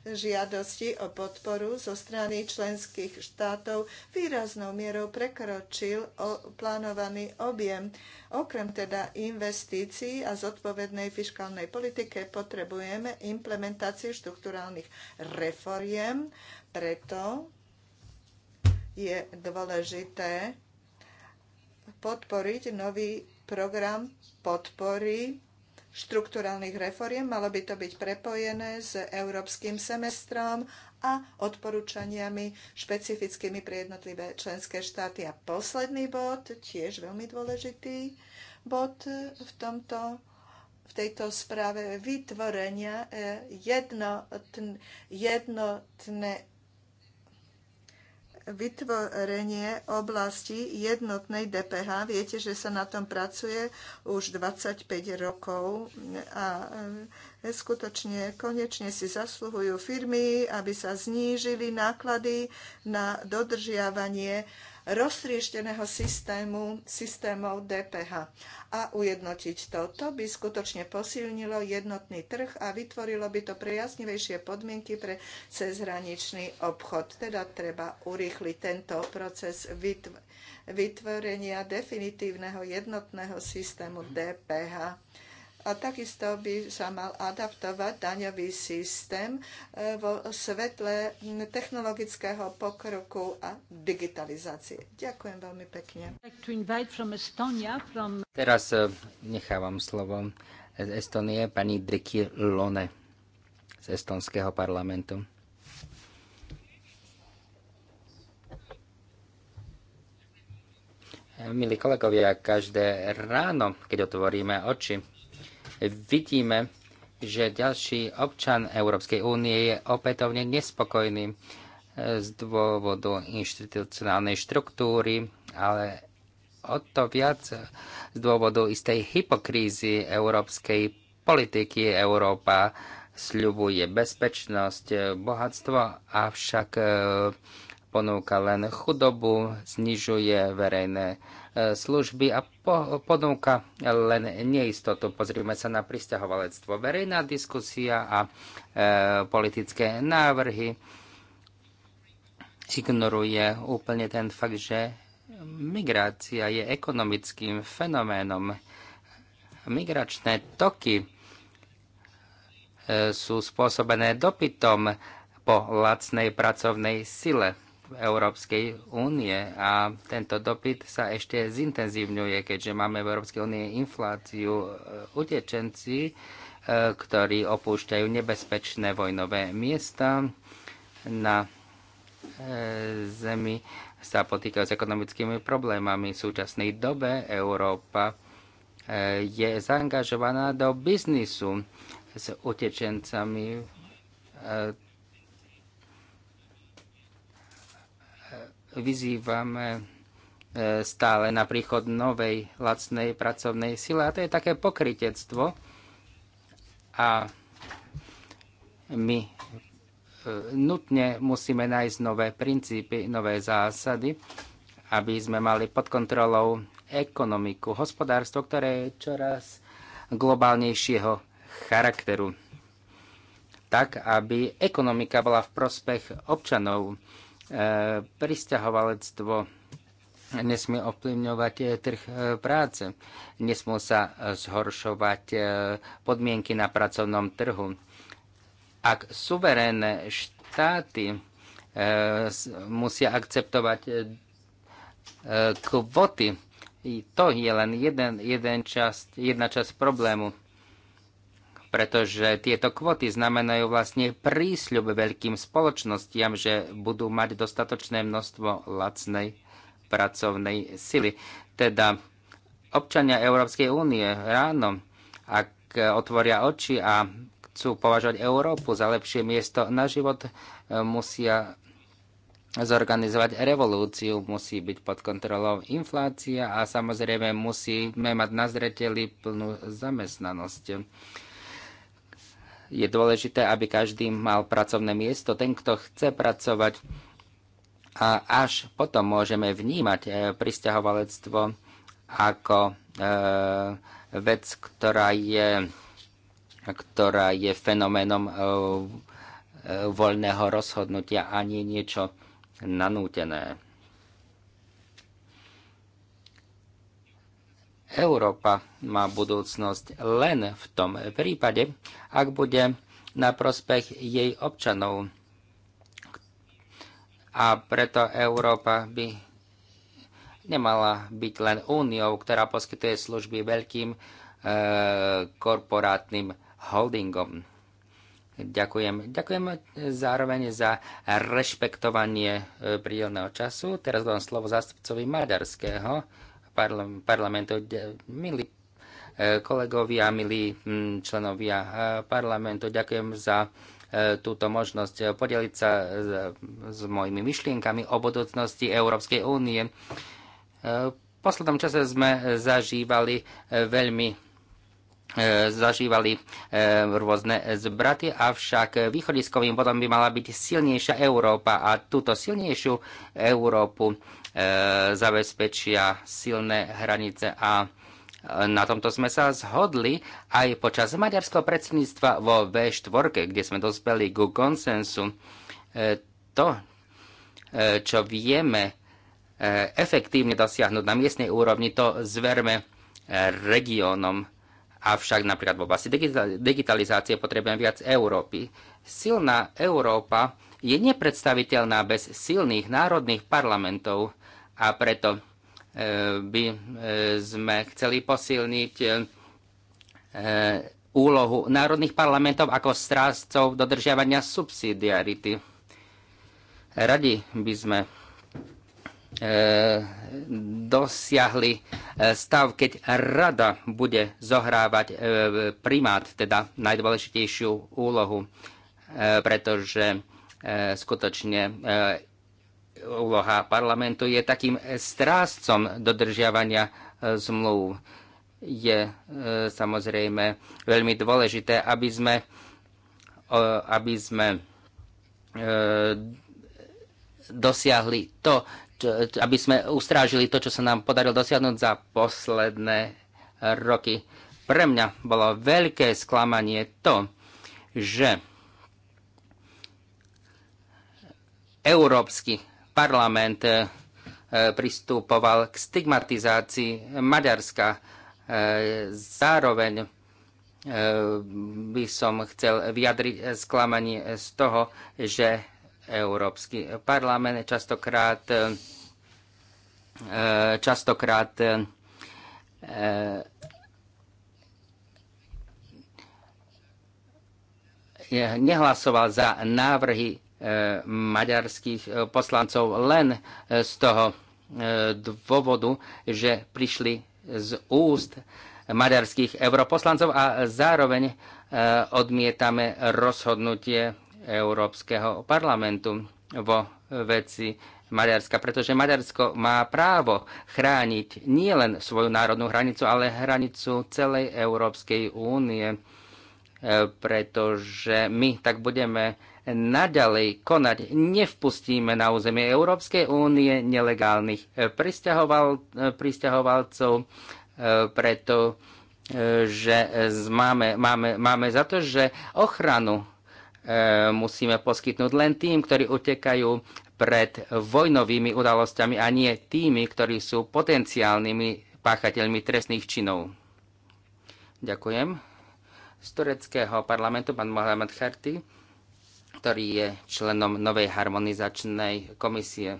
žiadostí o podporu zo strany členských štátov výraznou mierou prekročil o plánovaný objem. Okrem teda investícií a zodpovednej fiskálnej politike potrebujeme implementáciu štruktúrálnych reforiem, preto je dôležité podporiť nový program podpory štrukturálnych reforiem. Malo by to byť prepojené s európskym semestrom a odporúčaniami špecifickými pre jednotlivé členské štáty. A posledný bod, tiež veľmi dôležitý bod v, tomto, v tejto správe vytvorenia eh, jednotn, jednotne, vytvorenie oblasti jednotnej DPH. Viete, že sa na tom pracuje už 25 rokov a e, skutočne konečne si zasluhujú firmy, aby sa znížili náklady na dodržiavanie roztriešteného systému, systémov DPH a ujednotiť to. To by skutočne posilnilo jednotný trh a vytvorilo by to priaznivejšie podmienky pre cezhraničný obchod. Teda treba urýchliť tento proces vytv- vytvorenia definitívneho jednotného systému DPH a takisto by sa mal adaptovať daňový systém e, vo svetle technologického pokroku a digitalizácie. Ďakujem veľmi pekne. Teraz e, nechávam slovo z Estonie pani Driki Lone z Estonského parlamentu. E, milí kolegovia, každé ráno, keď otvoríme oči, vidíme, že ďalší občan Európskej únie je opätovne nespokojný e, z dôvodu inštitucionálnej štruktúry, ale o to viac z dôvodu istej hypokrízy európskej politiky. Európa sľubuje bezpečnosť, bohatstvo, avšak e, ponúka len chudobu, znižuje verejné služby a po, ponúka len neistotu. Pozrime sa na pristahovalectvo. Verejná diskusia a e, politické návrhy ignoruje úplne ten fakt, že migrácia je ekonomickým fenoménom. Migračné toky e, sú spôsobené dopytom po lacnej pracovnej sile. Európskej únie a tento dopyt sa ešte zintenzívňuje, keďže máme v Európskej únie infláciu e, utečenci, e, ktorí opúšťajú nebezpečné vojnové miesta na e, zemi sa potýkajú s ekonomickými problémami. V súčasnej dobe Európa je zaangažovaná do biznisu s utečencami vyzývame e, stále na príchod novej lacnej pracovnej sily. A to je také pokritectvo. A my e, nutne musíme nájsť nové princípy, nové zásady, aby sme mali pod kontrolou ekonomiku, hospodárstvo, ktoré je čoraz globálnejšieho charakteru. Tak, aby ekonomika bola v prospech občanov E, pristahovalectvo nesmie ovplyvňovať e, trh e, práce, nesmú sa zhoršovať podmienky na pracovnom trhu. Ak suverénne štáty musia akceptovať kvoty, to je len jeden, jeden časť, jedna časť problému pretože tieto kvoty znamenajú vlastne prísľub veľkým spoločnostiam, že budú mať dostatočné množstvo lacnej pracovnej sily. Teda občania Európskej únie ráno, ak otvoria oči a chcú považovať Európu za lepšie miesto na život, musia zorganizovať revolúciu, musí byť pod kontrolou inflácia a samozrejme musíme mať na zreteli plnú zamestnanosť je dôležité, aby každý mal pracovné miesto, ten, kto chce pracovať. A až potom môžeme vnímať e, pristahovalectvo ako e, vec, ktorá je, ktorá je fenoménom e, voľného rozhodnutia a nie niečo nanútené. Európa má budúcnosť len v tom prípade, ak bude na prospech jej občanov. A preto Európa by nemala byť len úniou, ktorá poskytuje služby veľkým e, korporátnym holdingom. Ďakujem. Ďakujem zároveň za rešpektovanie e, prírodného času. Teraz dám slovo zástupcovi maďarského parlamentu. Milí e, kolegovia, milí členovia e, parlamentu, ďakujem za e, túto možnosť podeliť sa s mojimi myšlienkami o budúcnosti Európskej únie. V poslednom čase sme zažívali veľmi zažívali rôzne zbraty, avšak východiskovým bodom by mala byť silnejšia Európa a túto silnejšiu Európu E, zabezpečia silné hranice a e, na tomto sme sa zhodli aj počas maďarského predsedníctva vo V4, kde sme dospeli ku konsensu. E, to, čo vieme efektívne dosiahnuť na miestnej úrovni, to zverme regiónom. Avšak napríklad v oblasti digitalizácie potrebujeme viac Európy. Silná Európa je nepredstaviteľná bez silných národných parlamentov a preto e, by e, sme chceli posilniť e, úlohu národných parlamentov ako strážcov dodržiavania subsidiarity. Radi by sme dosiahli stav, keď rada bude zohrávať primát, teda najdôležitejšiu úlohu, pretože skutočne úloha parlamentu je takým strážcom dodržiavania e, zmluv. Je e, samozrejme veľmi dôležité, aby sme, aby sme e, dosiahli to, aby sme ustrážili to, čo sa nám podarilo dosiahnuť za posledné roky. Pre mňa bolo veľké sklamanie to, že Európsky parlament e, e, pristupoval k stigmatizácii Maďarska. E, zároveň by som chcel vyjadriť sklamanie z toho, že Európsky parlament častokrát častokrát nehlasoval za návrhy E, maďarských e, poslancov len e, z toho dôvodu, že prišli z úst maďarských europoslancov a zároveň odmietame rozhodnutie Európskeho parlamentu vo veci Maďarska, pretože Maďarsko má právo chrániť nielen svoju národnú hranicu, ale hranicu celej Európskej únie, pretože my tak budeme naďalej konať. Nevpustíme na územie Európskej únie nelegálnych e, pristahoval, e, pristahovalcov, e, preto že máme, máme, máme za to, že ochranu musíme poskytnúť len tým, ktorí utekajú pred vojnovými udalosťami a nie tými, ktorí sú potenciálnymi páchateľmi trestných činov. Ďakujem. Z tureckého parlamentu pán Mohamed Charty ktorý je členom novej harmonizačnej komisie.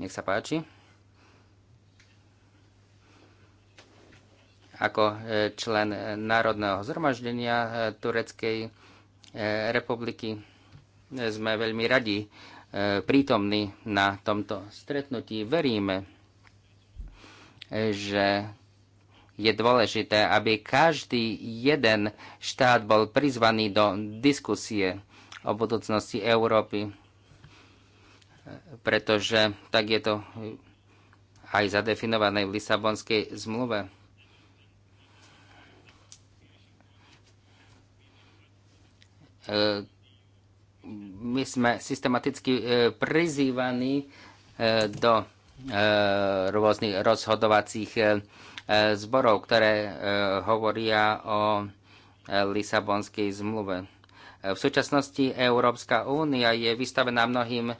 Nech sa páči. Ako e, člen e, Národného zhromaždenia e, Tureckej republiky sme veľmi radi prítomní na tomto stretnutí. Veríme, že je dôležité, aby každý jeden štát bol prizvaný do diskusie o budúcnosti Európy, pretože tak je to aj zadefinované v Lisabonskej zmluve. My sme systematicky e, prizývaní e, do e, rôznych rozhodovacích zborov, ktoré hovoria o Lisabonskej zmluve. V súčasnosti Európska únia je vystavená mnohým e,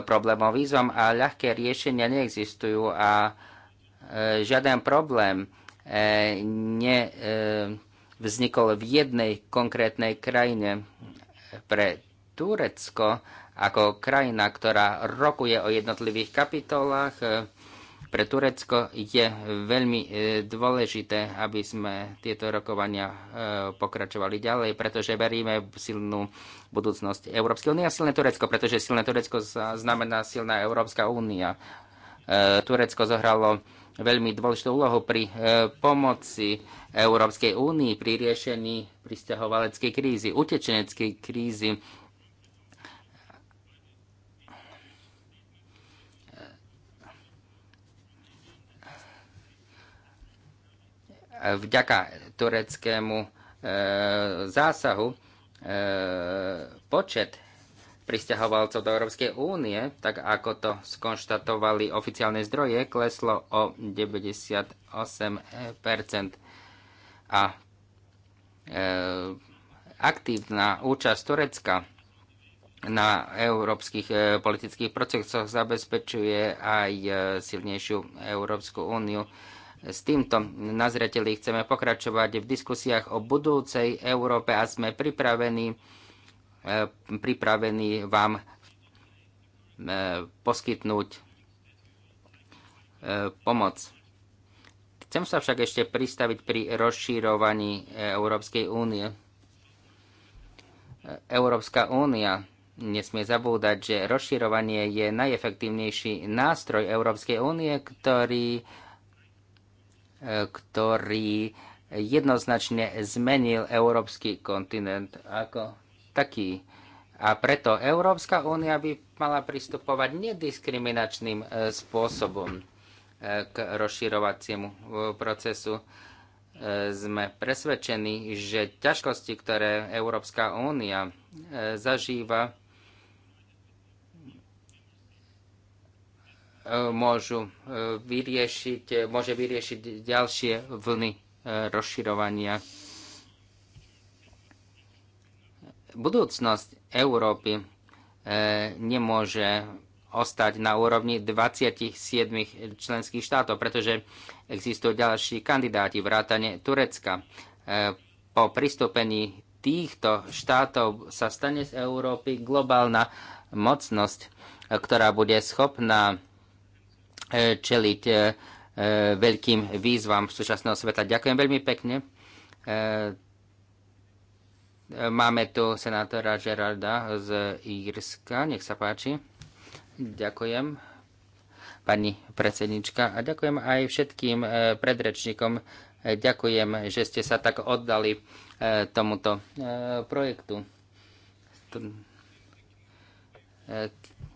problémom, výzvam a ľahké riešenia neexistujú a e, žiaden problém e, nevznikol v jednej konkrétnej krajine. Pre Turecko ako krajina, ktorá rokuje o jednotlivých kapitolách, pre Turecko je veľmi e, dôležité, aby sme tieto rokovania e, pokračovali ďalej, pretože veríme v silnú budúcnosť Európskej únie a silné Turecko, pretože silné Turecko znamená silná Európska únia. E, Turecko zohralo veľmi dôležitú úlohu pri pomoci Európskej únii pri riešení pristahovaleckej krízy, utečeneckej krízy vďaka tureckému e, zásahu e, počet pristahovalcov do Európskej únie, tak ako to skonštatovali oficiálne zdroje, kleslo o 98 a e, aktívna účasť Turecka na európskych e, politických procesoch zabezpečuje aj e, silnejšiu Európsku úniu. S týmto nazreteli chceme pokračovať v diskusiách o budúcej Európe a sme pripravení, e, pripravení vám e, poskytnúť e, pomoc. Chcem sa však ešte pristaviť pri rozšírovaní Európskej únie. Európska únia nesmie zabúdať, že rozširovanie je najefektívnejší nástroj Európskej únie, ktorý ktorý jednoznačne zmenil európsky kontinent ako taký. A preto Európska únia by mala pristupovať nediskriminačným e, spôsobom e, k rozširovaciemu e, procesu. Sme presvedčení, že ťažkosti, ktoré Európska únia zažíva, E, môžu e, vyriešiť, e, môže vyriešiť ďalšie vlny rozširovania. Budúcnosť Európy nemôže ostať na úrovni 27 členských štátov, pretože existujú ďalší kandidáti vrátane Turecka. Po pristúpení týchto štátov sa stane z Európy globálna mocnosť, ktorá bude schopná E, čeliť e, e, veľkým výzvam súčasného sveta. Ďakujem veľmi pekne. Máme tu senátora Geralda z Írska. Nech sa páči. Ďakujem pani predsednička a ďakujem aj všetkým predrečníkom. Ďakujem, že ste sa tak oddali tomuto projektu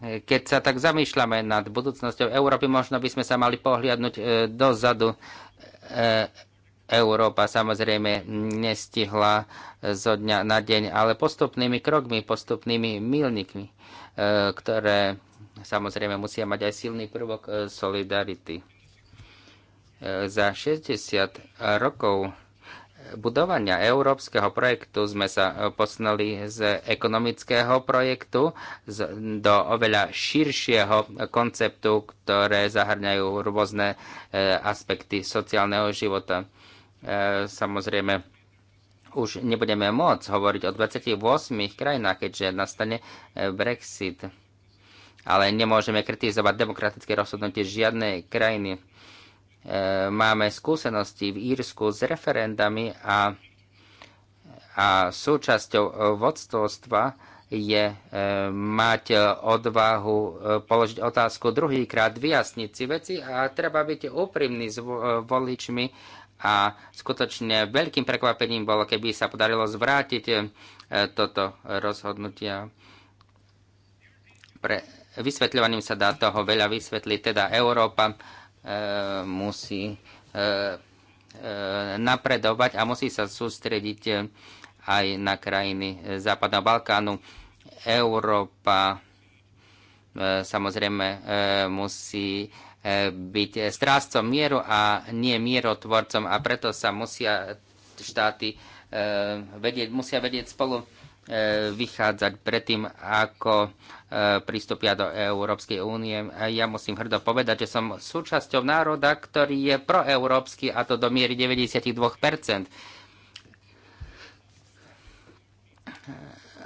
keď sa tak zamýšľame nad budúcnosťou Európy, možno by sme sa mali pohliadnúť e, dozadu. E, Európa samozrejme nestihla e, zo dňa na deň, ale postupnými krokmi, postupnými milníkmi, ktoré samozrejme musia mať aj silný prvok solidarity. Za 60 rokov budovania európskeho projektu sme sa e, posunuli z ekonomického projektu do oveľa širšieho konceptu, ktoré zahrňajú rôzne e, aspekty sociálneho života. E, samozrejme, už nebudeme môcť hovoriť o 28 krajinách, keďže nastane Brexit. Ale nemôžeme kritizovať demokratické rozhodnutie žiadnej krajiny E, máme skúsenosti v Írsku s referendami a, a súčasťou vodstvostva je e, mať odvahu e, položiť otázku druhýkrát, vyjasniť si veci a treba byť úprimný s e, voličmi a skutočne veľkým prekvapením bolo, keby sa podarilo zvrátiť e, toto rozhodnutia. Pre vysvetľovaním sa dá toho veľa vysvetliť, teda Európa E, musí e, e, napredovať a musí sa sústrediť aj na krajiny Západného Balkánu. Európa samozrejme musí byť strážcom mieru a nie mierotvorcom a preto sa musia štáty vedieť, musia vedieť spolu vychádzať predtým, ako pristúpia do Európskej únie. Ja musím hrdo povedať, že som súčasťou národa, ktorý je proeurópsky a to do miery 92%.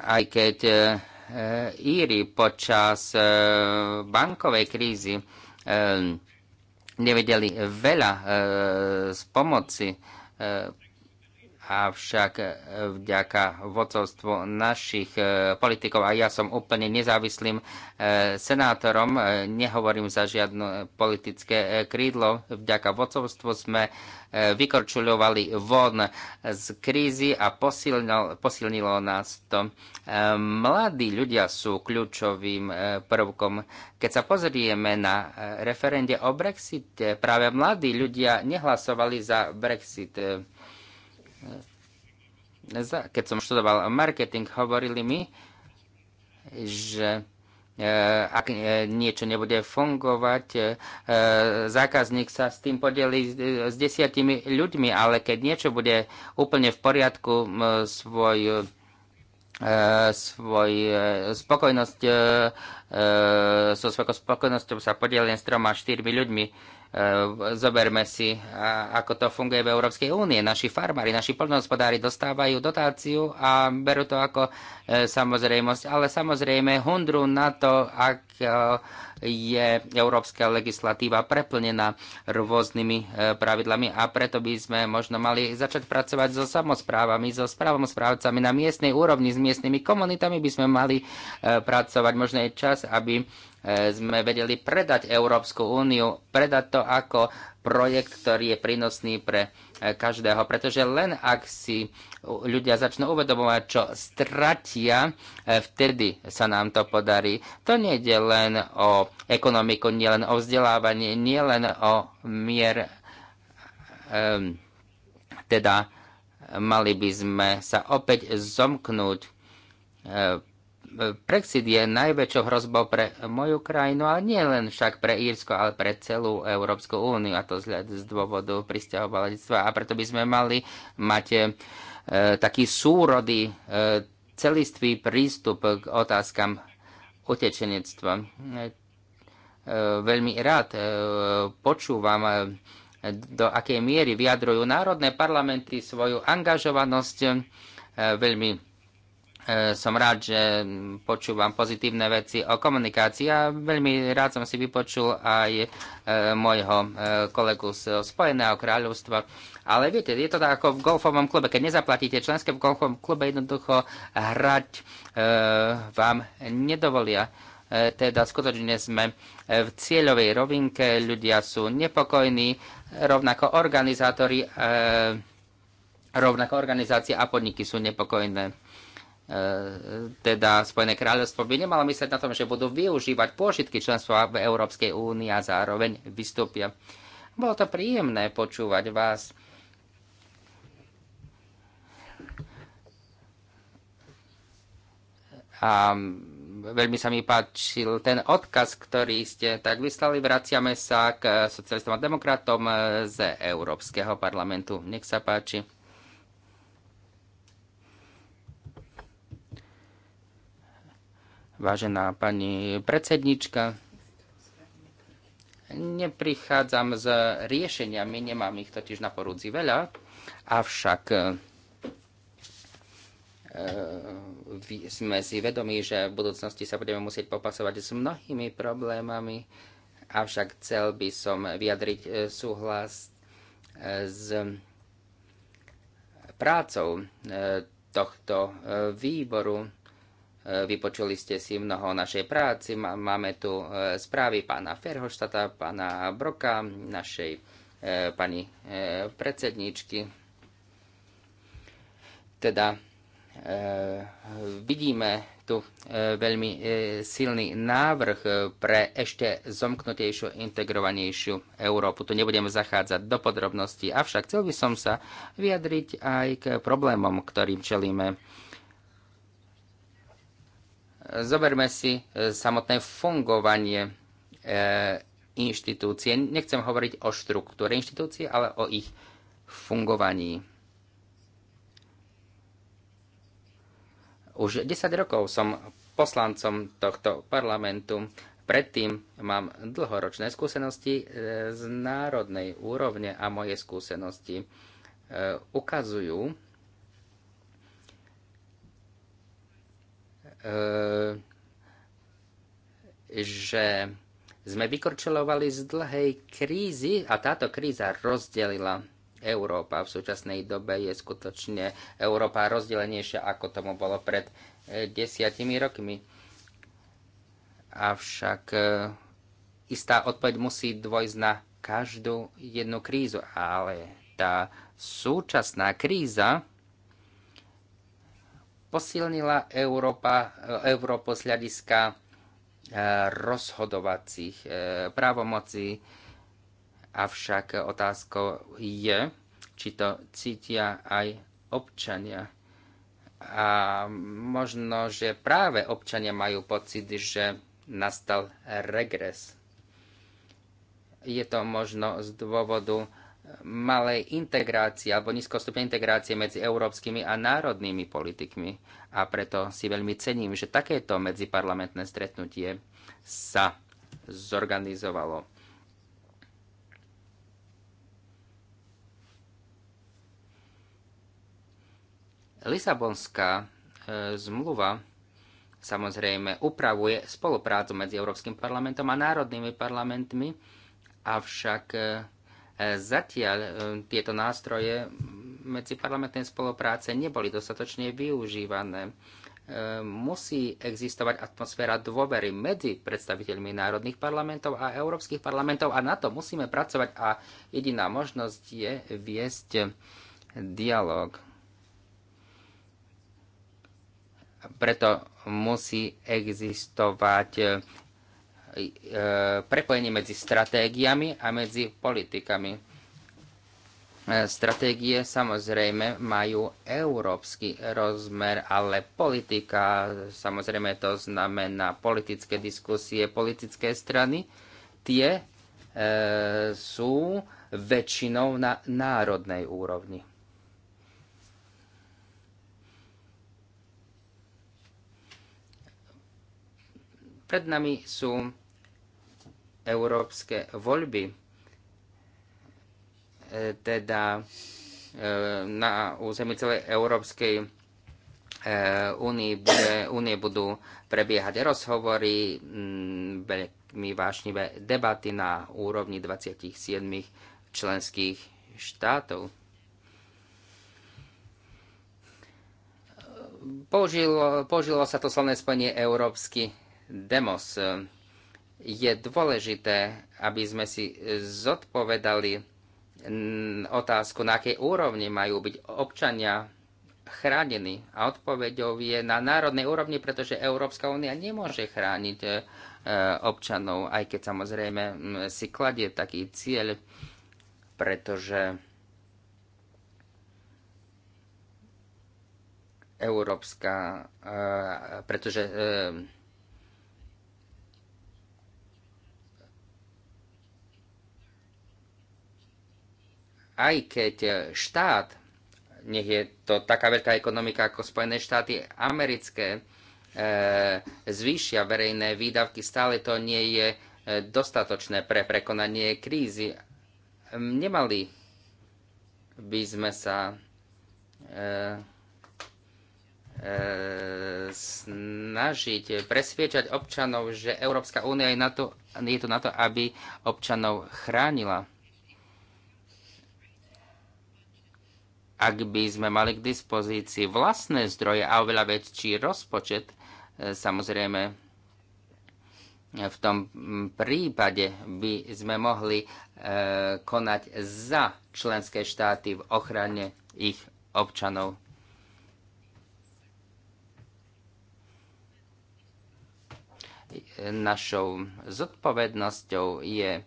Aj keď e, e, Íry počas e, bankovej krízy nevedeli veľa z pomoci avšak e, vďaka vodcovstvu našich e, politikov a ja som úplne nezávislým e, senátorom, nehovorím za žiadne politické krídlo, vďaka vodcovstvu sme vykorčuľovali von z krízy a posilnilo nás to. Mladí ľudia sú kľúčovým prvkom. Keď sa pozrieme na referende o Brexite, práve mladí ľudia nehlasovali za Brexit keď som študoval marketing, hovorili mi, že e, ak e, niečo nebude fungovať, e, zákazník sa s tým podelí s desiatimi ľuďmi, ale keď niečo bude úplne v poriadku, svoj svoj spokojnosť so svojou spokojnosťou sa podelí s troma štyrmi ľuďmi E, zoberme si, ako to funguje v Európskej únie. Naši farmári, naši plnohospodári dostávajú dotáciu a berú to ako e, samozrejmosť. Ale samozrejme, hundru na to, ak e, je európska legislatíva preplnená rôznymi e, pravidlami a preto by sme možno mali začať pracovať so samozprávami, so správcami na miestnej úrovni, s miestnymi komunitami by sme mali e, pracovať. Možno je čas, aby e, sme vedeli predať Európsku úniu, predať to ako projekt, ktorý je prínosný pre E, každého, pretože len ak si ľudia začnú uvedomovať, čo stratia, e, vtedy sa nám to podarí. To nie je len o ekonomiku, nie len o vzdelávanie, nie len o mier. Um, teda mali by sme sa opäť zomknúť e, Brexit je najväčšou hrozbou pre moju krajinu, ale nie len však pre Írsko, ale pre celú Európsku úniu a to z dôvodu pristahovalectva. A preto by sme mali mať e, taký súrody, e, celistvý prístup k otázkam utečenectva. E, veľmi rád e, počúvam e, do akej miery vyjadrujú národné parlamenty svoju angažovanosť. E, veľmi E, som rád, že počúvam pozitívne veci o komunikácii a veľmi rád som si vypočul aj e, môjho e, kolegu z Spojeného kráľovstva. Ale viete, je to tak ako v golfovom klube. Keď nezaplatíte členské v golfovom klube, jednoducho hrať vám nedovolia teda skutočne sme v cieľovej rovinke, ľudia sú nepokojní, rovnako organizátori, rovnako organizácie a podniky sú nepokojné. E, teda Spojené kráľovstvo by nemalo myslieť na tom, že budú využívať pôžitky členstva v Európskej únii a zároveň vystúpia. Bolo to príjemné počúvať vás. A veľmi sa mi páčil ten odkaz, ktorý ste tak vyslali. Vraciame sa k socialistom a demokratom z Európskeho parlamentu. Nech sa páči. Vážená pani predsednička, neprichádzam s riešeniami, nemám ich totiž na porúdzi veľa, avšak e, sme si vedomi, že v budúcnosti sa budeme musieť popasovať s mnohými problémami, avšak chcel by som vyjadriť e, súhlas e, s prácou tohto výboru E, vypočuli ste si mnoho o našej práci. Máme tu e, správy pána Ferhoštata, pána Broka, našej e, pani predsedníčky. Teda vidíme tu veľmi silný návrh pre ešte zomknutejšiu, integrovanejšiu Európu. Tu nebudeme zachádzať do podrobností, avšak chcel by som sa vyjadriť aj k problémom, ktorým čelíme Zoberme si e, samotné fungovanie e, inštitúcie. Nechcem hovoriť o štruktúre inštitúcie, ale o ich fungovaní. Už 10 rokov som poslancom tohto parlamentu. Predtým mám dlhoročné skúsenosti e, z národnej úrovne a moje skúsenosti ukazujú, E, že sme vykorčelovali z dlhej krízy a táto kríza rozdelila Európa. V súčasnej dobe je skutočne Európa rozdelenejšia, ako tomu bolo pred e, desiatimi rokmi. Avšak e, istá odpoveď musí dvojsť na každú jednu krízu, ale tá súčasná kríza posilnila Európa, e, Európu z hľadiska e, rozhodovacích e, právomocí, avšak otázkou je, či to cítia aj občania. A možno, že práve občania majú pocit, že nastal regres. Je to možno z dôvodu malej integrácie alebo nízkostupnej integrácie medzi európskymi a národnými politikmi. A preto si veľmi cením, že takéto medziparlamentné stretnutie sa zorganizovalo. Lisabonská e, zmluva samozrejme upravuje spoluprácu medzi Európskym parlamentom a národnými parlamentmi, avšak e, E, zatiaľ e, tieto nástroje medzi parlamentnej spolupráce neboli dostatočne využívané. E, musí existovať atmosféra dôvery medzi predstaviteľmi národných parlamentov a európskych parlamentov a na to musíme pracovať a jediná možnosť je viesť dialog. Preto musí existovať E, prepojenie medzi stratégiami a medzi politikami. E, stratégie samozrejme majú európsky rozmer, ale politika, samozrejme to znamená politické diskusie, politické strany, tie e, sú väčšinou na národnej úrovni. Pred nami sú európske voľby, e, teda e, na území celej Európskej e, únie, bude, budú prebiehať rozhovory, veľmi vášnivé debaty na úrovni 27 členských štátov. Použilo, použilo sa to slovné spojenie európsky Demos. E, je dôležité, aby sme si zodpovedali otázku, na akej úrovni majú byť občania chránení. A odpovedou je na národnej úrovni, pretože Európska únia nemôže chrániť e, občanov, aj keď samozrejme si kladie taký cieľ, pretože Európska, e, pretože aj keď e, štát, nech je to taká veľká ekonomika ako Spojené štáty americké, e, zvýšia verejné výdavky, stále to nie je e, dostatočné pre prekonanie krízy. Nemali by sme sa snažiť presviečať občanov, že Európska únia je, na to, je tu na to, aby občanov chránila. ak by sme mali k dispozícii vlastné zdroje a oveľa väčší rozpočet, e, samozrejme v tom prípade by sme mohli e, konať za členské štáty v ochrane ich občanov. Našou zodpovednosťou je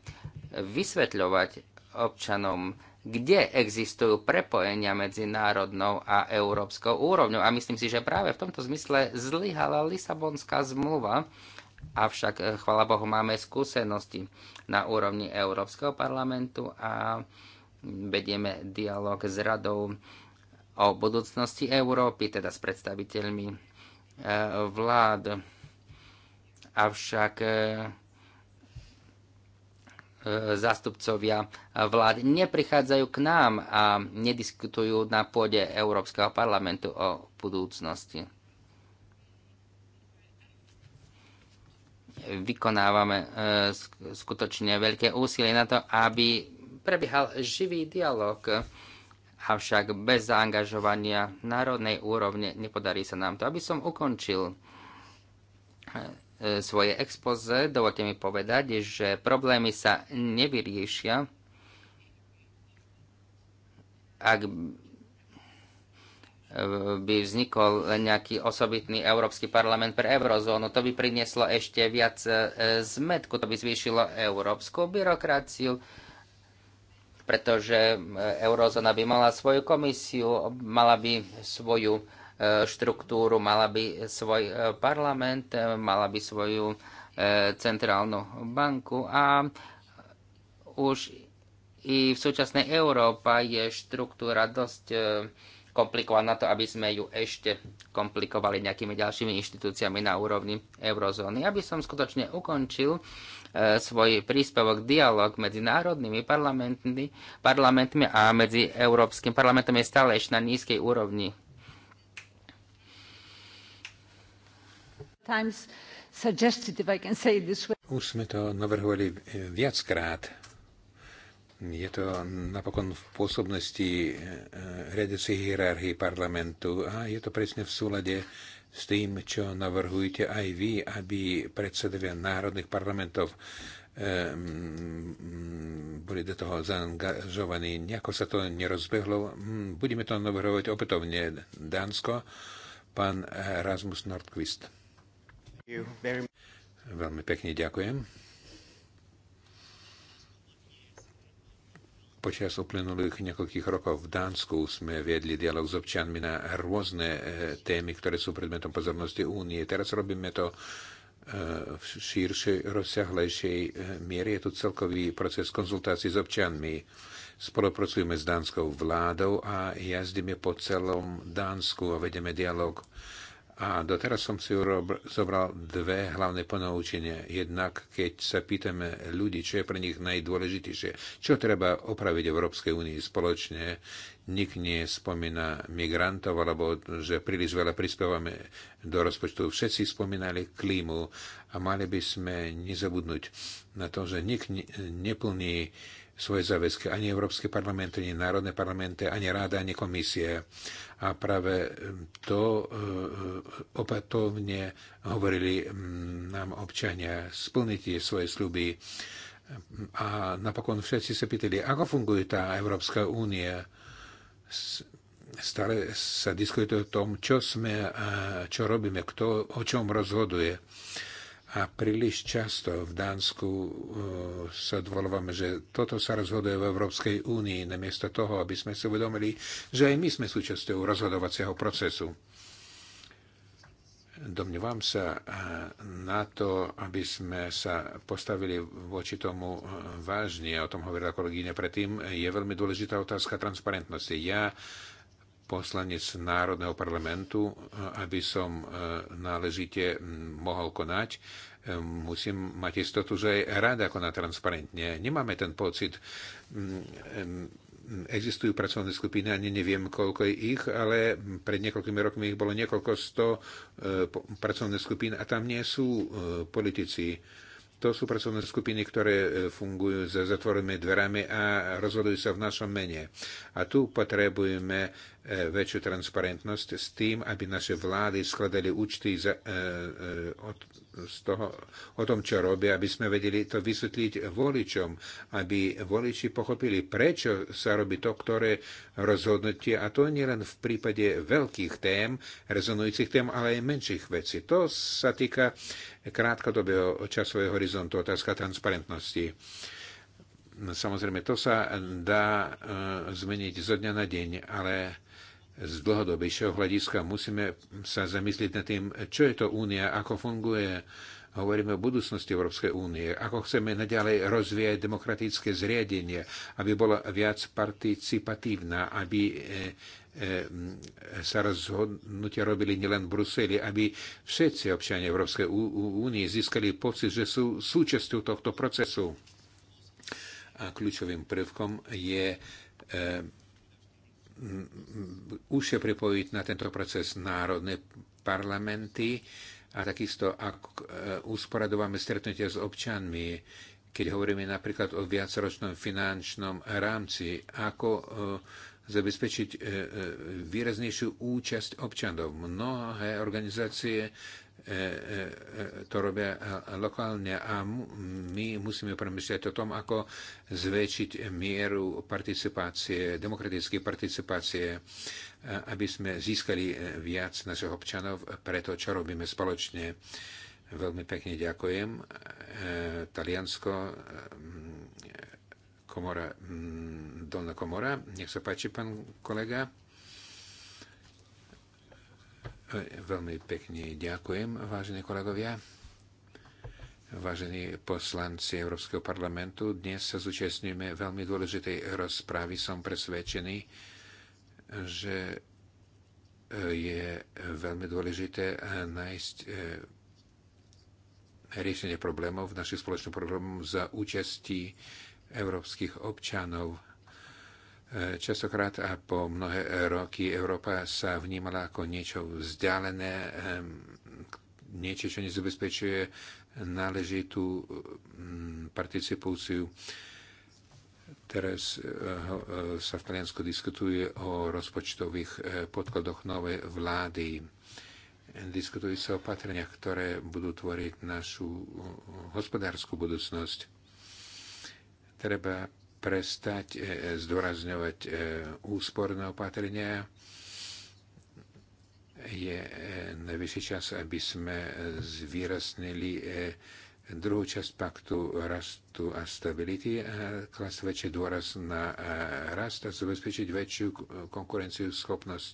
vysvetľovať občanom kde existujú prepojenia medzi národnou a európskou úrovňou. A myslím si, že práve v tomto zmysle zlyhala Lisabonská zmluva, avšak eh, chvala Bohu máme skúsenosti na úrovni Európskeho parlamentu a vedieme dialog s radou o budúcnosti Európy, teda s predstaviteľmi eh, vlád. Avšak eh, zástupcovia vlád neprichádzajú k nám a nediskutujú na pôde Európskeho parlamentu o budúcnosti. Vykonávame e, skutočne veľké úsilie na to, aby prebiehal živý dialog, avšak bez zaangažovania národnej úrovne nepodarí sa nám to. Aby som ukončil e, E, svoje expoze, dovolte mi povedať, že problémy sa nevyriešia, ak by vznikol nejaký osobitný Európsky parlament pre eurozónu. To by prinieslo ešte viac e, zmetku, to by zvýšilo európsku byrokraciu, pretože e, eurozóna by mala svoju komisiu, mala by svoju E, štruktúru, mala by svoj e, parlament, e, mala by svoju centrálnu banku a už i v súčasnej Európa je štruktúra dosť komplikovaná na to, aby sme ju ešte komplikovali nejakými ďalšími inštitúciami na úrovni eurozóny. Aby som skutočne ukončil svoj príspevok, dialog medzi národnými parlamentmi, parlamentmi a medzi Európskym parlamentom je stále ešte na nízkej úrovni. Už sme to navrhovali eh, viackrát. Je to napokon v pôsobnosti eh, riadecej hierarchii parlamentu a je to presne v súlade s tým, čo navrhujete aj vy, aby predsedovia národných parlamentov eh, boli do toho zaangažovaní. Nejako sa to nerozbehlo. Hm, budeme to navrhovať opätovne. Dánsko, pán Rasmus Nordqvist. Veľmi pekne ďakujem. Počas uplynulých niekoľkých rokov v Dánsku sme viedli dialog s občanmi na rôzne e, témy, ktoré sú predmetom pozornosti únie. Teraz robíme to e, v širšej, rozsiahlejšej e, miere. Je to celkový proces konzultácií s občanmi. Spolupracujeme s dánskou vládou a jazdíme po celom Dánsku a vedeme dialog a doteraz som si urob, zobral dve hlavné ponaučenia. Jednak, keď sa pýtame ľudí, čo je pre nich najdôležitejšie, čo treba opraviť v Európskej únii spoločne, nik nespomína migrantov, alebo že príliš veľa prispievame do rozpočtu. Všetci spomínali klímu a mali by sme nezabudnúť na to, že nik neplní svoje záväzky. Ani Európske parlamenty, ani Národné parlamenty, ani Ráda, ani Komisie. A práve to e, e, opatovne hovorili nám občania. Splnite svoje sluby. A napokon všetci sa pýtali, ako funguje tá Európska únia. Stále sa diskutuje o tom, čo sme, e, čo robíme, kto o čom rozhoduje. A príliš často v Dánsku e, sa odvolávame, že toto sa rozhoduje v Európskej únii, namiesto toho, aby sme si uvedomili, že aj my sme súčasťou rozhodovacieho procesu. Domnievam sa e, na to, aby sme sa postavili voči tomu e, vážne, o tom hovorila kolegyňa predtým, je veľmi dôležitá otázka transparentnosti. Ja poslanec Národného parlamentu, aby som e, náležite mohol konať, e, musím mať istotu, že aj rada koná transparentne. Nemáme ten pocit, existujú pracovné skupiny, ani neviem, koľko je ich, ale pred niekoľkými rokmi ich bolo niekoľko sto e, pracovných skupín a tam nie sú politici. To sú pracovné skupiny, ktoré fungujú za zatvorenými dverami a rozhodujú sa v našom mene. A tu potrebujeme E, väčšiu transparentnosť s tým, aby naše vlády skladali účty za, e, e, od, z toho, o tom, čo robia, aby sme vedeli to vysvetliť voličom, aby voliči pochopili, prečo sa robí to, ktoré rozhodnutie, a to nielen v prípade veľkých tém, rezonujúcich tém, ale aj menších vecí. To sa týka krátkodobého časového horizontu, otázka transparentnosti. Samozrejme, to sa dá zmeniť zo dňa na deň, ale z dlhodobejšieho hľadiska musíme sa zamyslieť nad tým, čo je to únia, ako funguje, hovoríme o budúcnosti Európskej únie, ako chceme naďalej rozvíjať demokratické zriadenie, aby bola viac participatívna, aby e, e, sa rozhodnutia robili nielen v Bruseli, aby všetci občania Európskej únie získali pocit, že sú súčasťou tohto procesu. A kľúčovým prvkom je e, už pripojiť na tento proces národné parlamenty a takisto ak e, usporadováme stretnutia s občanmi, keď hovoríme napríklad o viacročnom finančnom rámci, ako e, zabezpečiť e, výraznejšiu účasť občanov. Mnohé organizácie E, e, e, to robia lokálne a my musíme premyšľať o tom, ako zväčšiť mieru participácie, demokratické participácie, aby sme získali viac našich občanov pre to, čo robíme spoločne. Veľmi pekne ďakujem. Taliansko, komora, dolná komora. Nech sa páči, pán kolega. Veľmi pekne ďakujem, vážení kolegovia. Vážení poslanci Európskeho parlamentu, dnes sa zúčastňujeme veľmi dôležitej rozprávy. Som presvedčený, že e, je veľmi dôležité e, nájsť e, riešenie problémov, našich spoločných problémov za účasti európskych občanov Častokrát a po mnohé roky Európa sa vnímala ako niečo vzdialené, niečo, čo nezabezpečuje náležitú mm, participúciu. Teraz eh, eh, sa v Taliansku diskutuje o rozpočtových eh, podkladoch novej vlády. Diskutuje sa o opatreniach, ktoré budú tvoriť našu hospodárskú budúcnosť. Treba prestať e, zdôrazňovať e, úsporné opatrenia. Je e, najvyšší čas, aby sme zvýraznili druhú časť paktu rastu a stability a klas väčší dôraz na rast a zabezpečiť väčšiu konkurenciu schopnosť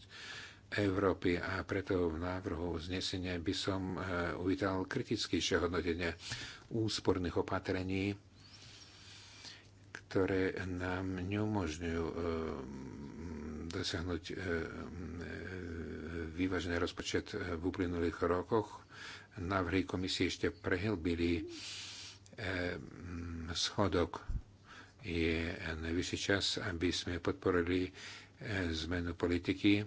Európy a preto v návrhu znesenia by som uvítal kritickejšie hodnotenie úsporných opatrení ktoré nám neumožňujú eh, dosiahnuť eh, eh, vývažený rozpočet v uplynulých rokoch. Návrhy komisie ešte prehlbili schodok. Je najvyšší čas, aby sme podporili zmenu politiky.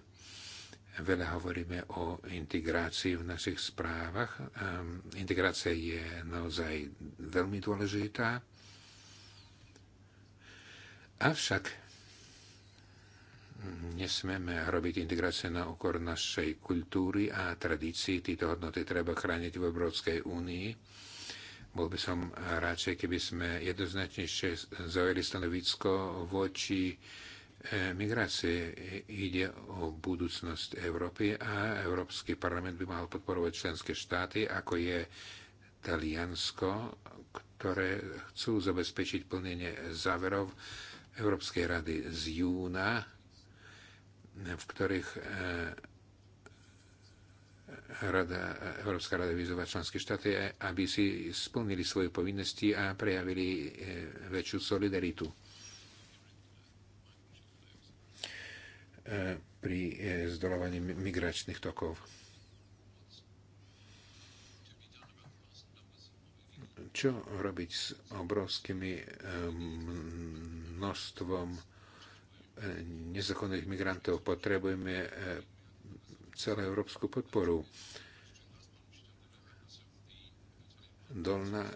Veľa hovoríme o integrácii v našich správach. Ehm, integrácia je naozaj veľmi dôležitá Avšak nesmeme robiť integrácie na okor našej kultúry a tradícií. Tieto hodnoty treba chrániť v Európskej únii. Bol by som radšej, keby sme jednoznačnejšie zaujali stanovisko voči e, migrácie. Ide o budúcnosť Európy a Európsky parlament by mal podporovať členské štáty, ako je Taliansko, ktoré chcú zabezpečiť plnenie záverov Európskej rady z júna, v ktorých e, rada, Európska rada vyzýva členské štáty, e, aby si splnili svoje povinnosti a prejavili e, väčšiu solidaritu. pri zdolovaní migračných tokov. Čo robiť s obrovskými množstvom e, nezákonných migrantov. Potrebujeme e, celú európsku podporu. Dolná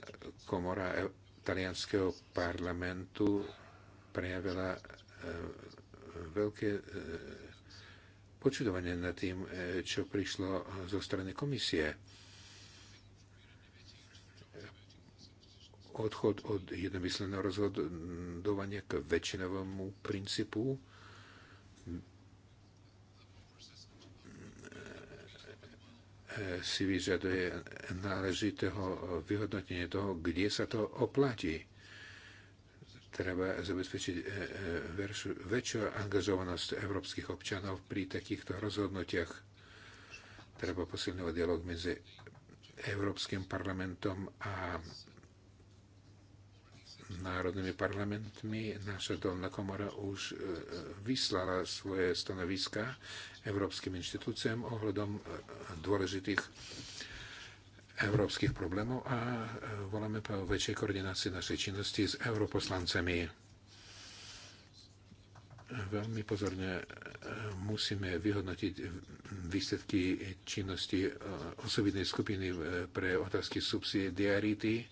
komora e, talianského parlamentu prejavila veľké počudovanie nad tým, čo prišlo zo strany komisie. odchod od jednomysleného rozhodovania k väčšinovému princípu. si vyžaduje náležitého vyhodnotenie toho, kde sa to oplatí. Treba zabezpečiť eh, eh, väčšiu angažovanosť európskych občanov pri takýchto rozhodnutiach. Treba posilňovať dialog medzi Európskym parlamentom a národnými parlamentmi. Naša dolná komora už e, vyslala svoje stanoviska európskym inštitúciám ohľadom e, dôležitých európskych problémov a e, voláme po väčšej koordinácii našej činnosti s europoslancami veľmi pozorne musíme vyhodnotiť výsledky činnosti osobitnej skupiny pre otázky subsidiarity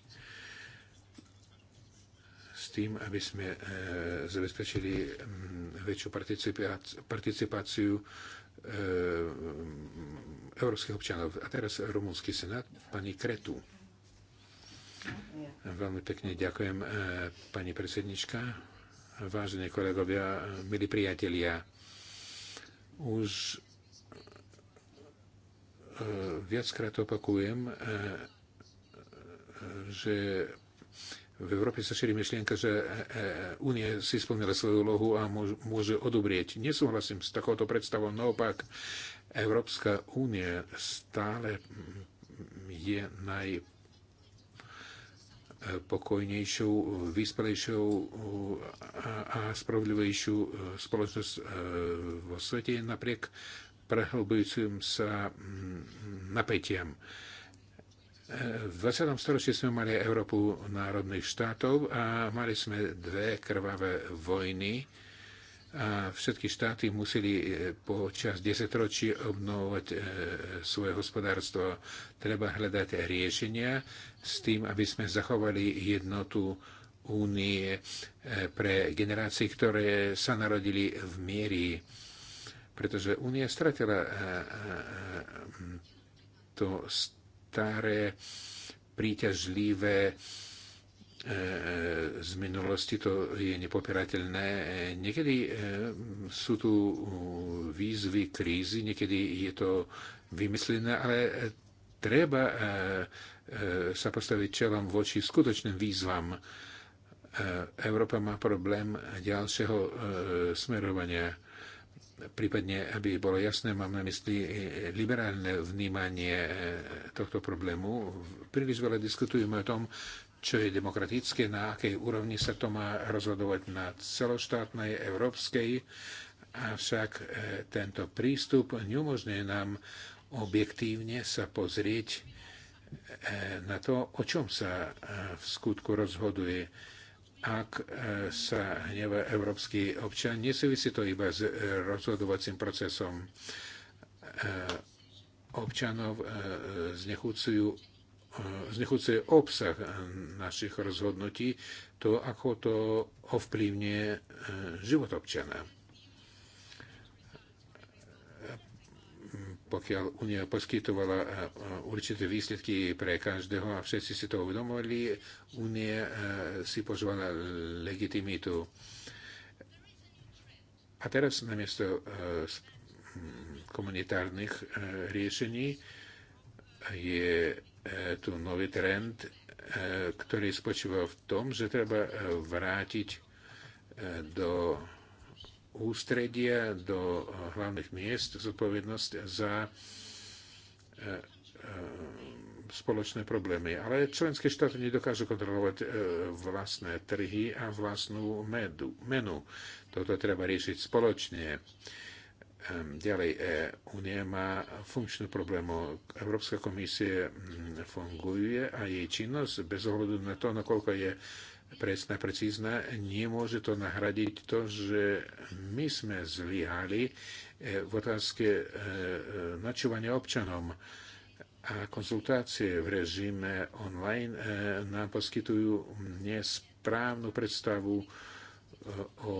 tým, aby sme e, zabezpečili väčšiu participáciu e, európskych občanov. A teraz rumúnsky senát, pani Kretu. Veľmi pekne ďakujem, e, pani predsednička, vážení kolegovia, milí priatelia. Už viackrát opakujem, že v Európe sa šíri myšlienka, že Únie si splnila svoju úlohu a môže odobrieť. Nesúhlasím s takouto predstavou, naopak Európska únie stále je najpokojnejšou, eh, vyspelejšou eh, a spravodlivejšou eh, spoločnosť vo svete napriek prehlbujúcim sa mm, napätiam. V 20. storočí sme mali Európu národných štátov a mali sme dve krvavé vojny a všetky štáty museli e, počas 10 ročí obnovovať e, svoje hospodárstvo. Treba hľadať riešenia s tým, aby sme zachovali jednotu únie e, pre generácie, ktoré sa narodili v miery. Pretože únia stratila to staré, príťažlivé e, e, z minulosti, to je nepopierateľné. Niekedy e, sú tu výzvy krízy, niekedy je to vymyslené, ale treba sa postaviť čelom voči skutočným výzvam. Európa má problém ďalšieho smerovania prípadne, aby bolo jasné, mám na mysli e, liberálne vnímanie e, tohto problému. Príliš veľa diskutujeme o tom, čo je demokratické, na akej úrovni sa to má rozhodovať na celoštátnej, európskej, avšak e, tento prístup neumožňuje nám objektívne sa pozrieť na to, o čom sa v skutku rozhoduje ak e, sa hnevá európsky občan, nesúvisí to iba s e, rozhodovacím procesom e, občanov, znechucujú znechúcuje obsah našich rozhodnutí, to, ako to ovplyvňuje život občana. pokiaľ Unia poskytovala e, e, určité výsledky pre každého a všetci si to uvedomovali, Unia e, si požívala legitimitu. A teraz namiesto komunitárnych riešení je tu nový trend, ktorý spočíva v tom, že treba vrátiť do ústredia, do hlavných miest zodpovednosť za e, e, spoločné problémy. Ale členské štáty nedokážu kontrolovať e, vlastné trhy a vlastnú medu, menu. Toto treba riešiť spoločne. Ďalej, Unia má funkčnú problému. Európska komisie mm, funguje a jej činnosť bez ohľadu na to, nakoľko je presné, precízne, nemôže to nahradiť to, že my sme zlyhali eh, v otázke eh, eh, načúvania občanom a konzultácie v režime online nám poskytujú nesprávnu predstavu o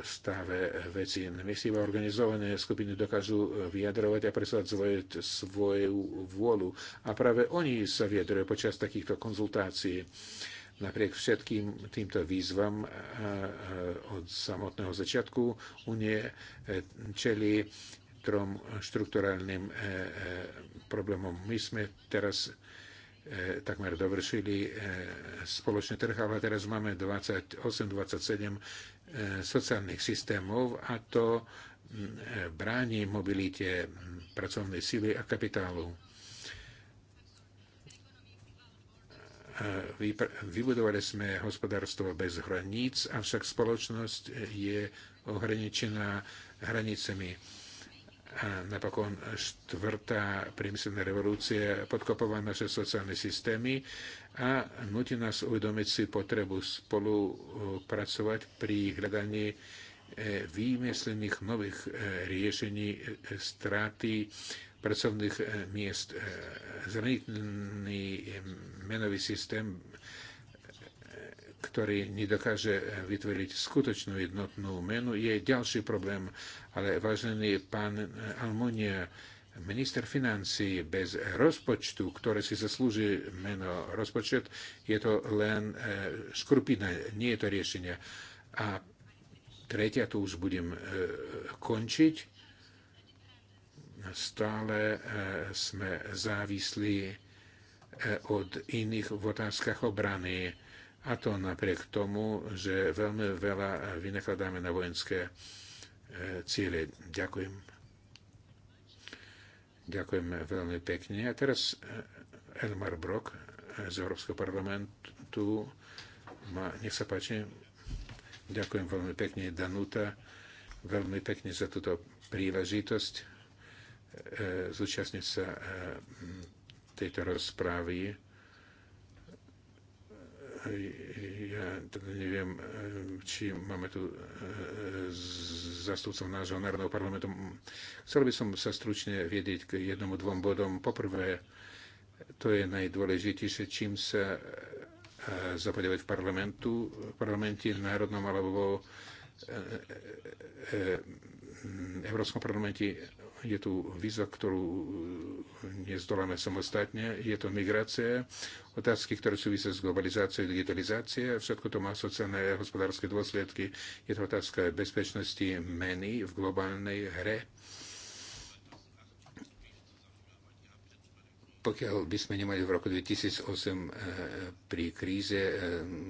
stave veci. Myslím, organizované skupiny dokážu vyjadrovať a presať svoje, svoju vôľu. A práve oni sa vyjadrujú počas takýchto konzultácií. Napriek všetkým týmto výzvam eh, eh, od samotného začiatku Unie eh, čeli trom štrukturálnym problémom. My sme teraz takmer dovršili spoločný trh, ale teraz máme 28-27 sociálnych systémov a to hm, bráni mobilite hm, pracovnej sily a kapitálu E, vybudovali sme hospodárstvo bez hraníc, avšak spoločnosť je ohraničená hranicami. A napokon štvrtá priemyselná revolúcia podkopová naše sociálne systémy a nutí nás uvedomiť si potrebu spolupracovať e, pri hľadaní e, výmyslených nových riešení straty pracovných eh, miest. Eh, zraniteľný eh, menový systém, ktorý nedokáže vytvoriť skutočnú jednotnú menu, je ďalší problém. Ale vážený pán Almonia, minister financí bez rozpočtu, ktoré si zaslúži meno rozpočet, je to len škrupina, nie je to riešenie. A tretia, tu už budem končiť Stále e, sme závislí e, od iných v otázkach obrany. A to napriek tomu, že veľmi veľa vynakladáme na vojenské cieľe. Ďakujem. Ďakujem veľmi pekne. A teraz e, Elmar Brok z Európskeho parlamentu. Ma, nech sa páči. Ďakujem veľmi pekne, Danuta. Veľmi pekne za túto príležitosť E, zúčastniť sa e, tejto rozprávy. E, ja teda neviem, či máme tu zastupcov nášho národného parlamentu. Chcel by som sa stručne viedieť k jednomu dvom bodom. Poprvé, to je najdôležitejšie, čím sa zapodávať v parlamentu, v parlamente národnom alebo E, e, e, Európskom parlamente je tu výzva, ktorú nezdoláme samostatne. Je to migrácia, otázky, ktoré súvisia s globalizáciou, digitalizácie. Všetko to má sociálne a hospodárske dôsledky. Je to otázka bezpečnosti meny v globálnej hre pokiaľ by sme nemali v roku 2008 e, pri kríze e,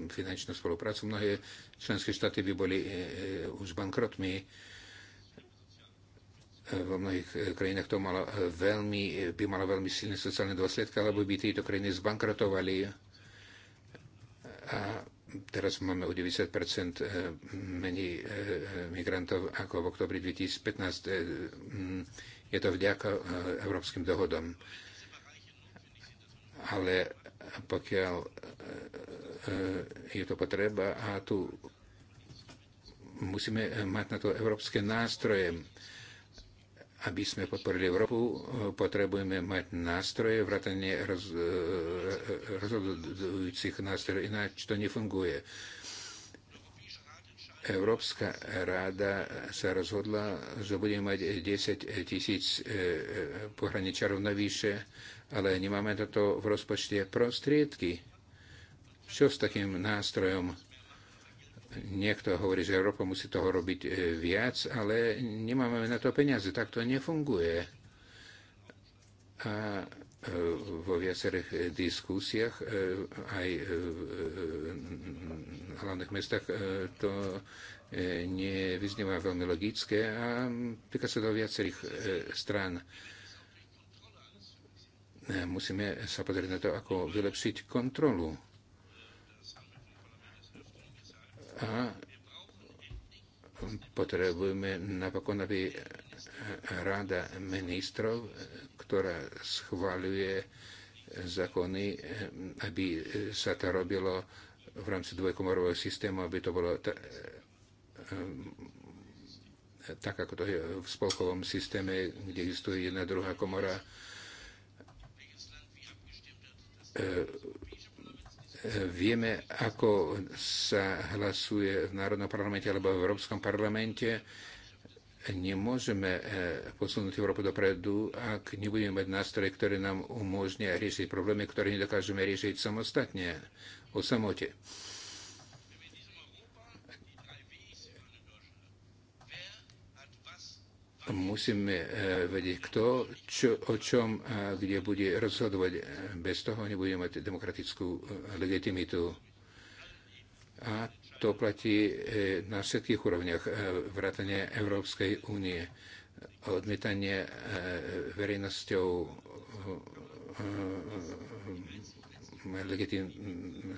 finančnú spoluprácu, mnohé členské štáty by boli e, už bankrotmi. Vo mnohých krajinách to malo veľmi, by malo veľmi silné sociálne dôsledky, alebo by tieto krajiny zbankrotovali. A teraz máme o 90 menej migrantov ako v oktobri 2015. Je to vďaka európskym dohodom ale pokiaľ e, e, je to potreba a tu musíme mať na to európske nástroje. Aby sme podporili Európu, potrebujeme mať nástroje, vrátanie roz, e, rozhodujúcich nástrojov, ináč to nefunguje. Európska rada sa rozhodla, že budeme mať 10 tisíc pohraničarov navýše ale nemáme na to v rozpočte prostriedky. Čo s takým nástrojom? Niekto hovorí, že Európa musí toho robiť e, viac, ale nemáme na to peniaze. Tak to nefunguje. A e, vo viacerých diskusiách e, aj v hlavných mestách to nevyznieva veľmi logické a týka sa do viacerých strán. Musíme sa pozrieť na to, ako vylepšiť kontrolu. A potrebujeme napokon, aby Rada ministrov, ktorá schváľuje zákony, aby sa to robilo v rámci dvojkomorového systému, aby to bolo tak, ako to je v spolkovom systéme, kde existuje jedna druhá komora E, e, vieme, ako sa hlasuje v Národnom parlamente alebo v Európskom parlamente. Nemôžeme e, posunúť Európu dopredu, ak nebudeme mať nástroje, ktoré nám umožnia riešiť problémy, ktoré nedokážeme riešiť samostatne, o samote. musíme e, vedieť, kto čo, o čom a e, kde bude rozhodovať. Bez toho nebudeme mať demokratickú e, legitimitu. A to platí na všetkých úrovniach vrátane Európskej únie. Odmietanie verejnosťou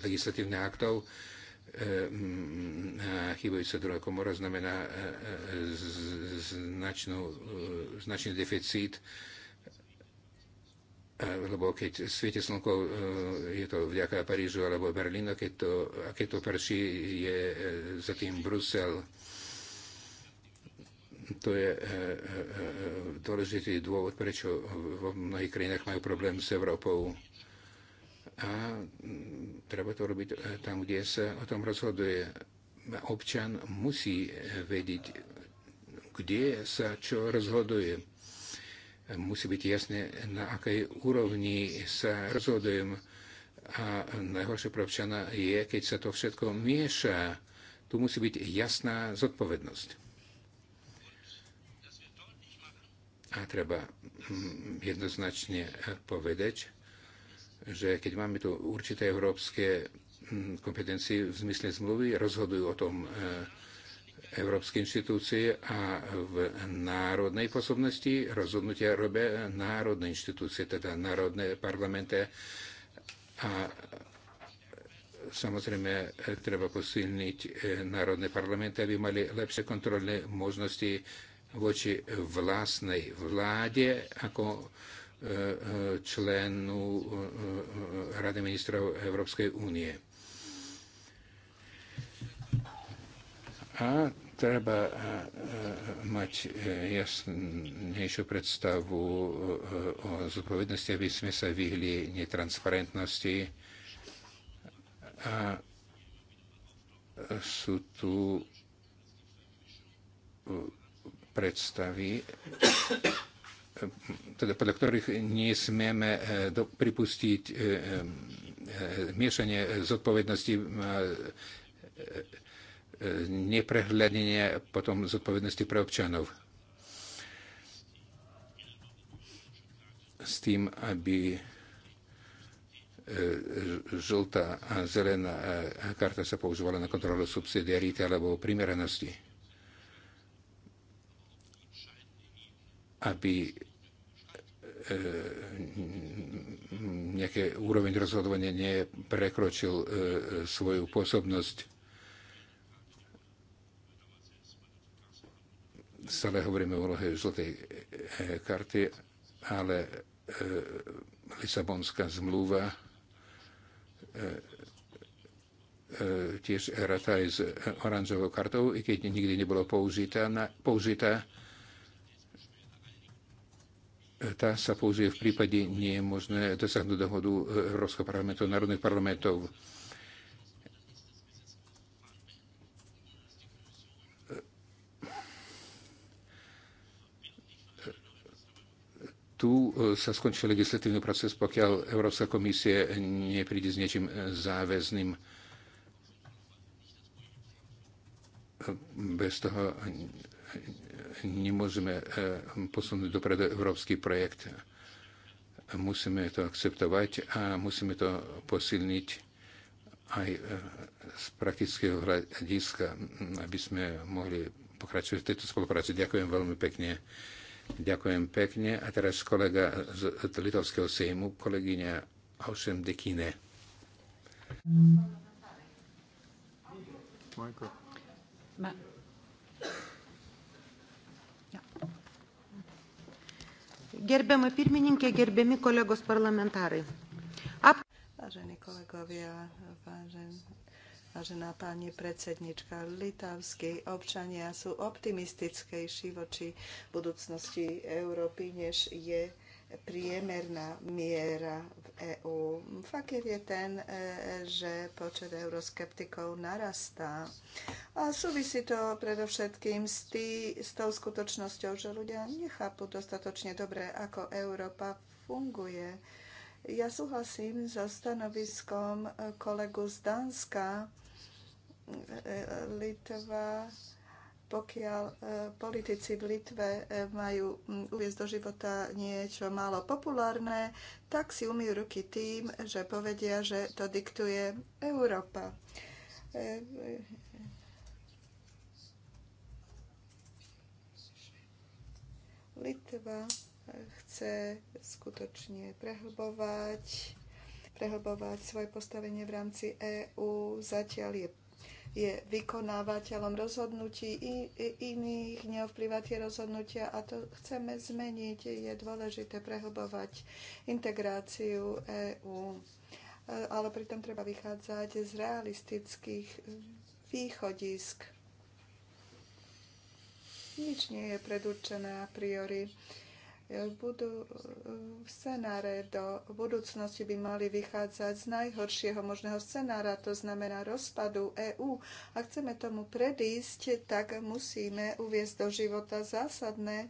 legislatívnych aktov E, mm, chybujúca druhá komora znamená e, e, značnú, značný deficit, lebo keď svieti slnko, je to vďaka Parížu alebo Berlínu, keď to, a keď to prší, je za tým Brusel. To je dôležitý dôvod, prečo vo mnohých krajinách majú problém s Európou a mm, treba to robiť e, tam, kde sa o tom rozhoduje. Občan musí e, vedieť, kde sa čo rozhoduje. Musí byť jasné, na akej úrovni sa rozhodujem. A najhoršie pre občana je, keď sa to všetko mieša. Tu musí byť jasná zodpovednosť. A treba mm, jednoznačne e, povedať, že keď máme tu určité európske hm, kompetencie v zmysle zmluvy, rozhodujú o tom e, európske inštitúcie a v národnej pôsobnosti rozhodnutia robia národné inštitúcie, teda národné parlamente a samozrejme treba posilniť e, národné parlamenty, aby mali lepšie kontrolné možnosti voči vlastnej vláde, ako členu eh, Rady ministrov Európskej únie. A treba eh, eh, mať jasnejšiu predstavu o zodpovednosti, aby sme sa vyhli netransparentnosti. A sú tu predstavy teda podľa ktorých nesmieme eh, do, pripustiť e, e, miešanie zodpovednosti neprehľadenie potom zodpovednosti pre občanov. S tým, aby žltá a zelená karta sa používala na kontrolu subsidiarity alebo primeranosti. aby e, nejaké úroveň rozhodovania neprekročil e, svoju pôsobnosť. Stále hovoríme o úlohe žltej e, karty, ale Lisabonská zmluva tiež rata aj s oranžovou kartou, i keď nikdy nebola použitá, použitá tá sa použije v prípade nie je možné dosiahnuť dohodu Európskeho parlamentu, národných parlamentov. tu e, sa skončí legislatívny proces, pokiaľ Európska komisie nepríde s niečím záväzným. Bez toho nemôžeme e, posunúť dopredu európsky projekt. Musíme to akceptovať a musíme to posilniť aj e, z praktického hľadiska, aby sme mohli pokračovať v tejto spolupráci. Ďakujem veľmi pekne. Ďakujem pekne. A teraz kolega z Litovského sejmu, kolegyňa Aušem Dekine. Majko. Ma- Gerbiama pirmininkė, gerbiami kolegos parlamentarai Vážení kolegovia, vážení Vážená pani predsednička, litavskí občania sú optimistickejší voči budúcnosti Európy, než je priemerná miera v EÚ. Fakt je ten, e, že počet euroskeptikov narastá. A súvisí to predovšetkým s, tý, s tou skutočnosťou, že ľudia nechápu dostatočne dobre, ako Európa funguje. Ja súhlasím so stanoviskom kolegu z Dánska. E, e, Litva pokiaľ e, politici v Litve e, majú uviezť do života niečo málo populárne, tak si umýjú ruky tým, že povedia, že to diktuje Európa. E, Litva chce skutočne prehlbovať, prehlbovať svoje postavenie v rámci EÚ. Zatiaľ je je vykonávateľom rozhodnutí iných, neovplyvá tie rozhodnutia a to chceme zmeniť. Je dôležité prehlbovať integráciu EÚ, ale pritom treba vychádzať z realistických východisk. Nič nie je predurčené a priori. E, budú e, scenáre do budúcnosti by mali vychádzať z najhoršieho možného scenára, to znamená rozpadu EÚ. A chceme tomu predísť, tak musíme uviezť do života zásadné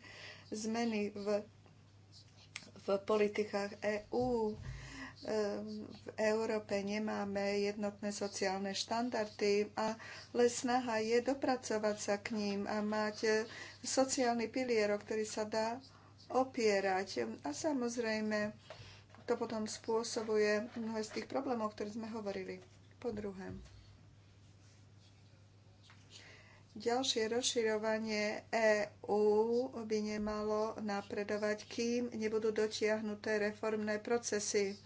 zmeny v, v politikách EÚ. E, v Európe nemáme jednotné sociálne štandardy, ale snaha je dopracovať sa k ním a mať sociálny pilier, o ktorý sa dá opierať. A samozrejme, to potom spôsobuje mnohé z tých problémov, o sme hovorili. Po druhé, ďalšie rozširovanie EÚ by nemalo napredovať, kým nebudú dotiahnuté reformné procesy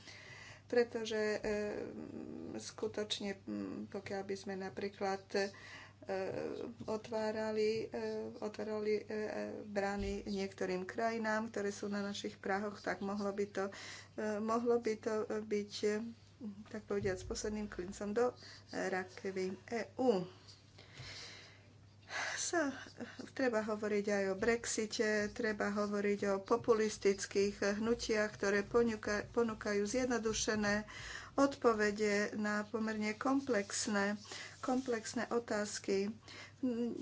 pretože e, skutočne, pokiaľ by sme napríklad Eh, otvárali, eh, otvárali eh, brány niektorým krajinám, ktoré sú na našich Prahoch, tak mohlo by to, mohlo by to byť, tak povediať, s posledným klincom do rakvy EÚ. Sa, treba hovoriť aj o Brexite, treba hovoriť o populistických hnutiach, ktoré ponúkajú zjednodušené odpovede na pomerne komplexné, komplexné otázky.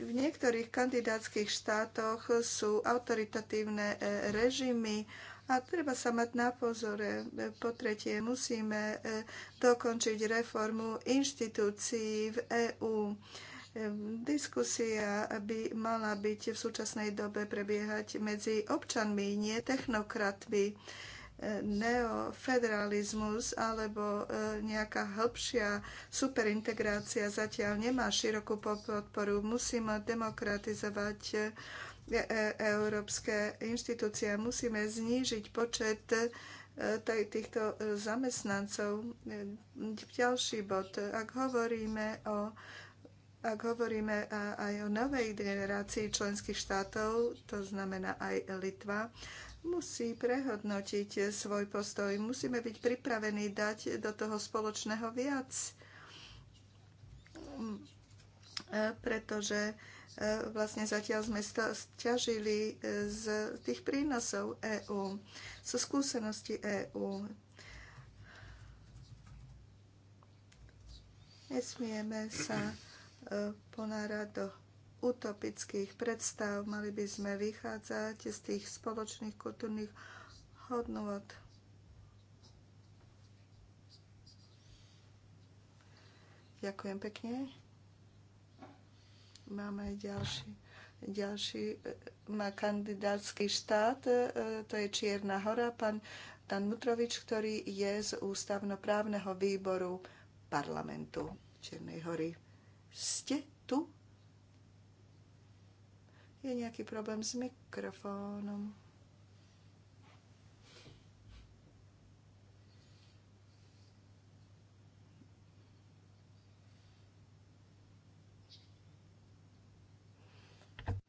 V niektorých kandidátskych štátoch sú autoritatívne e, režimy a treba sa mať na pozore. Po tretie, musíme e, dokončiť reformu inštitúcií v EÚ. E, diskusia by mala byť v súčasnej dobe prebiehať medzi občanmi, nie technokratmi. E, neofederalizmus alebo e, nejaká hĺbšia superintegrácia zatiaľ nemá širokú podporu. Musíme demokratizovať e, európske inštitúcie, musíme znížiť počet týchto zamestnancov. Ďalší bod. Ak hovoríme o ak hovoríme aj o novej generácii členských štátov, to znamená aj Litva, musí prehodnotiť svoj postoj. Musíme byť pripravení dať do toho spoločného viac, pretože e, vlastne zatiaľ sme stiažili e, z tých prínosov EÚ, zo skúsenosti EÚ. Nesmieme sa e, ponárať do utopických predstav. Mali by sme vychádzať z tých spoločných kultúrnych hodnôt. Ďakujem pekne. Máme ďalší, ďalší e, má kandidátsky štát, e, to je Čierna hora, pán Dan Mutrovič, ktorý je z ústavnoprávneho výboru parlamentu Čiernej hory. Ste tu? Je nejaký problém s mikrofónom.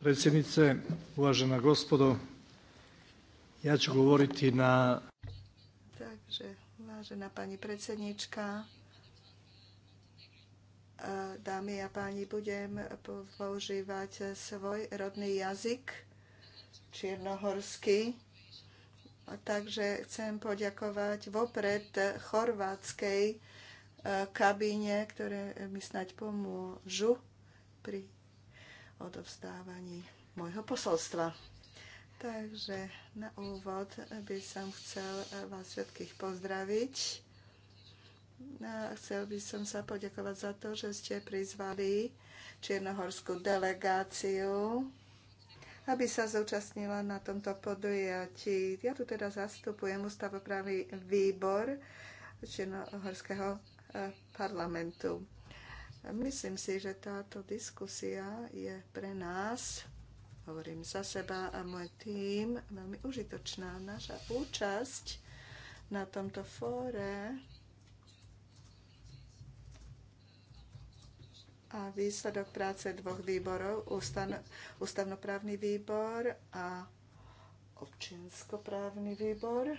Predsjednice, uvažena gospodo, ja ću govoriti na... Takže, vážená pani predsednička, dámy a páni, budem používať svoj rodný jazyk, čiernohorský. Takže chcem poďakovať vopred chorvátskej e, kabíne, ktoré mi snáď pomôžu pri odovzdávaní môjho posolstva. Takže na úvod by som chcel vás všetkých pozdraviť a chcel by som sa poďakovať za to, že ste prizvali čiernohorskú delegáciu, aby sa zúčastnila na tomto podujatí. Ja tu teda zastupujem ústavopravý výbor Čiernohorského e, parlamentu. Myslím si, že táto diskusia je pre nás, hovorím za seba a môj tým, veľmi užitočná. Naša účasť na tomto fóre a výsledok práce dvoch výborov, ústan, ústavnoprávny výbor a občinskoprávny výbor.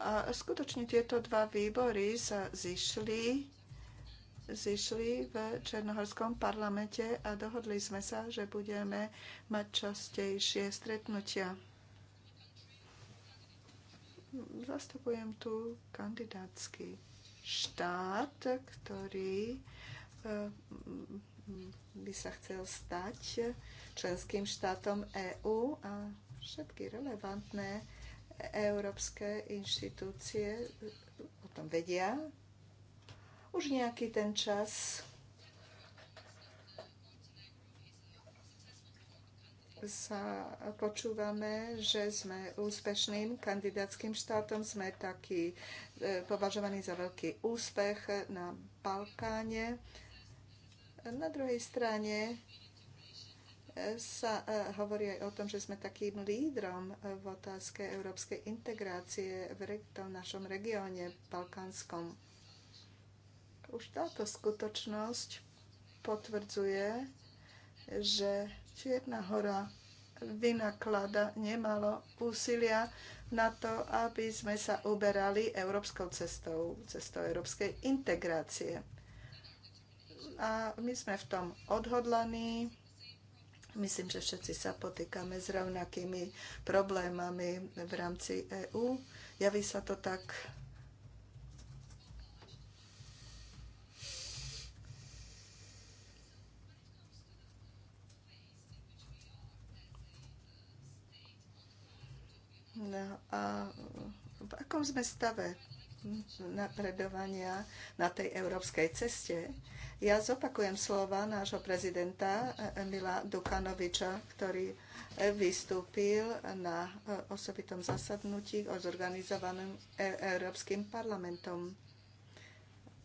A skutočne tieto dva výbory sa zišli, zišli v Černohorskom parlamente a dohodli sme sa, že budeme mať častejšie stretnutia zastupujem tu kandidátsky štát, ktorý e, by sa chcel stať členským štátom EÚ a všetky relevantné európske inštitúcie o tom vedia už nejaký ten čas sa počúvame, že sme úspešným kandidátským štátom, sme taký e, považovaní za veľký úspech na Balkáne. Na druhej strane e, sa e, hovorí aj o tom, že sme takým lídrom v otázke európskej integrácie v tom našom regióne balkánskom. Už táto skutočnosť potvrdzuje, že Čierna hora vynaklada nemalo úsilia na to, aby sme sa uberali európskou cestou, cestou európskej integrácie. A my sme v tom odhodlaní. Myslím, že všetci sa potýkame s rovnakými problémami v rámci EÚ. Javí sa to tak No a v akom sme stave napredovania na tej európskej ceste? Ja zopakujem slova nášho prezidenta Emila Dukanoviča, ktorý vystúpil na osobitom zasadnutí o zorganizovanom e- Európskym parlamentom.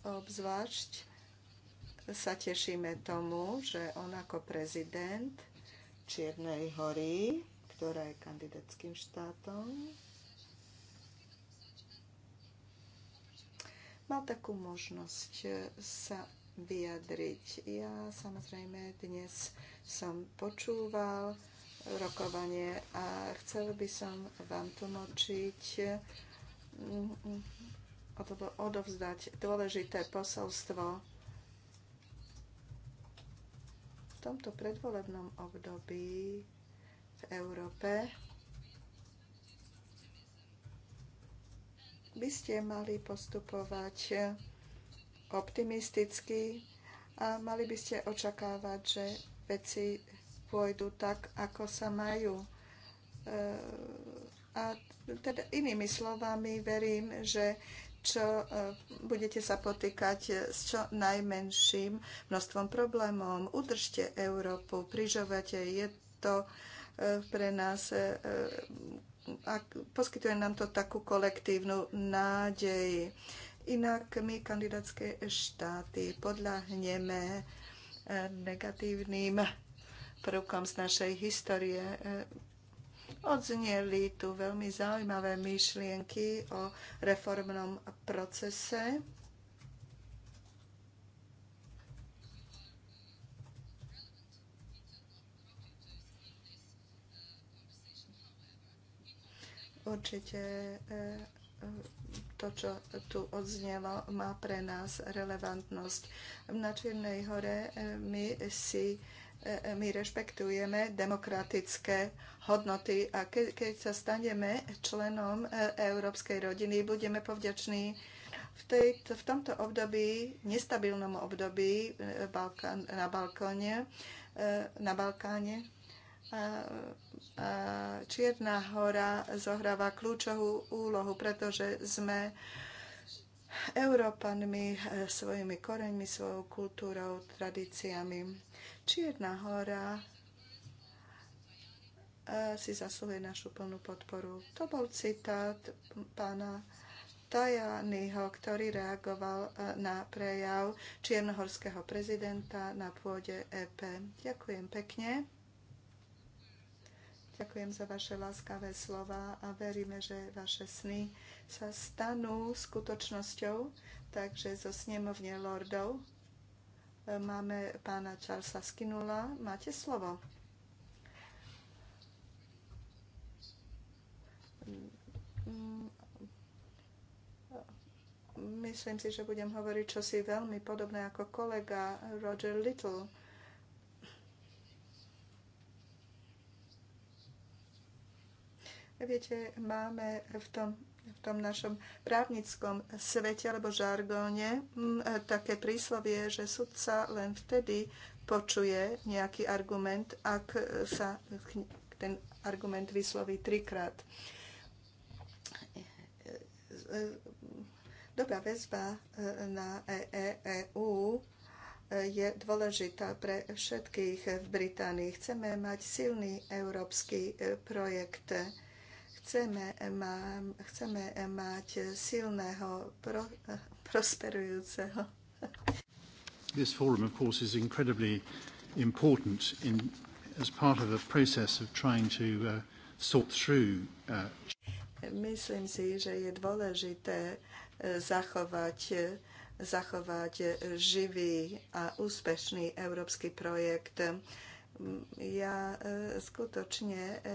Obzvlášť sa tešíme tomu, že on ako prezident Čiernej hory ktorá je kandidátským štátom, mal takú možnosť sa vyjadriť. Ja samozrejme dnes som počúval rokovanie a chcel by som vám tlmočiť mm, mm, mm, odovzdať dôležité posolstvo. V tomto predvolebnom období Európe, by ste mali postupovať optimisticky a mali by ste očakávať, že veci pôjdu tak, ako sa majú. E, a teda inými slovami verím, že čo, e, budete sa potýkať s čo najmenším množstvom problémov. Udržte Európu, prižovate, je to pre nás e, a poskytuje nám to takú kolektívnu nádej. Inak my kandidátske štáty podľahneme e, negatívnym prvkom z našej histórie. E, Odzneli tu veľmi zaujímavé myšlienky o reformnom procese Určite e, e, to, čo tu odznelo, má pre nás relevantnosť. V Načiernej hore e, my si my rešpektujeme demokratické hodnoty a ke, keď sa staneme členom európskej rodiny, budeme povďační v, tej, v tomto období, nestabilnom období Balkán, na, Balkóne, na Balkáne, Čierna hora zohráva kľúčovú úlohu, pretože sme Európanmi e, svojimi koreňmi, svojou kultúrou, tradíciami. Čierna hora e, si zasluhuje našu plnú podporu. To bol citát pána Tajaniho, ktorý reagoval e, na prejav čiernohorského prezidenta na pôde EP. Ďakujem pekne. Ďakujem za vaše láskavé slova a veríme, že vaše sny sa stanú skutočnosťou. Takže zo snemovne lordov e, máme pána Charlesa Skinula. Máte slovo. Mm, mm, myslím si, že budem hovoriť čosi veľmi podobné ako kolega Roger Little Viete, máme v tom, v tom našom právnickom svete alebo žargóne mm, e, také príslovie, že sudca len vtedy počuje nejaký argument, ak sa ten argument vysloví trikrát. E, e, Dobrá väzba na EU je dôležitá pre všetkých v Británii. Chceme mať silný európsky projekt Chceme, má, chceme mať silného, pro, prosperujúceho. This forum, of course, is incredibly important in, as part of a process of trying to uh, sort through. Uh... Myslím si, že je dôležité e, zachovať, e, zachovať živý a úspešný európsky projekt. Ja e, skutočne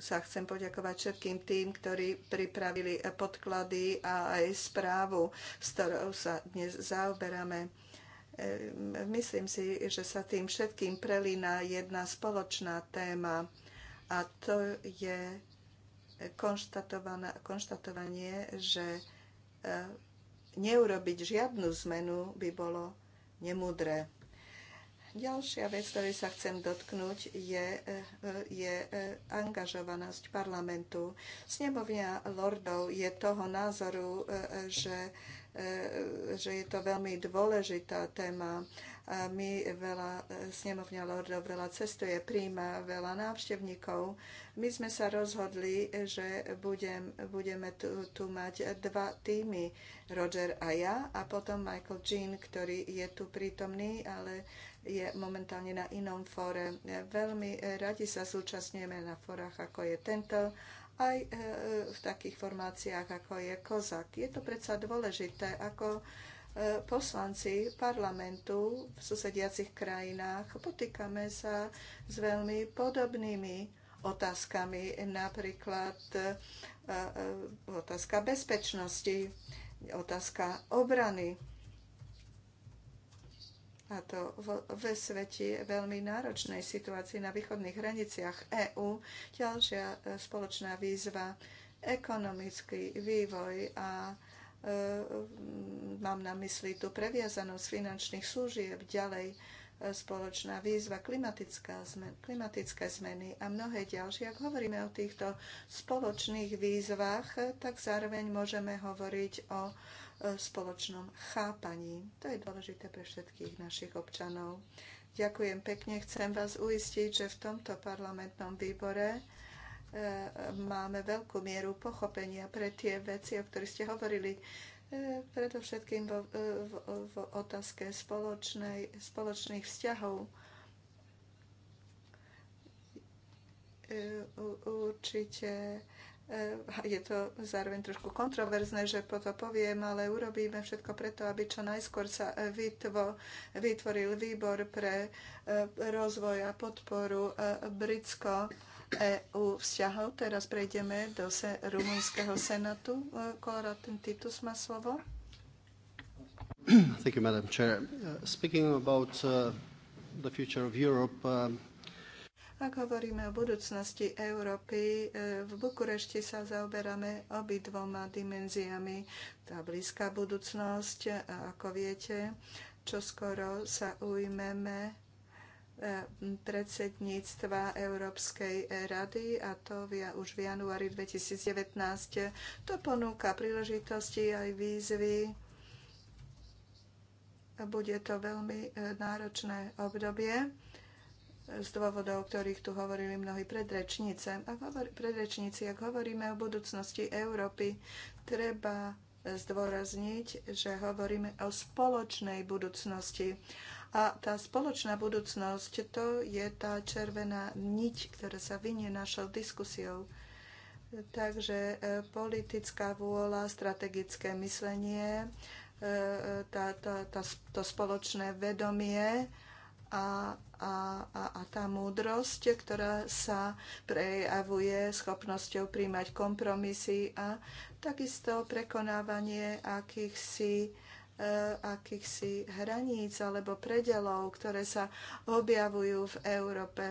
sa chcem poďakovať všetkým tým, ktorí pripravili podklady a aj správu, s ktorou sa dnes zaoberáme. Myslím si, že sa tým všetkým prelína jedna spoločná téma a to je konštatovanie, že eh, neurobiť žiadnu zmenu by bolo nemudré. Ďalšia vec, ktorej sa chcem dotknúť, je, e, je e, angažovanosť parlamentu. Snemovňa lordov je toho názoru, e, že, že je to veľmi dôležitá téma. My veľa, snemovňa lordov veľa cestuje, príjma veľa návštevníkov. My sme sa rozhodli, že budem, budeme tu, tu mať dva týmy, Roger a ja, a potom Michael Jean, ktorý je tu prítomný, ale je momentálne na inom fóre. Veľmi e, radi sa súčasňujeme na fórach, ako je tento, aj e, v takých formáciách, ako je Kozak. Je to predsa dôležité, ako e, poslanci parlamentu v susediacich krajinách potýkame sa s veľmi podobnými otázkami, napríklad otázka bezpečnosti, otázka obrany a to v, ve svete veľmi náročnej situácii na východných hraniciach EÚ. Ďalšia e, spoločná výzva, ekonomický vývoj a e, mám na mysli tú previazanosť finančných služieb, ďalej e, spoločná výzva, klimatická zmen, klimatické zmeny a mnohé ďalšie. Ak hovoríme o týchto spoločných výzvach, tak zároveň môžeme hovoriť o spoločnom chápaní. To je dôležité pre všetkých našich občanov. Ďakujem pekne. Chcem vás uistiť, že v tomto parlamentnom výbore e, máme veľkú mieru pochopenia pre tie veci, o ktorých ste hovorili. E, predovšetkým e, v v, otázke spoločnej, spoločných vzťahov. Určite Eh, je to zároveň trošku kontroverzné, že po to poviem, ale urobíme všetko preto, aby čo najskôr sa eh, vytvo, vytvoril výbor pre eh, rozvoj a podporu britsko EU vzťahov. Teraz prejdeme do se, rumunského senátu. Koratin Titus má slovo. Thank you, Madam Chair. Uh, speaking about uh, the future of Europe, uh, ak hovoríme o budúcnosti Európy, e, v Bukurešti sa zaoberáme obidvoma dimenziami. Tá blízka budúcnosť, e, ako viete, čo skoro sa ujmeme e, predsedníctva Európskej rady a to už v januári 2019. To ponúka príležitosti aj výzvy. Bude to veľmi náročné obdobie z dôvodov, o ktorých tu hovorili mnohí predrečníce. Ak hovor, predrečníci, ak hovoríme o budúcnosti Európy, treba zdôrazniť, že hovoríme o spoločnej budúcnosti. A tá spoločná budúcnosť, to je tá červená niť, ktorá sa vynie našou diskusiou. Takže e, politická vôľa, strategické myslenie, e, e, tá, tá, tá, to spoločné vedomie, a, a, a, a tá múdrosť, ktorá sa prejavuje schopnosťou príjmať kompromisy a takisto prekonávanie akýchsi e, akýchsi hraníc alebo predelov, ktoré sa objavujú v Európe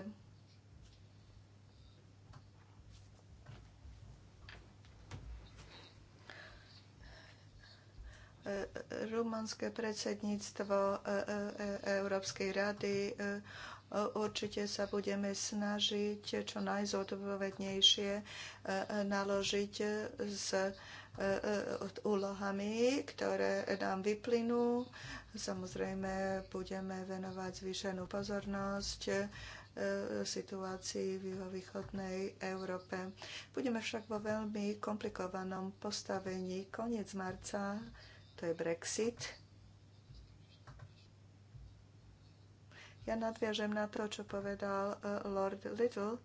rumunské predsedníctvo e, e, e, Európskej rady Určite sa budeme snažiť čo najzodpovednejšie naložiť s úlohami, ktoré nám vyplynú. Samozrejme, budeme venovať zvýšenú pozornosť situácii v juhovýchodnej Európe. Budeme však vo veľmi komplikovanom postavení. Koniec marca to je Brexit. Ja nadviažem na to, čo povedal eh, Lord Little.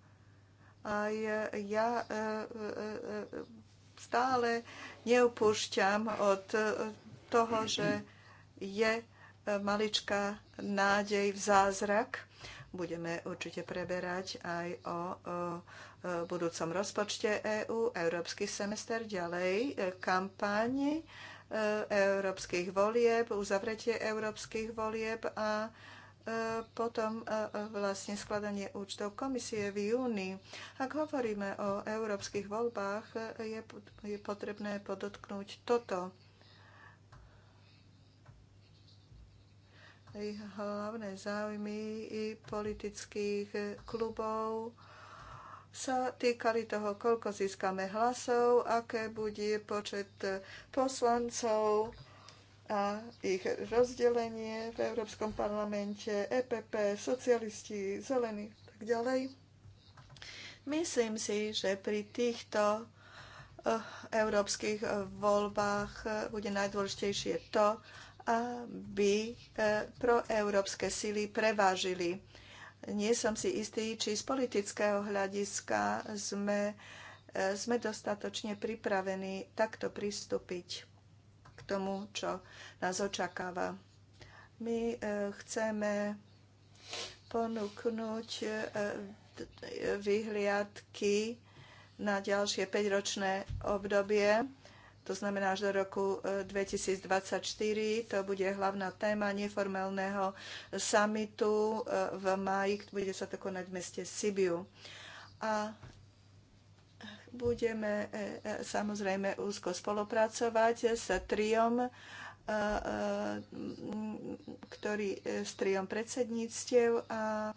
A ja eh, eh, stále neupúšťam od toho, že je maličká nádej v zázrak. Budeme určite preberať aj o budúcom rozpočte EÚ, Európsky semester, ďalej kampáni E, európskych volieb, uzavretie európskych volieb a e, potom e, vlastne skladanie účtov komisie v júni. Ak hovoríme o európskych voľbách, je, je potrebné podotknúť toto. Hlavné záujmy i politických klubov, sa týkali toho, koľko získame hlasov, aké bude počet poslancov a ich rozdelenie v Európskom parlamente, EPP, socialisti, zelení a tak ďalej. Myslím si, že pri týchto eh, európskych voľbách eh, bude najdôležitejšie to, aby eh, proeurópske sily prevážili nie som si istý, či z politického hľadiska sme, e, sme dostatočne pripravení takto pristúpiť k tomu, čo nás očakáva. My e, chceme ponúknuť e, vyhliadky na ďalšie 5-ročné obdobie to znamená, až do roku 2024 e, to bude hlavná téma neformálneho samitu e, v máji, bude sa to konať v meste Sibiu. A budeme e, samozrejme úzko spolupracovať s triom, ktorý s triom predsedníctiev a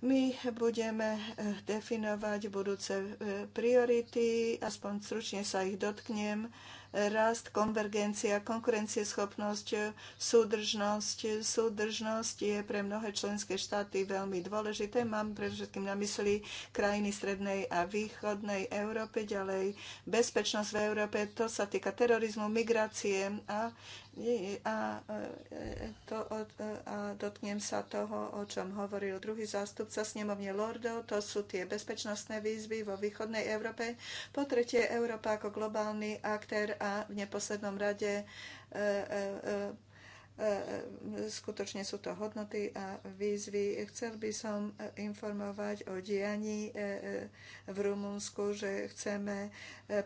my budeme eh, definovať budúce eh, priority, aspoň stručne sa ich dotknem. Rast, konvergencia, konkurencieschopnosť, súdržnosť. Súdržnosť je pre mnohé členské štáty veľmi dôležité. Mám pre všetkým na mysli krajiny strednej a východnej Európy, ďalej bezpečnosť v Európe. To sa týka terorizmu, migrácie a a, e, e, to, e, a dotknem sa toho, o čom hovoril druhý zástupca snemovne Lordov, to sú tie bezpečnostné výzvy vo východnej Európe. Po tretie, Európa ako globálny aktér a v neposlednom rade E, e, skutočne sú to hodnoty a výzvy. Chcel by som e, informovať o dianí v Rumunsku, že chceme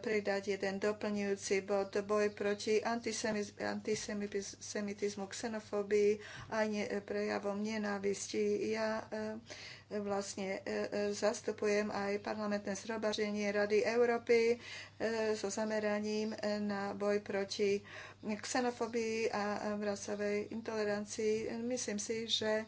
pridať jeden doplňujúci bod boj proti antisemitizmu, xenofóbii a prejavom nenávisti. Ja vlastne e, e, zastupujem aj parlamentné zhromaždenie Rady Európy e, so zameraním na boj proti xenofobii a rasovej intolerancii. Myslím si, že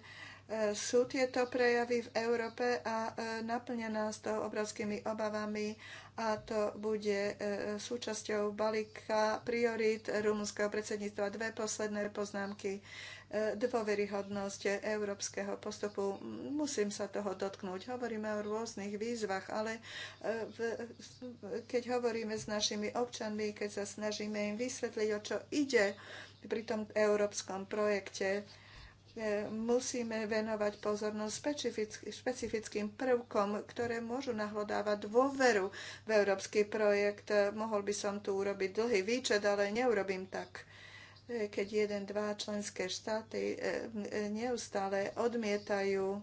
sú tieto prejavy v Európe a naplňa nás to obrovskými obavami a to bude súčasťou balíka priorít rumúnskeho predsedníctva. Dve posledné poznámky. E, dôveryhodnosť európskeho postupu. Musím sa toho dotknúť. Hovoríme o rôznych výzvach, ale e, keď hovoríme s našimi občanmi, keď sa snažíme im vysvetliť, o čo ide pri tom európskom projekte, e, musíme venovať pozornosť špecifickým prvkom, ktoré môžu nahlodávať dôveru v európsky projekt. Mohol by som tu urobiť dlhý výčet, ale neurobím tak keď jeden, dva členské štáty eh, eh, neustále odmietajú eh,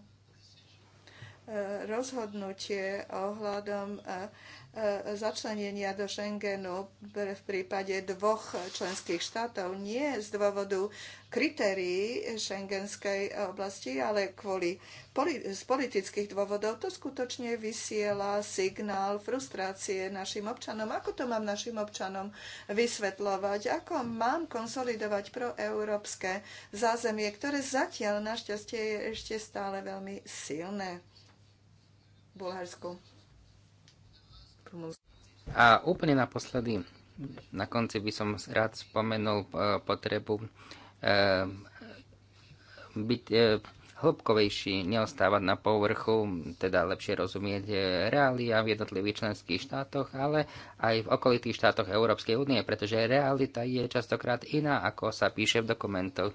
rozhodnutie ohľadom E, začlenenia do Schengenu v prípade dvoch členských štátov nie z dôvodu kritérií šengenskej oblasti, ale kvôli z politických dôvodov. To skutočne vysiela signál frustrácie našim občanom. Ako to mám našim občanom vysvetľovať? Ako mám konsolidovať proeurópske zázemie, ktoré zatiaľ našťastie je ešte stále veľmi silné Bulharsku? A úplne naposledy, na konci by som rád spomenul e, potrebu e, byť e, hĺbkovejší, neostávať na povrchu, teda lepšie rozumieť reália v jednotlivých členských štátoch, ale aj v okolitých štátoch Európskej únie, pretože realita je častokrát iná, ako sa píše v dokumentoch.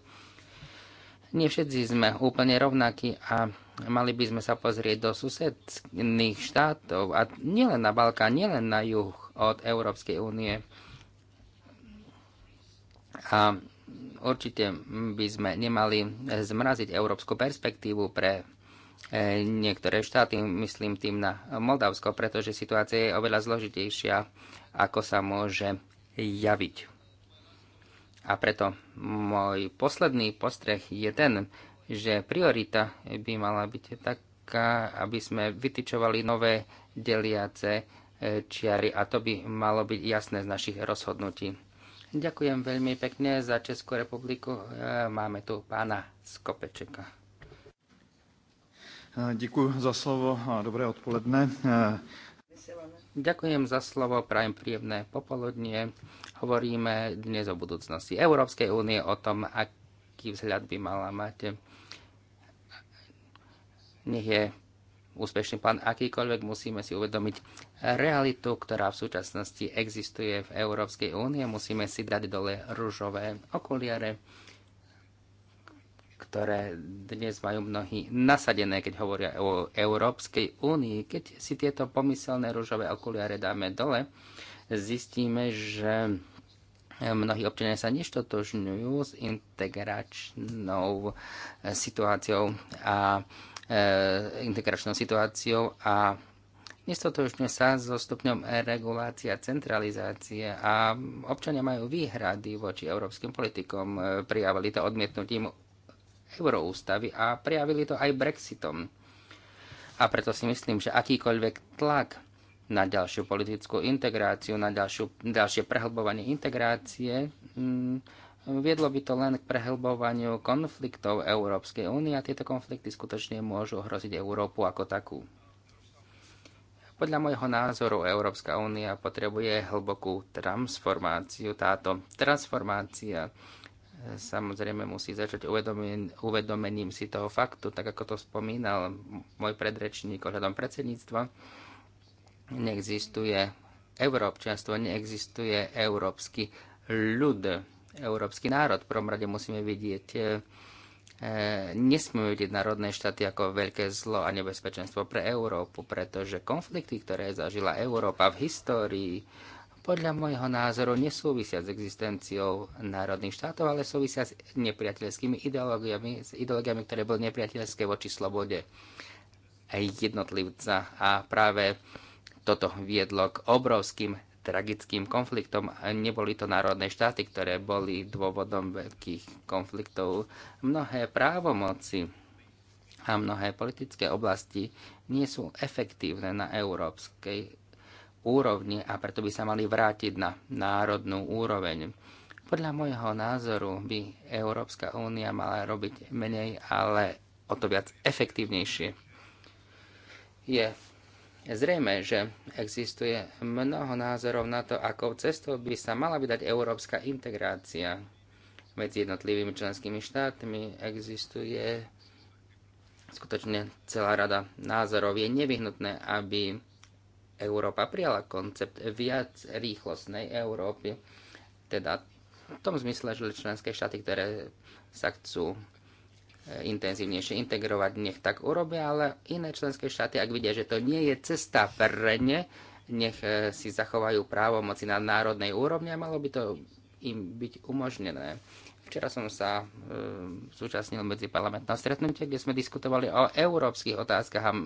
Nie všetci sme úplne rovnakí a Mali by sme sa pozrieť do susedných štátov a nielen na Balkán, nielen na juh od Európskej únie. A určite by sme nemali zmraziť európsku perspektívu pre e, niektoré štáty, myslím tým na Moldavsko, pretože situácia je oveľa zložitejšia, ako sa môže javiť. A preto môj posledný postreh je ten, že priorita by mala byť taká, aby sme vytyčovali nové deliace e, čiary a to by malo byť jasné z našich rozhodnutí. Ďakujem veľmi pekne za Českú republiku. E, máme tu pána Skopečeka. Ďakujem e, za slovo a dobré odpoledne. Ďakujem za slovo, prajem príjemné popoludnie. Hovoríme dnes o budúcnosti Európskej únie, o tom, ak aký vzhľad by mala mať. Nech je úspešný plán akýkoľvek, musíme si uvedomiť realitu, ktorá v súčasnosti existuje v Európskej únie. Musíme si dať dole rúžové okuliare, ktoré dnes majú mnohí nasadené, keď hovoria o Európskej únii. Keď si tieto pomyselné rúžové okuliare dáme dole, zistíme, že E, mnohí občania sa neštotožňujú s integračnou e, situáciou a e, integračnou situáciou a nestotožňujú sa so stupňom regulácia, centralizácie a občania majú výhrady voči európskym politikom. E, prijavili to odmietnutím euroústavy a prijavili to aj Brexitom. A preto si myslím, že akýkoľvek tlak na ďalšiu politickú integráciu, na ďalšiu, ďalšie prehlbovanie integrácie. Mm, viedlo by to len k prehlbovaniu konfliktov Európskej únie a tieto konflikty skutočne môžu ohroziť Európu ako takú. Podľa môjho názoru Európska únia potrebuje hlbokú transformáciu. Táto transformácia e, samozrejme musí začať uvedomen- uvedomením si toho faktu, tak ako to spomínal môj predrečník ohľadom predsedníctva neexistuje európčanstvo, neexistuje európsky ľud, európsky národ. V prvom rade musíme vidieť, e, nesmieme vidieť národné štáty ako veľké zlo a nebezpečenstvo pre Európu, pretože konflikty, ktoré zažila Európa v histórii, podľa môjho názoru nesúvisia s existenciou národných štátov, ale súvisia s nepriateľskými ideológiami, s ideológiami, ktoré boli nepriateľské voči slobode jednotlivca. A práve toto viedlo k obrovským tragickým konfliktom. Neboli to národné štáty, ktoré boli dôvodom veľkých konfliktov. Mnohé právomoci a mnohé politické oblasti nie sú efektívne na európskej úrovni a preto by sa mali vrátiť na národnú úroveň. Podľa môjho názoru by Európska únia mala robiť menej, ale o to viac efektívnejšie. Je Zrejme, že existuje mnoho názorov na to, akou cestou by sa mala vydať európska integrácia medzi jednotlivými členskými štátmi. Existuje skutočne celá rada názorov. Je nevyhnutné, aby Európa prijala koncept viac rýchlostnej Európy, teda v tom zmysle, že členské štáty, ktoré sa chcú intenzívnejšie integrovať, nech tak urobia, ale iné členské štáty, ak vidia, že to nie je cesta pre nech e, si zachovajú právomoci na národnej úrovni a malo by to im byť umožnené. Včera som sa e, zúčastnil parlamentná stretnutie, kde sme diskutovali o európskych otázkach a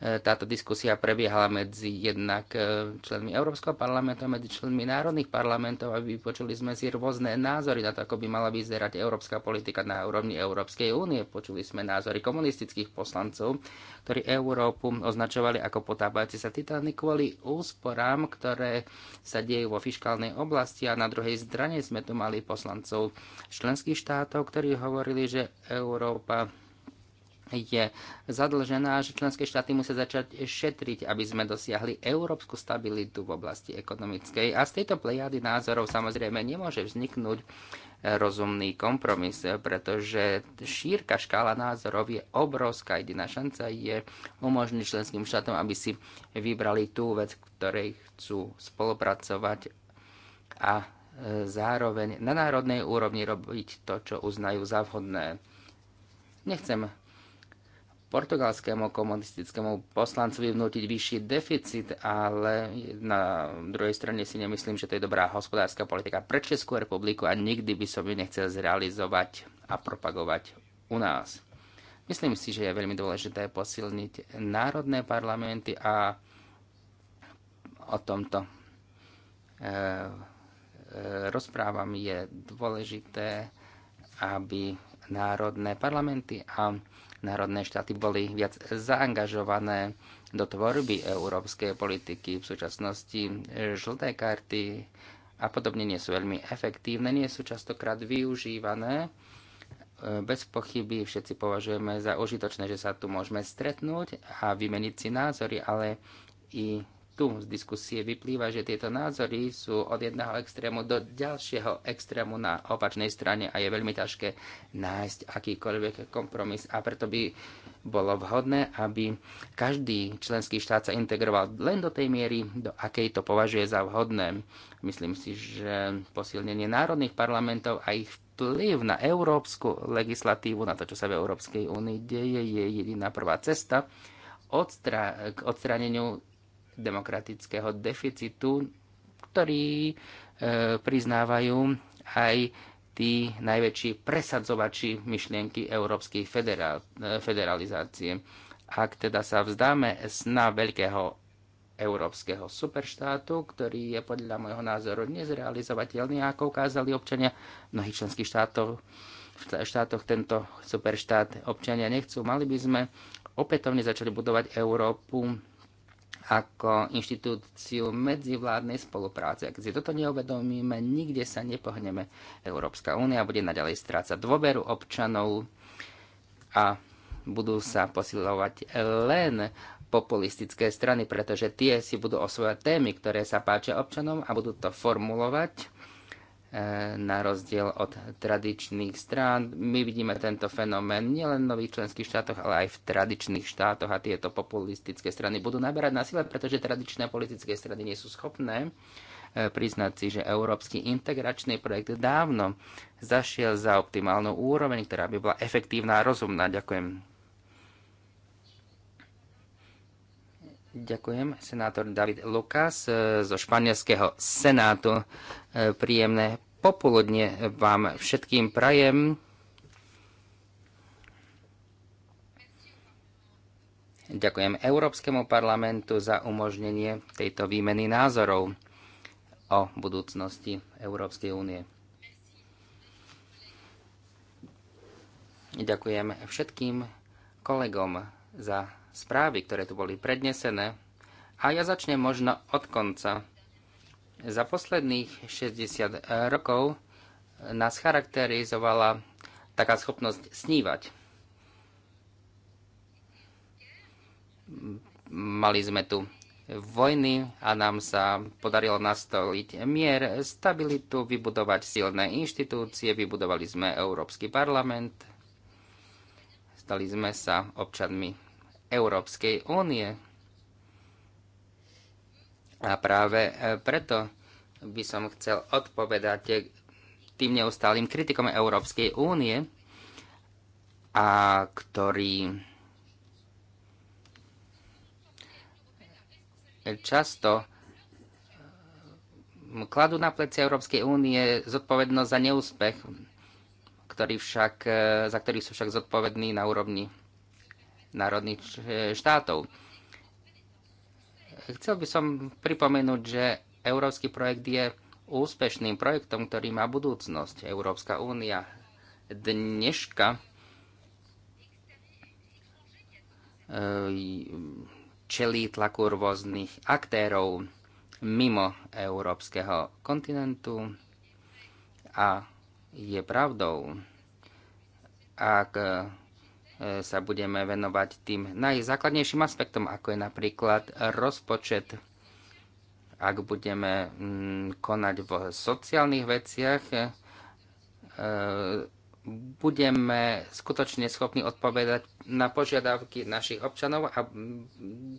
táto diskusia prebiehala medzi jednak e, členmi Európskeho parlamentu a medzi členmi národných parlamentov a vypočuli sme si rôzne názory na to, ako by mala vyzerať európska politika na úrovni Európskej únie. Počuli sme názory komunistických poslancov, ktorí Európu označovali ako potápajúci sa titány kvôli úsporám, ktoré sa dejú vo fiskálnej oblasti a na druhej strane sme tu mali poslancov členských štátov, ktorí hovorili, že Európa je zadlžená, že členské štáty musia začať šetriť, aby sme dosiahli európsku stabilitu v oblasti ekonomickej. A z tejto plejady názorov samozrejme nemôže vzniknúť rozumný kompromis, pretože šírka škála názorov je obrovská. Jediná šanca je umožniť členským štátom, aby si vybrali tú vec, ktorej chcú spolupracovať a e, zároveň na národnej úrovni robiť to, čo uznajú za vhodné. Nechcem portugalskému komunistickému poslancovi vnútiť vyšší deficit, ale na druhej strane si nemyslím, že to je dobrá hospodárska politika pre Českú republiku a nikdy by som ju nechcel zrealizovať a propagovať u nás. Myslím si, že je veľmi dôležité posilniť národné parlamenty a o tomto e, e, rozprávam je dôležité, aby národné parlamenty a národné štáty boli viac zaangažované do tvorby európskej politiky. V súčasnosti e, žlté karty a podobne nie sú veľmi efektívne, nie sú častokrát využívané. E, Bez pochyby všetci považujeme za užitočné, že sa tu môžeme stretnúť a vymeniť si názory, ale i tu z diskusie vyplýva, že tieto názory sú od jedného extrému do ďalšieho extrému na opačnej strane a je veľmi ťažké nájsť akýkoľvek kompromis a preto by bolo vhodné, aby každý členský štát sa integroval len do tej miery, do akej to považuje za vhodné. Myslím si, že posilnenie národných parlamentov a ich vplyv na európsku legislatívu, na to, čo sa v Európskej únii deje, je jediná prvá cesta k odstráneniu demokratického deficitu, ktorý e, priznávajú aj tí najväčší presadzovači myšlienky európskej federál, e, federalizácie. Ak teda sa vzdáme sna veľkého európskeho superštátu, ktorý je podľa môjho názoru nezrealizovateľný, ako ukázali občania mnohých členských štátov, v štátoch tento superštát občania nechcú. Mali by sme opätovne začali budovať Európu ako inštitúciu medzivládnej spolupráce. Ak si toto neuvedomíme, nikde sa nepohneme. Európska únia bude naďalej strácať dôveru občanov a budú sa posilovať len populistické strany, pretože tie si budú osvojať témy, ktoré sa páčia občanom a budú to formulovať E, na rozdiel od tradičných strán. My vidíme tento fenomén nielen v nových členských štátoch, ale aj v tradičných štátoch a tieto populistické strany budú naberať na sile, pretože tradičné politické strany nie sú schopné e, priznať si, že európsky integračný projekt dávno zašiel za optimálnu úroveň, ktorá by bola efektívna a rozumná. Ďakujem. Ďakujem. Senátor David Lukas e, zo španielského senátu. Príjemné popoludne vám všetkým prajem. Ďakujem Európskemu parlamentu za umožnenie tejto výmeny názorov o budúcnosti Európskej únie. Ďakujem všetkým kolegom za správy, ktoré tu boli prednesené. A ja začnem možno od konca. Za posledných 60 e, rokov nás charakterizovala taká schopnosť snívať. Mali sme tu vojny a nám sa podarilo nastoliť mier, stabilitu, vybudovať silné inštitúcie, vybudovali sme Európsky parlament, stali sme sa občanmi Európskej únie a práve e, preto by som chcel odpovedať tým neustálým kritikom Európskej únie, a ktorí často e, kladú na pleci Európskej únie zodpovednosť za neúspech, ktorý však, e, za ktorý sú však zodpovední na úrovni národných štátov. Chcel by som pripomenúť, že európsky projekt je úspešným projektom, ktorý má budúcnosť. Európska únia dneška e, čelí tlaku rôznych aktérov mimo európskeho kontinentu a je pravdou, ak sa budeme venovať tým najzákladnejším aspektom, ako je napríklad rozpočet. Ak budeme mm, konať v sociálnych veciach, e, budeme skutočne schopní odpovedať na požiadavky našich občanov a mm,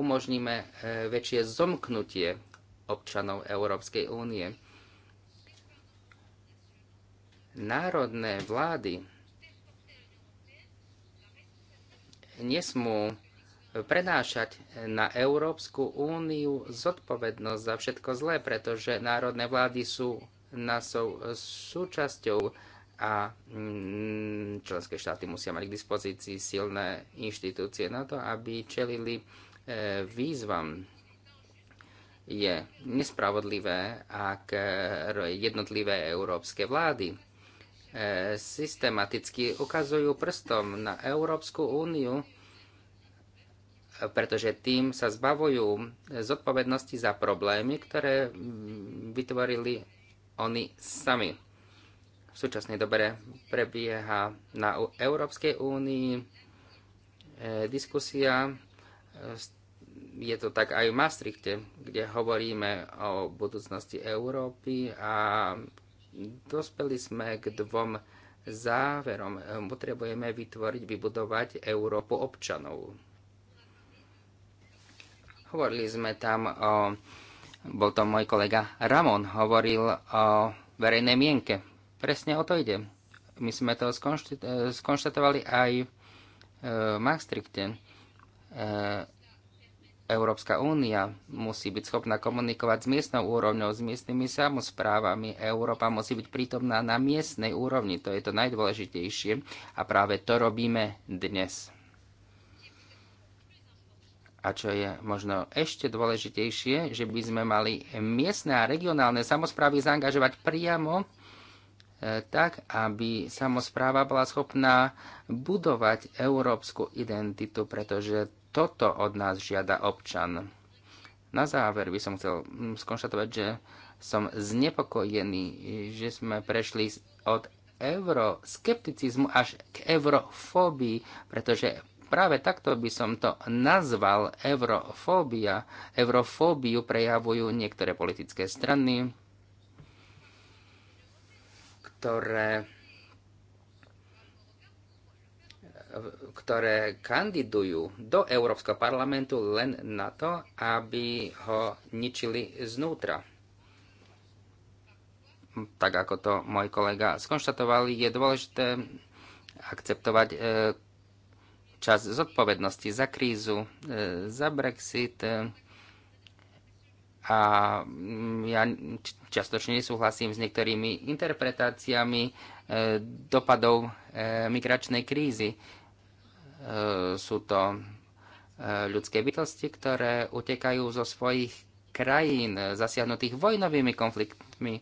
umožníme e, väčšie zomknutie občanov Európskej únie. Národné vlády nesmú prenášať na Európsku úniu zodpovednosť za všetko zlé, pretože národné vlády sú nasou súčasťou a mm, členské štáty musia mať k dispozícii silné inštitúcie na to, aby čelili e, výzvam. Je nespravodlivé, ak e, jednotlivé európske vlády E, systematicky ukazujú prstom na Európsku úniu, e, pretože tým sa zbavujú zodpovednosti za problémy, ktoré vytvorili oni sami. V súčasnej dobre prebieha na Európskej únii e, diskusia, je to tak aj v Maastrichte, kde hovoríme o budúcnosti Európy a Dospeli sme k dvom záverom. Potrebujeme vytvoriť, vybudovať Európu občanov. Hovorili sme tam o, bol to môj kolega Ramon, hovoril o verejnej mienke. Presne o to ide. My sme to skonštatovali aj e, v Maastrichte e, Európska únia musí byť schopná komunikovať s miestnou úrovňou, s miestnymi samozprávami. Európa musí byť prítomná na miestnej úrovni. To je to najdôležitejšie a práve to robíme dnes. A čo je možno ešte dôležitejšie, že by sme mali miestne a regionálne samozprávy zaangažovať priamo e, tak, aby samozpráva bola schopná budovať európsku identitu, pretože toto od nás žiada občan. Na záver by som chcel mm, skonštatovať, že som znepokojený, že sme prešli od euroskepticizmu až k eurofóbii, pretože práve takto by som to nazval eurofóbia. Eurofóbiu prejavujú niektoré politické strany, ktoré ktoré kandidujú do Európskeho parlamentu len na to, aby ho ničili znútra. Tak ako to môj kolega skonštatoval, je dôležité akceptovať e, čas zodpovednosti za krízu, e, za Brexit. E, a mm, ja častočne nesúhlasím s niektorými interpretáciami dopadov migračnej krízy Eh, sú to eh, ľudské bytosti, ktoré utekajú zo svojich krajín eh, zasiahnutých vojnovými konfliktmi.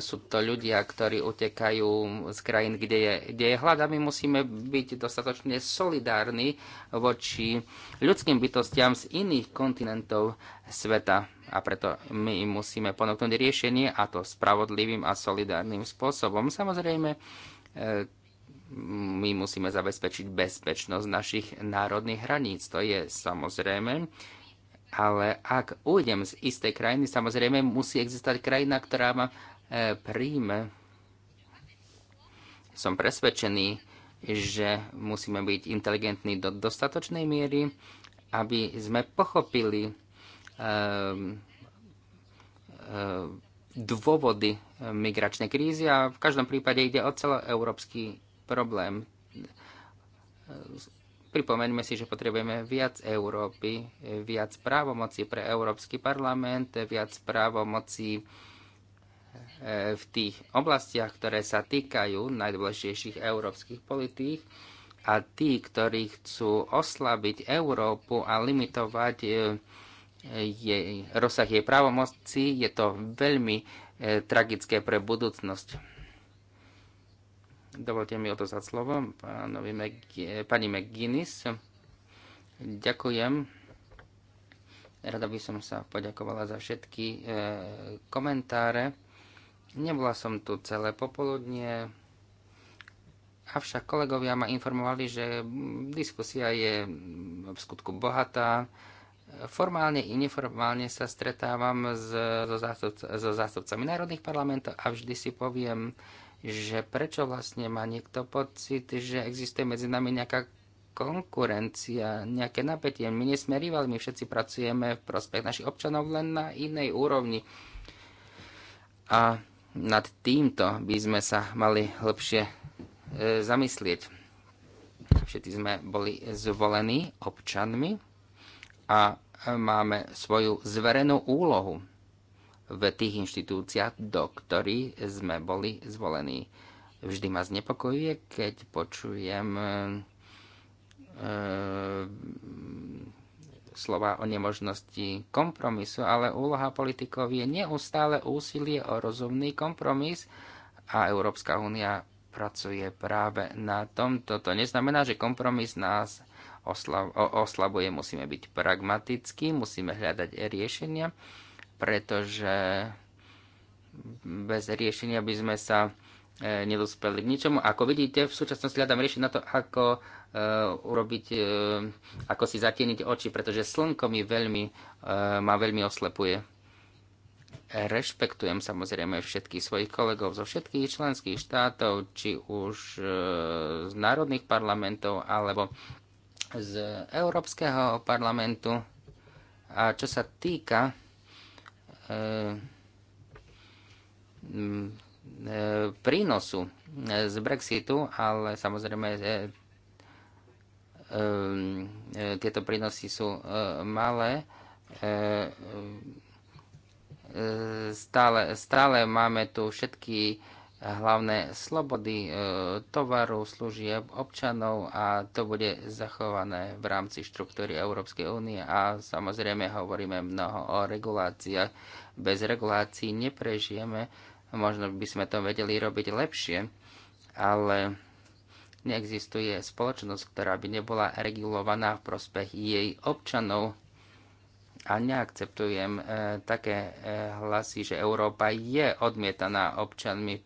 Sú to ľudia, ktorí utekajú z krajín, kde je, kde je hlad a my musíme byť dostatočne solidárni voči ľudským bytostiam z iných kontinentov sveta. A preto my im musíme ponúknuť riešenie a to spravodlivým a solidárnym spôsobom. Samozrejme, my musíme zabezpečiť bezpečnosť našich národných hraníc. To je samozrejme. Ale ak ujdem z istej krajiny, samozrejme musí existovať krajina, ktorá ma e, príjme. Som presvedčený, že musíme byť inteligentní do dostatočnej miery, aby sme pochopili e, e, dôvody migračnej krízy a v každom prípade ide o celoeurópsky problém. Pripomeňme si, že potrebujeme viac Európy, viac právomocí pre Európsky parlament, viac právomocí e, v tých oblastiach, ktoré sa týkajú najdôležitejších európskych politík a tí, ktorí chcú oslabiť Európu a limitovať e, jej, rozsah jej právomocí, je to veľmi e, tragické pre budúcnosť. Dovolte mi odozvať slovo pánovi McGinnis, pani McGuinness. Ďakujem. Rada by som sa poďakovala za všetky e, komentáre. Nebola som tu celé popoludnie, avšak kolegovia ma informovali, že diskusia je v skutku bohatá. Formálne i neformálne sa stretávam s, so, zástupc- so zástupcami národných parlamentov a vždy si poviem, že prečo vlastne má niekto pocit, že existuje medzi nami nejaká konkurencia, nejaké napätie. My nie sme my všetci pracujeme v prospech našich občanov len na inej úrovni. A nad týmto by sme sa mali lepšie e, zamyslieť. Všetci sme boli zvolení občanmi a máme svoju zverenú úlohu v tých inštitúciách, do ktorých sme boli zvolení. Vždy ma znepokojuje, keď počujem e, e, slova o nemožnosti kompromisu, ale úloha politikov je neustále úsilie o rozumný kompromis a Európska únia pracuje práve na tomto. To neznamená, že kompromis nás oslab- oslabuje. Musíme byť pragmatickí, musíme hľadať riešenia pretože bez riešenia by sme sa e, nedospeli k ničomu. Ako vidíte, v súčasnosti hľadám riešiť na to, ako e, urobiť, e, ako si zatieniť oči, pretože slnko mi veľmi, e, ma veľmi oslepuje. Rešpektujem samozrejme všetkých svojich kolegov zo všetkých členských štátov, či už e, z národných parlamentov, alebo z Európskeho parlamentu. A čo sa týka Eh, mm, eh, prínosu eh, z Brexitu, ale samozrejme mm, tieto prínosy sú malé. Mm, stále, stále máme tu všetky hlavné slobody e, tovaru, služieb občanov a to bude zachované v rámci štruktúry Európskej únie a samozrejme hovoríme mnoho o reguláciách. Bez regulácií neprežijeme, možno by sme to vedeli robiť lepšie, ale neexistuje spoločnosť, ktorá by nebola regulovaná v prospech jej občanov a neakceptujem e, také e, hlasy, že Európa je odmietaná občanmi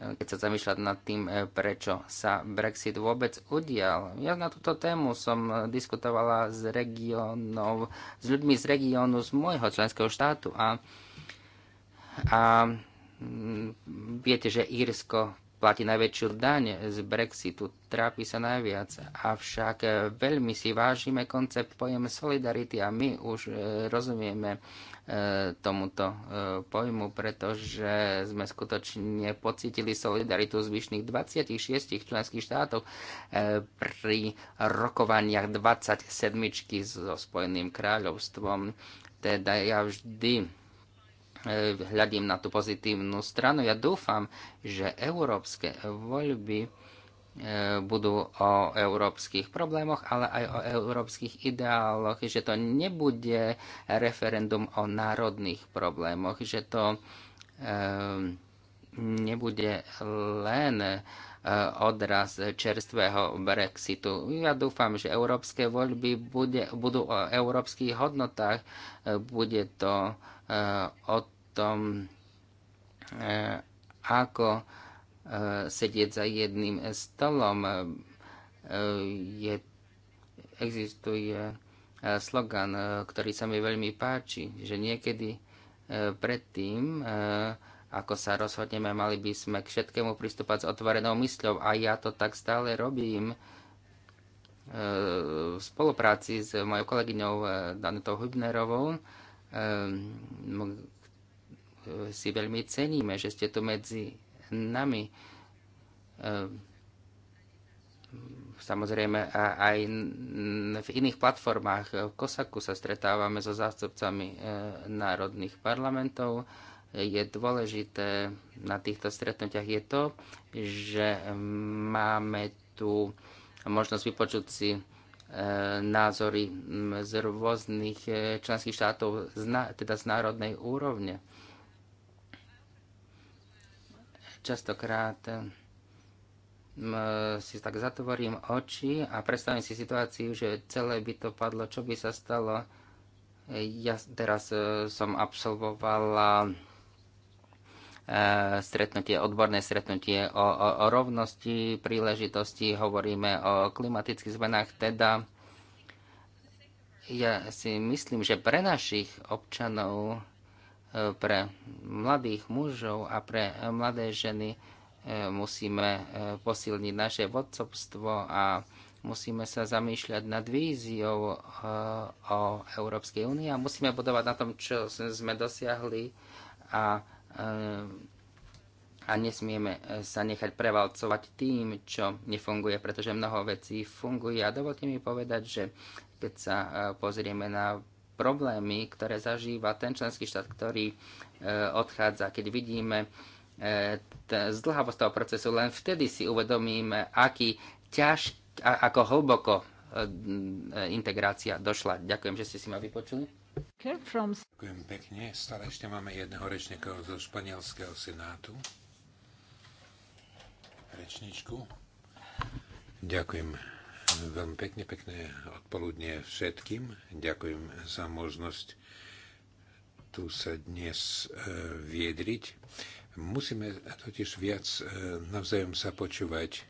keď sa zamýšľať nad tým, eh, prečo sa Brexit vôbec udial. Ja na túto tému som diskutovala s regionov, s ľuďmi z regiónu z môjho členského štátu a, a mm, viete, že Írsko platí najväčšiu daň z Brexitu, trápi sa najviac. Avšak eh, veľmi si vážime koncept pojem solidarity a my už eh, rozumieme E, tomuto e, pojmu, pretože sme skutočne pocitili solidaritu zvyšných 26 členských štátov e, pri rokovaniach 27 so Spojeným kráľovstvom. Teda ja vždy hľadím na tú pozitívnu stranu. Ja dúfam, že európske voľby E, budú o európskych problémoch, ale aj o európskych ideáloch, že to nebude referendum o národných problémoch, že to e, nebude len e, odraz čerstvého Brexitu. Ja dúfam, že európske voľby bude, budú o európskych hodnotách, bude to o tom, ako Eh, sedieť za jedným stolom. Eh, je, existuje eh, slogan, ktorý sa mi veľmi páči, že niekedy predtým, ako sa rozhodneme, mali by sme k všetkému pristúpať s otvorenou mysľou a ja to tak stále robím v spolupráci s mojou kolegyňou Danutou Hübnerovou. Si veľmi ceníme, že ste tu medzi nami. E, samozrejme aj v iných platformách. E, v Kosaku sa stretávame so zástupcami e, národných parlamentov. Je dôležité na týchto stretnutiach je to, že máme tu možnosť vypočuť si názory z rôznych členských štátov, teda z národnej úrovne. Častokrát eh, si tak zatvorím oči a predstavím si situáciu, že celé by to padlo, čo by sa stalo. Eh, ja teraz eh, som absolvovala stretnutie, odborné stretnutie o, o, o rovnosti, príležitosti, hovoríme o klimatických zmenách, teda ja si myslím, že pre našich občanov pre mladých mužov a pre mladé ženy e, musíme e, posilniť naše vodcovstvo a musíme sa zamýšľať nad víziou e, o Európskej únii a musíme budovať na tom, čo sme dosiahli a, a nesmieme sa nechať prevalcovať tým, čo nefunguje, pretože mnoho vecí funguje. A dovolte mi povedať, že keď sa pozrieme na problémy, ktoré zažíva ten členský štát, ktorý e, odchádza. Keď vidíme e, zdlhavosť toho procesu, len vtedy si uvedomíme, aký ťaž, ako hlboko e, integrácia došla. Ďakujem, že ste si ma vypočuli. Ďakujem pekne. Stále ešte máme jedného rečníka zo španielského senátu. Rečničku. Ďakujem Veľmi pekne, pekné odpoludne všetkým. Ďakujem za možnosť tu sa dnes e, viedriť. Musíme totiž viac e, navzájom sa počúvať.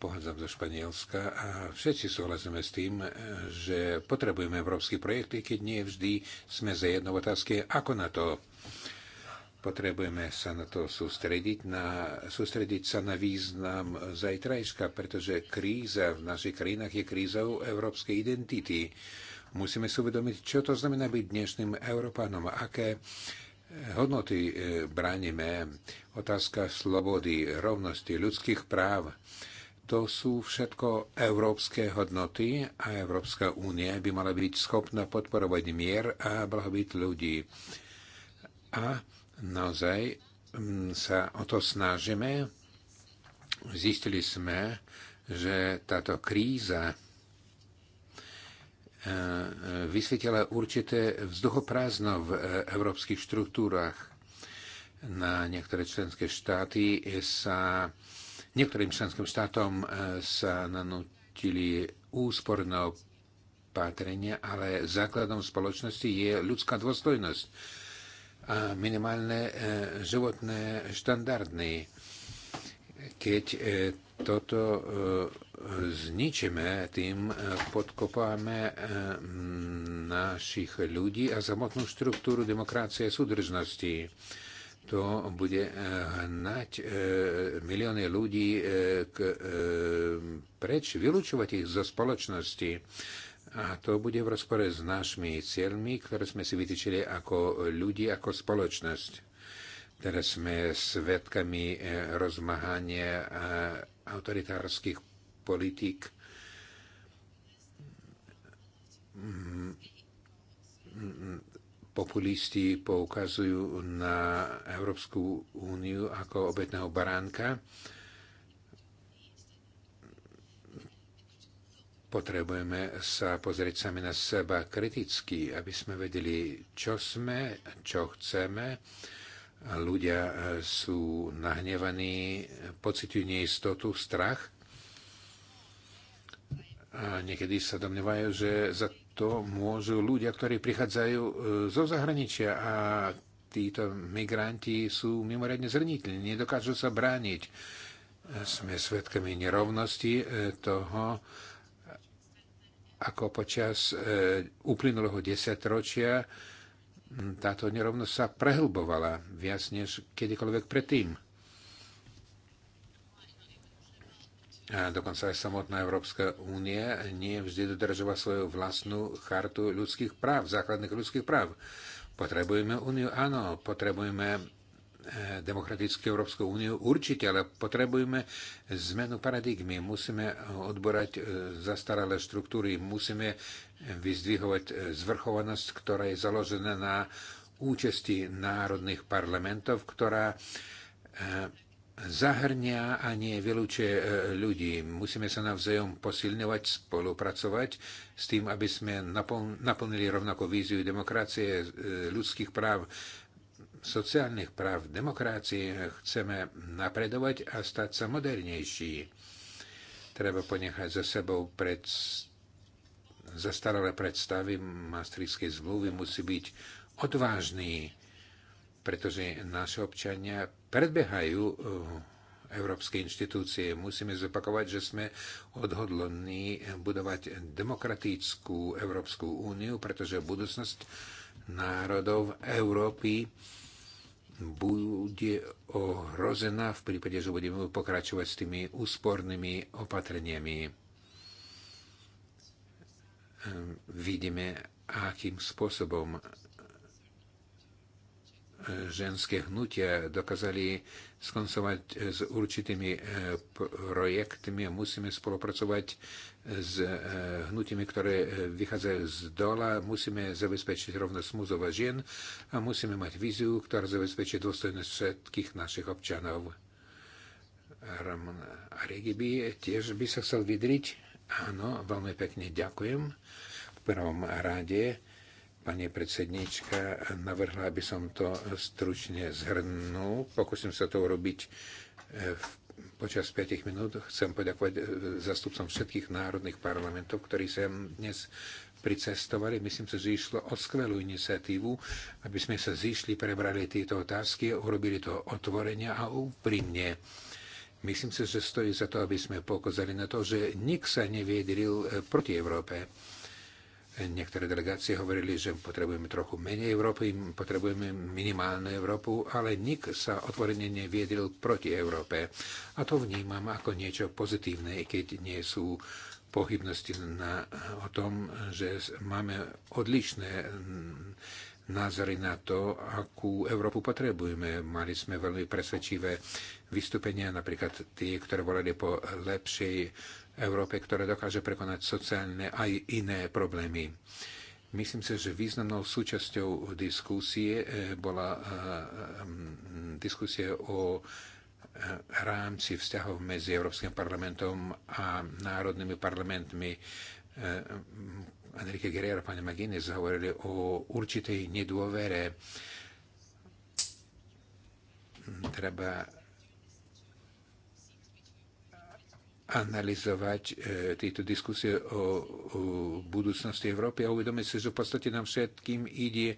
Pochádzam zo Španielska a všetci súhlasíme s tým, e, že potrebujeme európsky projekty, keď nie vždy sme za jednou otázky, ako na to. Potrebujeme sa na to sústrediť, na, sústrediť sa na význam zajtrajška, pretože kríza v našich krajinách je krízou európskej identity. Musíme si uvedomiť, čo to znamená byť dnešným Európanom, aké hodnoty e, bránime, otázka slobody, rovnosti, ľudských práv. To sú všetko európske hodnoty a Európska únia by mala byť schopná podporovať mier a blahobyt ľudí. A Naozaj mm, sa o to snažíme. Zistili sme, že táto kríza e, vysvetila určité vzduchoprázdno v e, európskych štruktúrach. Na niektoré členské štáty sa, niektorým členským štátom e, sa nanútili úsporné opatrenia, ale základom spoločnosti je ľudská dôstojnosť minimálne e, životné štandardy. Keď e, toto e, zničíme, tým podkopáme našich ľudí a samotnú štruktúru demokracie a súdržnosti. To bude hnať milióny ľudí k, preč, vylúčovať ich zo spoločnosti a to bude v rozpore s našimi cieľmi, ktoré sme si vytýčili ako ľudí, ako spoločnosť. Teraz sme svedkami eh, rozmahania eh, autoritárskych politík. Populisti poukazujú na Európsku úniu ako obetného baránka. Potrebujeme sa pozrieť sami na seba kriticky, aby sme vedeli, čo sme, čo chceme. Ľudia sú nahnevaní, pocitujú neistotu, strach. A niekedy sa domnievajú, že za to môžu ľudia, ktorí prichádzajú e, zo zahraničia a títo migranti sú mimoriadne zrniteľní, nedokážu sa brániť. Sme svedkami nerovnosti e, toho, ako počas e, uplynulého desaťročia táto nerovnosť sa prehlbovala viac než kedykoľvek predtým. A dokonca aj samotná Európska únia nie vždy dodržova svoju vlastnú chartu ľudských práv, základných ľudských práv. Potrebujeme úniu? Áno, potrebujeme demokratickú Európsku úniu. Určite, ale potrebujeme zmenu paradigmy. Musíme odborať e, zastaralé štruktúry. Musíme vyzdvihovať e, zvrchovanosť, ktorá je založená na účasti národných parlamentov, ktorá e, zahrňa a nie vylúčuje ľudí. Musíme sa navzájom posilňovať, spolupracovať s tým, aby sme naplnili rovnako víziu demokracie, ľudských práv, sociálnych práv, demokracie. Chceme napredovať a stať sa modernejší. Treba ponechať za sebou pred zastaralé predstavy Maastrichtskej zmluvy. Musí byť odvážny, pretože naše občania predbehajú eh, európske inštitúcie. Musíme zopakovať, že sme odhodlní budovať demokratickú Európsku úniu, pretože budúcnosť národov Európy bude ohrozená v prípade, že budeme pokračovať s tými úspornými opatreniami. Ehm, vidíme, akým spôsobom ženské hnutia dokázali skoncovať s určitými e, projektmi a musíme spolupracovať s e, hnutími, ktoré e, vychádzajú z dola. Musíme zabezpečiť rovnosť mužov a žien a musíme mať víziu, ktorá zabezpečí dôstojnosť všetkých našich občanov. Ramon Arigibi tiež by sa chcel vydriť. Áno, veľmi pekne ďakujem. V prvom rade Pani predsednička navrhla, aby som to stručne zhrnul. Pokúsim sa to urobiť e, v počas 5 minút. Chcem poďakovať e, zastupcom všetkých národných parlamentov, ktorí sem dnes pricestovali. Myslím si, že išlo o skvelú iniciatívu, aby sme sa zišli, prebrali tieto otázky, urobili to otvorenia a úprimne. Myslím si, že stojí za to, aby sme pokazali na to, že nik sa neviedril e, proti Európe Niektoré delegácie hovorili, že potrebujeme trochu menej Európy, potrebujeme minimálnu Európu, ale nik sa otvorene neviedil proti Európe. A to vnímam ako niečo pozitívne, keď nie sú pohybnosti na, o tom, že máme odlišné mm, názory na to, akú Európu potrebujeme. Mali sme veľmi presvedčivé vystúpenia, napríklad tie, ktoré volali po lepšej Európe, ktorá dokáže prekonať sociálne aj iné problémy. Myslím si, že významnou súčasťou diskusie eh, bola eh, mm, diskusie o eh, rámci vzťahov medzi Európskym parlamentom a národnými parlamentmi. Enrique Guerrero a pani McGuinness hovorili o určitej nedôvere. Treba analyzovať e, tieto diskusie o, o budúcnosti Európy a uvedomiť si, že v podstate nám všetkým ide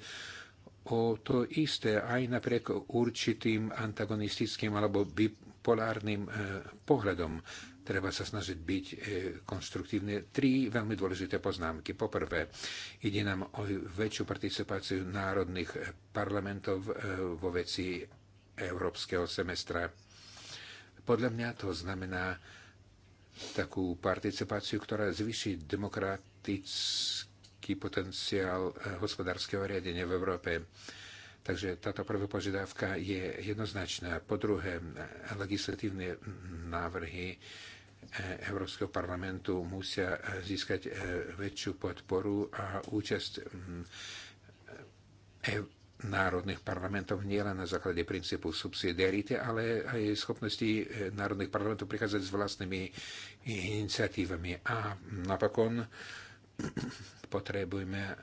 o to isté, aj napriek určitým antagonistickým alebo bipolárnym e, pohľadom. Treba sa snažiť byť e, konstruktívne. Tri veľmi dôležité poznámky. Poprvé, ide nám o väčšiu participáciu národných parlamentov e, vo veci európskeho semestra. Podľa mňa to znamená, takú participáciu, ktorá zvyší demokratický potenciál eh, hospodárskeho riadenia v Európe. Takže táto prvá požiadavka je jednoznačná. Po druhé, legislatívne návrhy eh, Európskeho parlamentu musia eh, získať väčšiu podporu a účasť mm, národných parlamentov nielen na základe princípu subsidiarity, ale aj schopnosti eh, národných parlamentov prichádzať s vlastnými iniciatívami. A napokon potrebujeme eh,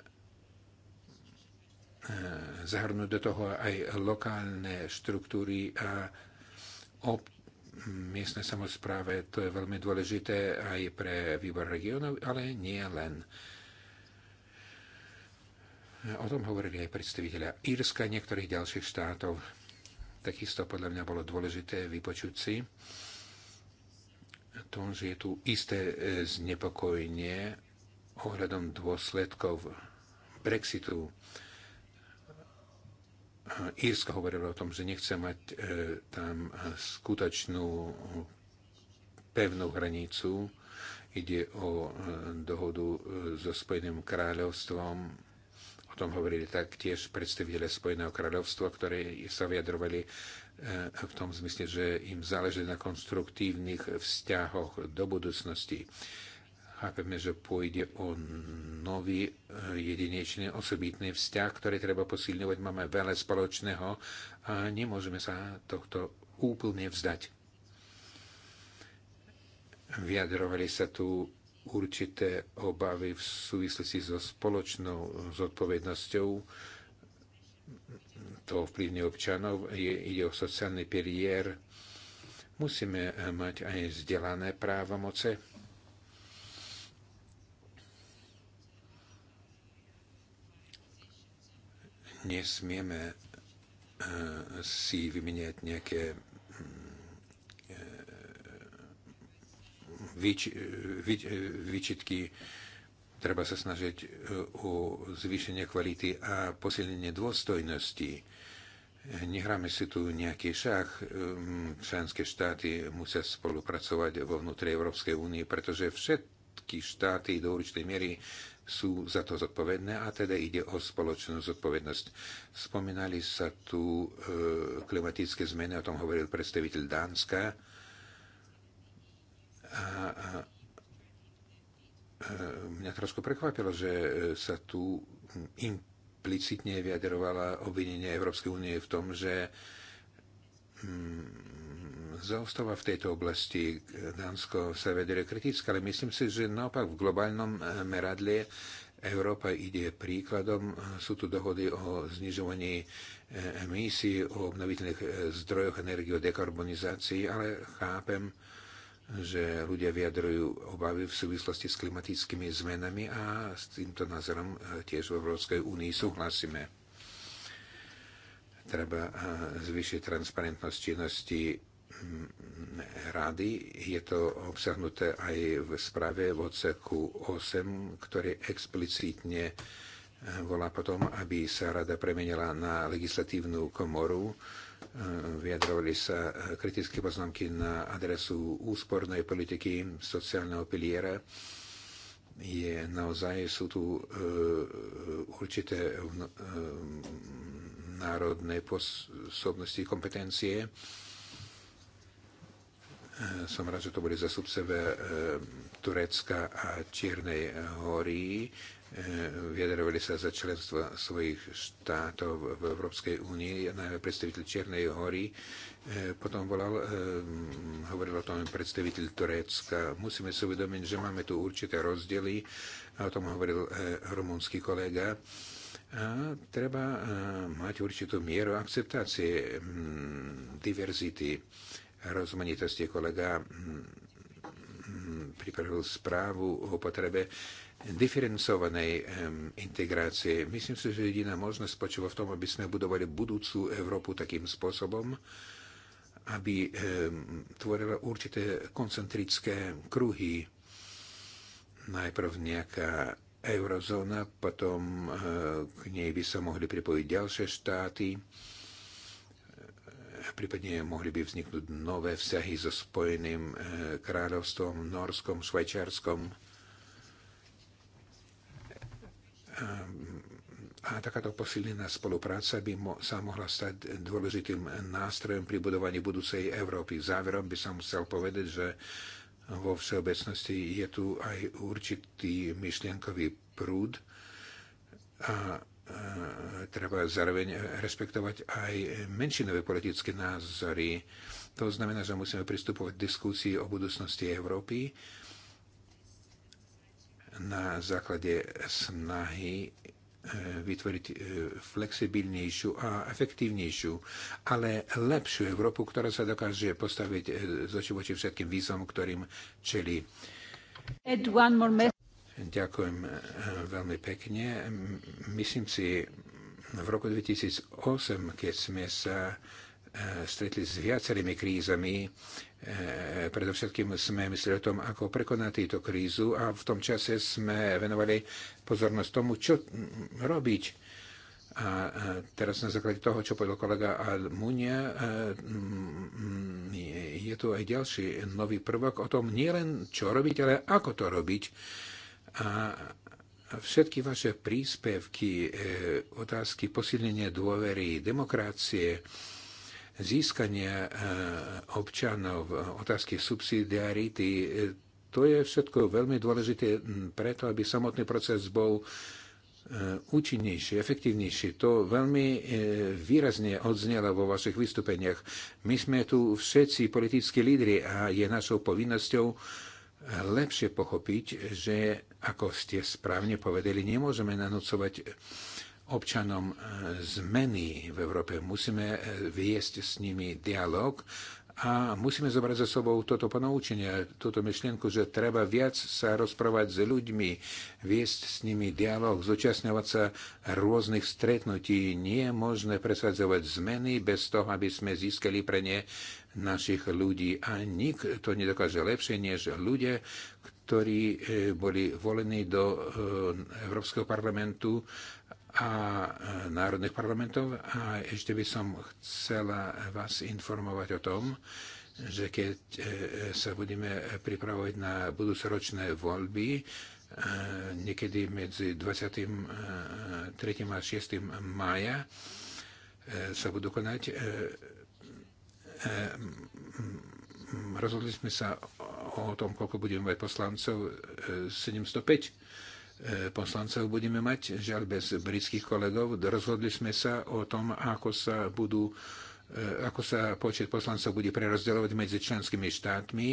zahrnúť do toho aj lokálne štruktúry a ob- miestne samozpráve. To je veľmi dôležité aj pre výbor regionov, ale nie len. O tom hovorili aj predstaviteľa Írska a niektorých ďalších štátov. Takisto podľa mňa bolo dôležité vypočuť si to, že je tu isté e, znepokojenie ohľadom dôsledkov Brexitu. Írska hovorila o tom, že nechce mať e, tam skutočnú pevnú hranicu. Ide o e, dohodu so Spojeným kráľovstvom tom hovorili taktiež predstaviteľe Spojeného kráľovstva, ktoré sa vyjadrovali e, v tom zmysle, že im záleží na konstruktívnych vzťahoch do budúcnosti. Chápeme, že pôjde o nový e, jedinečný osobitný vzťah, ktorý treba posilňovať. Máme veľa spoločného a nemôžeme sa tohto úplne vzdať. Vyjadrovali sa tu určité obavy v súvislosti so spoločnou zodpovednosťou. To vplyvne občanov, je, ide o sociálny pilier. Musíme mať aj vzdelané právomoce. Nesmieme eh, si vymeniať nejaké výčitky. Treba sa snažiť e, o zvýšenie kvality a posilnenie dôstojnosti. Nehráme si tu nejaký šach. E, členské štáty musia spolupracovať vo vnútri Európskej únie, pretože všetky štáty do určitej miery sú za to zodpovedné a teda ide o spoločnú zodpovednosť. Spomínali sa tu e, klimatické zmeny, o tom hovoril predstaviteľ Dánska. A mňa trošku prekvapilo, že sa tu implicitne vyjadrovala obvinenie Európskej únie v tom, že mm, zaostáva v tejto oblasti. Dánsko sa vedere kriticky, ale myslím si, že naopak v globálnom e, meradle Európa ide príkladom. Sú tu dohody o znižovaní e, emisí, o obnoviteľných e, zdrojoch energie, o dekarbonizácii, ale chápem, že ľudia vyjadrujú obavy v súvislosti s klimatickými zmenami a s týmto názorom e, tiež v Európskej únii súhlasíme. Treba e, zvýšiť transparentnosť činnosti mm, rady. Je to obsahnuté aj v správe v odseku 8, ktorý explicitne e, volá potom, aby sa rada premenila na legislatívnu komoru, Eh, vyjadrovali sa eh, kritické poznámky na adresu úspornej politiky sociálneho piliera. Je naozaj, sú tu e, určité e, národné posobnosti kompetencie. E, Eh, som rád, že to boli zastupcové eh, Turecka a Čiernej hory. Eh, vyjadrovali sa za členstvo svojich štátov v Európskej únii, najmä predstaviteľ Čiernej hory. Potom volal, hovoril o tom predstaviteľ Turecka. Musíme si uvedomiť, že máme tu určité rozdiely. O tom hovoril rumúnsky kolega. A treba mať určitú mieru akceptácie mm, diverzity rozmanitosti. Kolega mm, mm, pripravil správu o potrebe diferencovanej integrácie. Myslím si, že jediná možnosť spočíva v tom, aby sme budovali budúcu Európu takým spôsobom, aby tvorila určité koncentrické kruhy. Najprv nejaká eurozóna, potom eh, k nej by sa mohli pripojiť ďalšie štáty prípadne mohli by vzniknúť nové vzťahy so Spojeným e, kráľovstvom, Norskom, Švajčiarskom. Ehm, a takáto posilnená spolupráca by mo- sa mohla stať dôležitým nástrojom pri budovaní budúcej Európy. Záverom by som chcel povedať, že vo všeobecnosti je tu aj určitý myšlienkový prúd a Eh, treba zároveň respektovať aj menšinové politické názory. To znamená, že musíme pristupovať k diskusii o budúcnosti Európy na základe snahy eh, vytvoriť eh, flexibilnejšiu a efektívnejšiu, ale lepšiu Európu, ktorá sa dokáže postaviť z oči voči všetkým výzvam, ktorým čelí. Ďakujem eh, veľmi pekne. Myslím si, v roku 2008, keď sme sa eh, stretli s viacerými krízami. Eh, predovšetkým sme mysleli o tom, ako prekonať túto krízu a v tom čase sme venovali pozornosť tomu, čo robiť. A teraz na základe toho, čo povedal kolega Almunia, je tu aj ďalší nový prvok o tom nielen, čo robiť, ale ako to robiť a všetky vaše príspevky, e, otázky posilnenia dôvery, demokracie, získania e, občanov, otázky subsidiarity, e, to je všetko veľmi dôležité preto, aby samotný proces bol účinnejší, efektívnejší. To veľmi výrazne odznelo vo vašich vystúpeniach. My sme tu všetci politickí lídry a je našou povinnosťou lepšie pochopiť, že ako ste správne povedali, nemôžeme nanúcovať občanom e, zmeny v Európe. Musíme e, viesť s nimi dialog a musíme zobrať za sobou toto ponaučenie, túto myšlienku, že treba viac sa rozprávať s ľuďmi, viesť s nimi dialog, zúčastňovať sa rôznych stretnutí. Nie je možné presadzovať zmeny bez toho, aby sme získali pre ne našich ľudí. A nikto to nedokáže lepšie, než ľudia, ktorí e, boli volení do e, Európskeho parlamentu a e, národných parlamentov. A ešte by som chcela vás informovať o tom, že keď sa budeme pripravovať na budúcoročné voľby, niekedy medzi 23. a 6. mája sa budú konať rozhodli sme sa o tom, koľko budeme mať poslancov, 705 e, poslancov budeme mať, žiaľ bez britských kolegov. Rozhodli sme sa o tom, ako sa budú e, ako sa počet poslancov bude prerozdeľovať medzi členskými štátmi.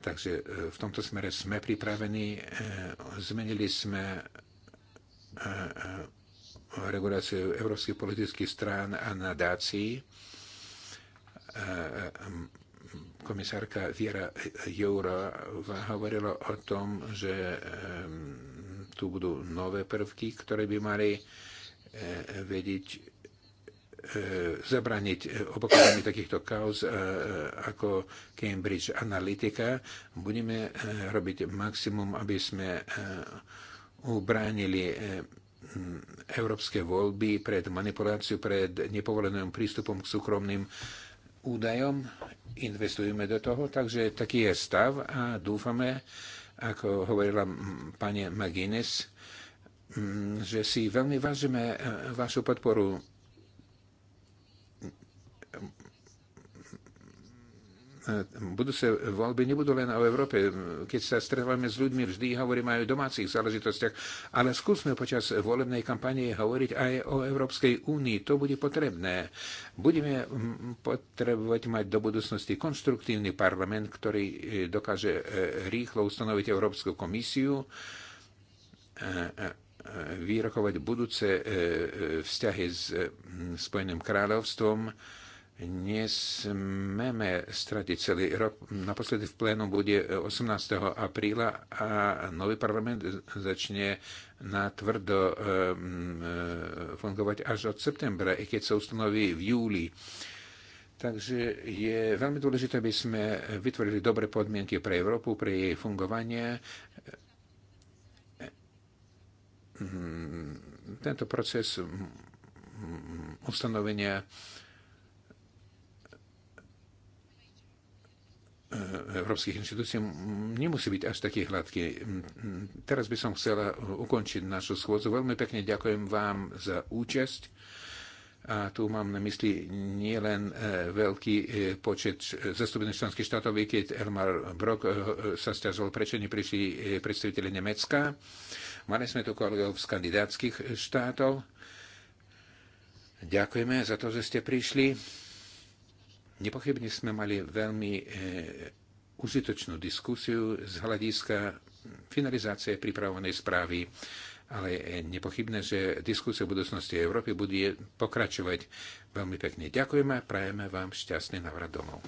Takže e, v tomto smere sme pripravení. Zmenili sme reguláciu európskych politických strán a nadácií Eh, eh, komisárka Viera Jourová hovorila o tom, že eh, tu budú nové prvky, ktoré by mali vedieť zabraniť opakovaní takýchto kauz ako Cambridge Analytica. Budeme robiť maximum, aby sme ubránili európske voľby pred manipuláciu, pred nepovoleným prístupom k súkromným údajom, investujeme do toho, takže taký je stav a dúfame, ako hovorila pani McGuinness, že si veľmi vážime e, vašu podporu Ehm, budúce voľby nebudú len o Európe. Keď sa stretávame s ľuďmi, vždy hovoríme aj o domácich záležitostiach, ale skúsme počas volebnej kampanie hovoriť aj o Európskej únii. To bude potrebné. Budeme mm, potrebovať mať do budúcnosti konstruktívny parlament, ktorý e, dokáže e, rýchlo ustanoviť Európsku komisiu e, vyrokovať budúce vzťahy s Spojeným kráľovstvom Nesmeme stratiť celý rok. Naposledy v plénu bude 18. apríla a nový parlament začne na tvrdo ehm, fungovať až od septembra, i keď sa ustanoví v júli. Takže je veľmi dôležité, aby sme vytvorili dobré podmienky pre Európu, pre jej fungovanie. Ehm, tento proces ustanovenia E, európskych inštitúcií nemusí byť až taký hladký. Teraz by som chcela ukončiť našu schôdzu. Veľmi pekne ďakujem vám za účasť. A tu mám na mysli nielen e, veľký e, počet zastupených členských štátov, keď Elmar Brok sa stiažoval, prečo neprišli predstaviteľe Nemecka. Mali sme tu kolegov z kandidátskych štátov. Ďakujeme za to, že ste prišli. Nepochybne sme mali veľmi e, užitočnú diskusiu z hľadiska finalizácie pripravenej správy, ale je nepochybné, že diskusia o budúcnosti Európy bude pokračovať. Veľmi pekne ďakujeme a prajeme vám šťastný návrat domov.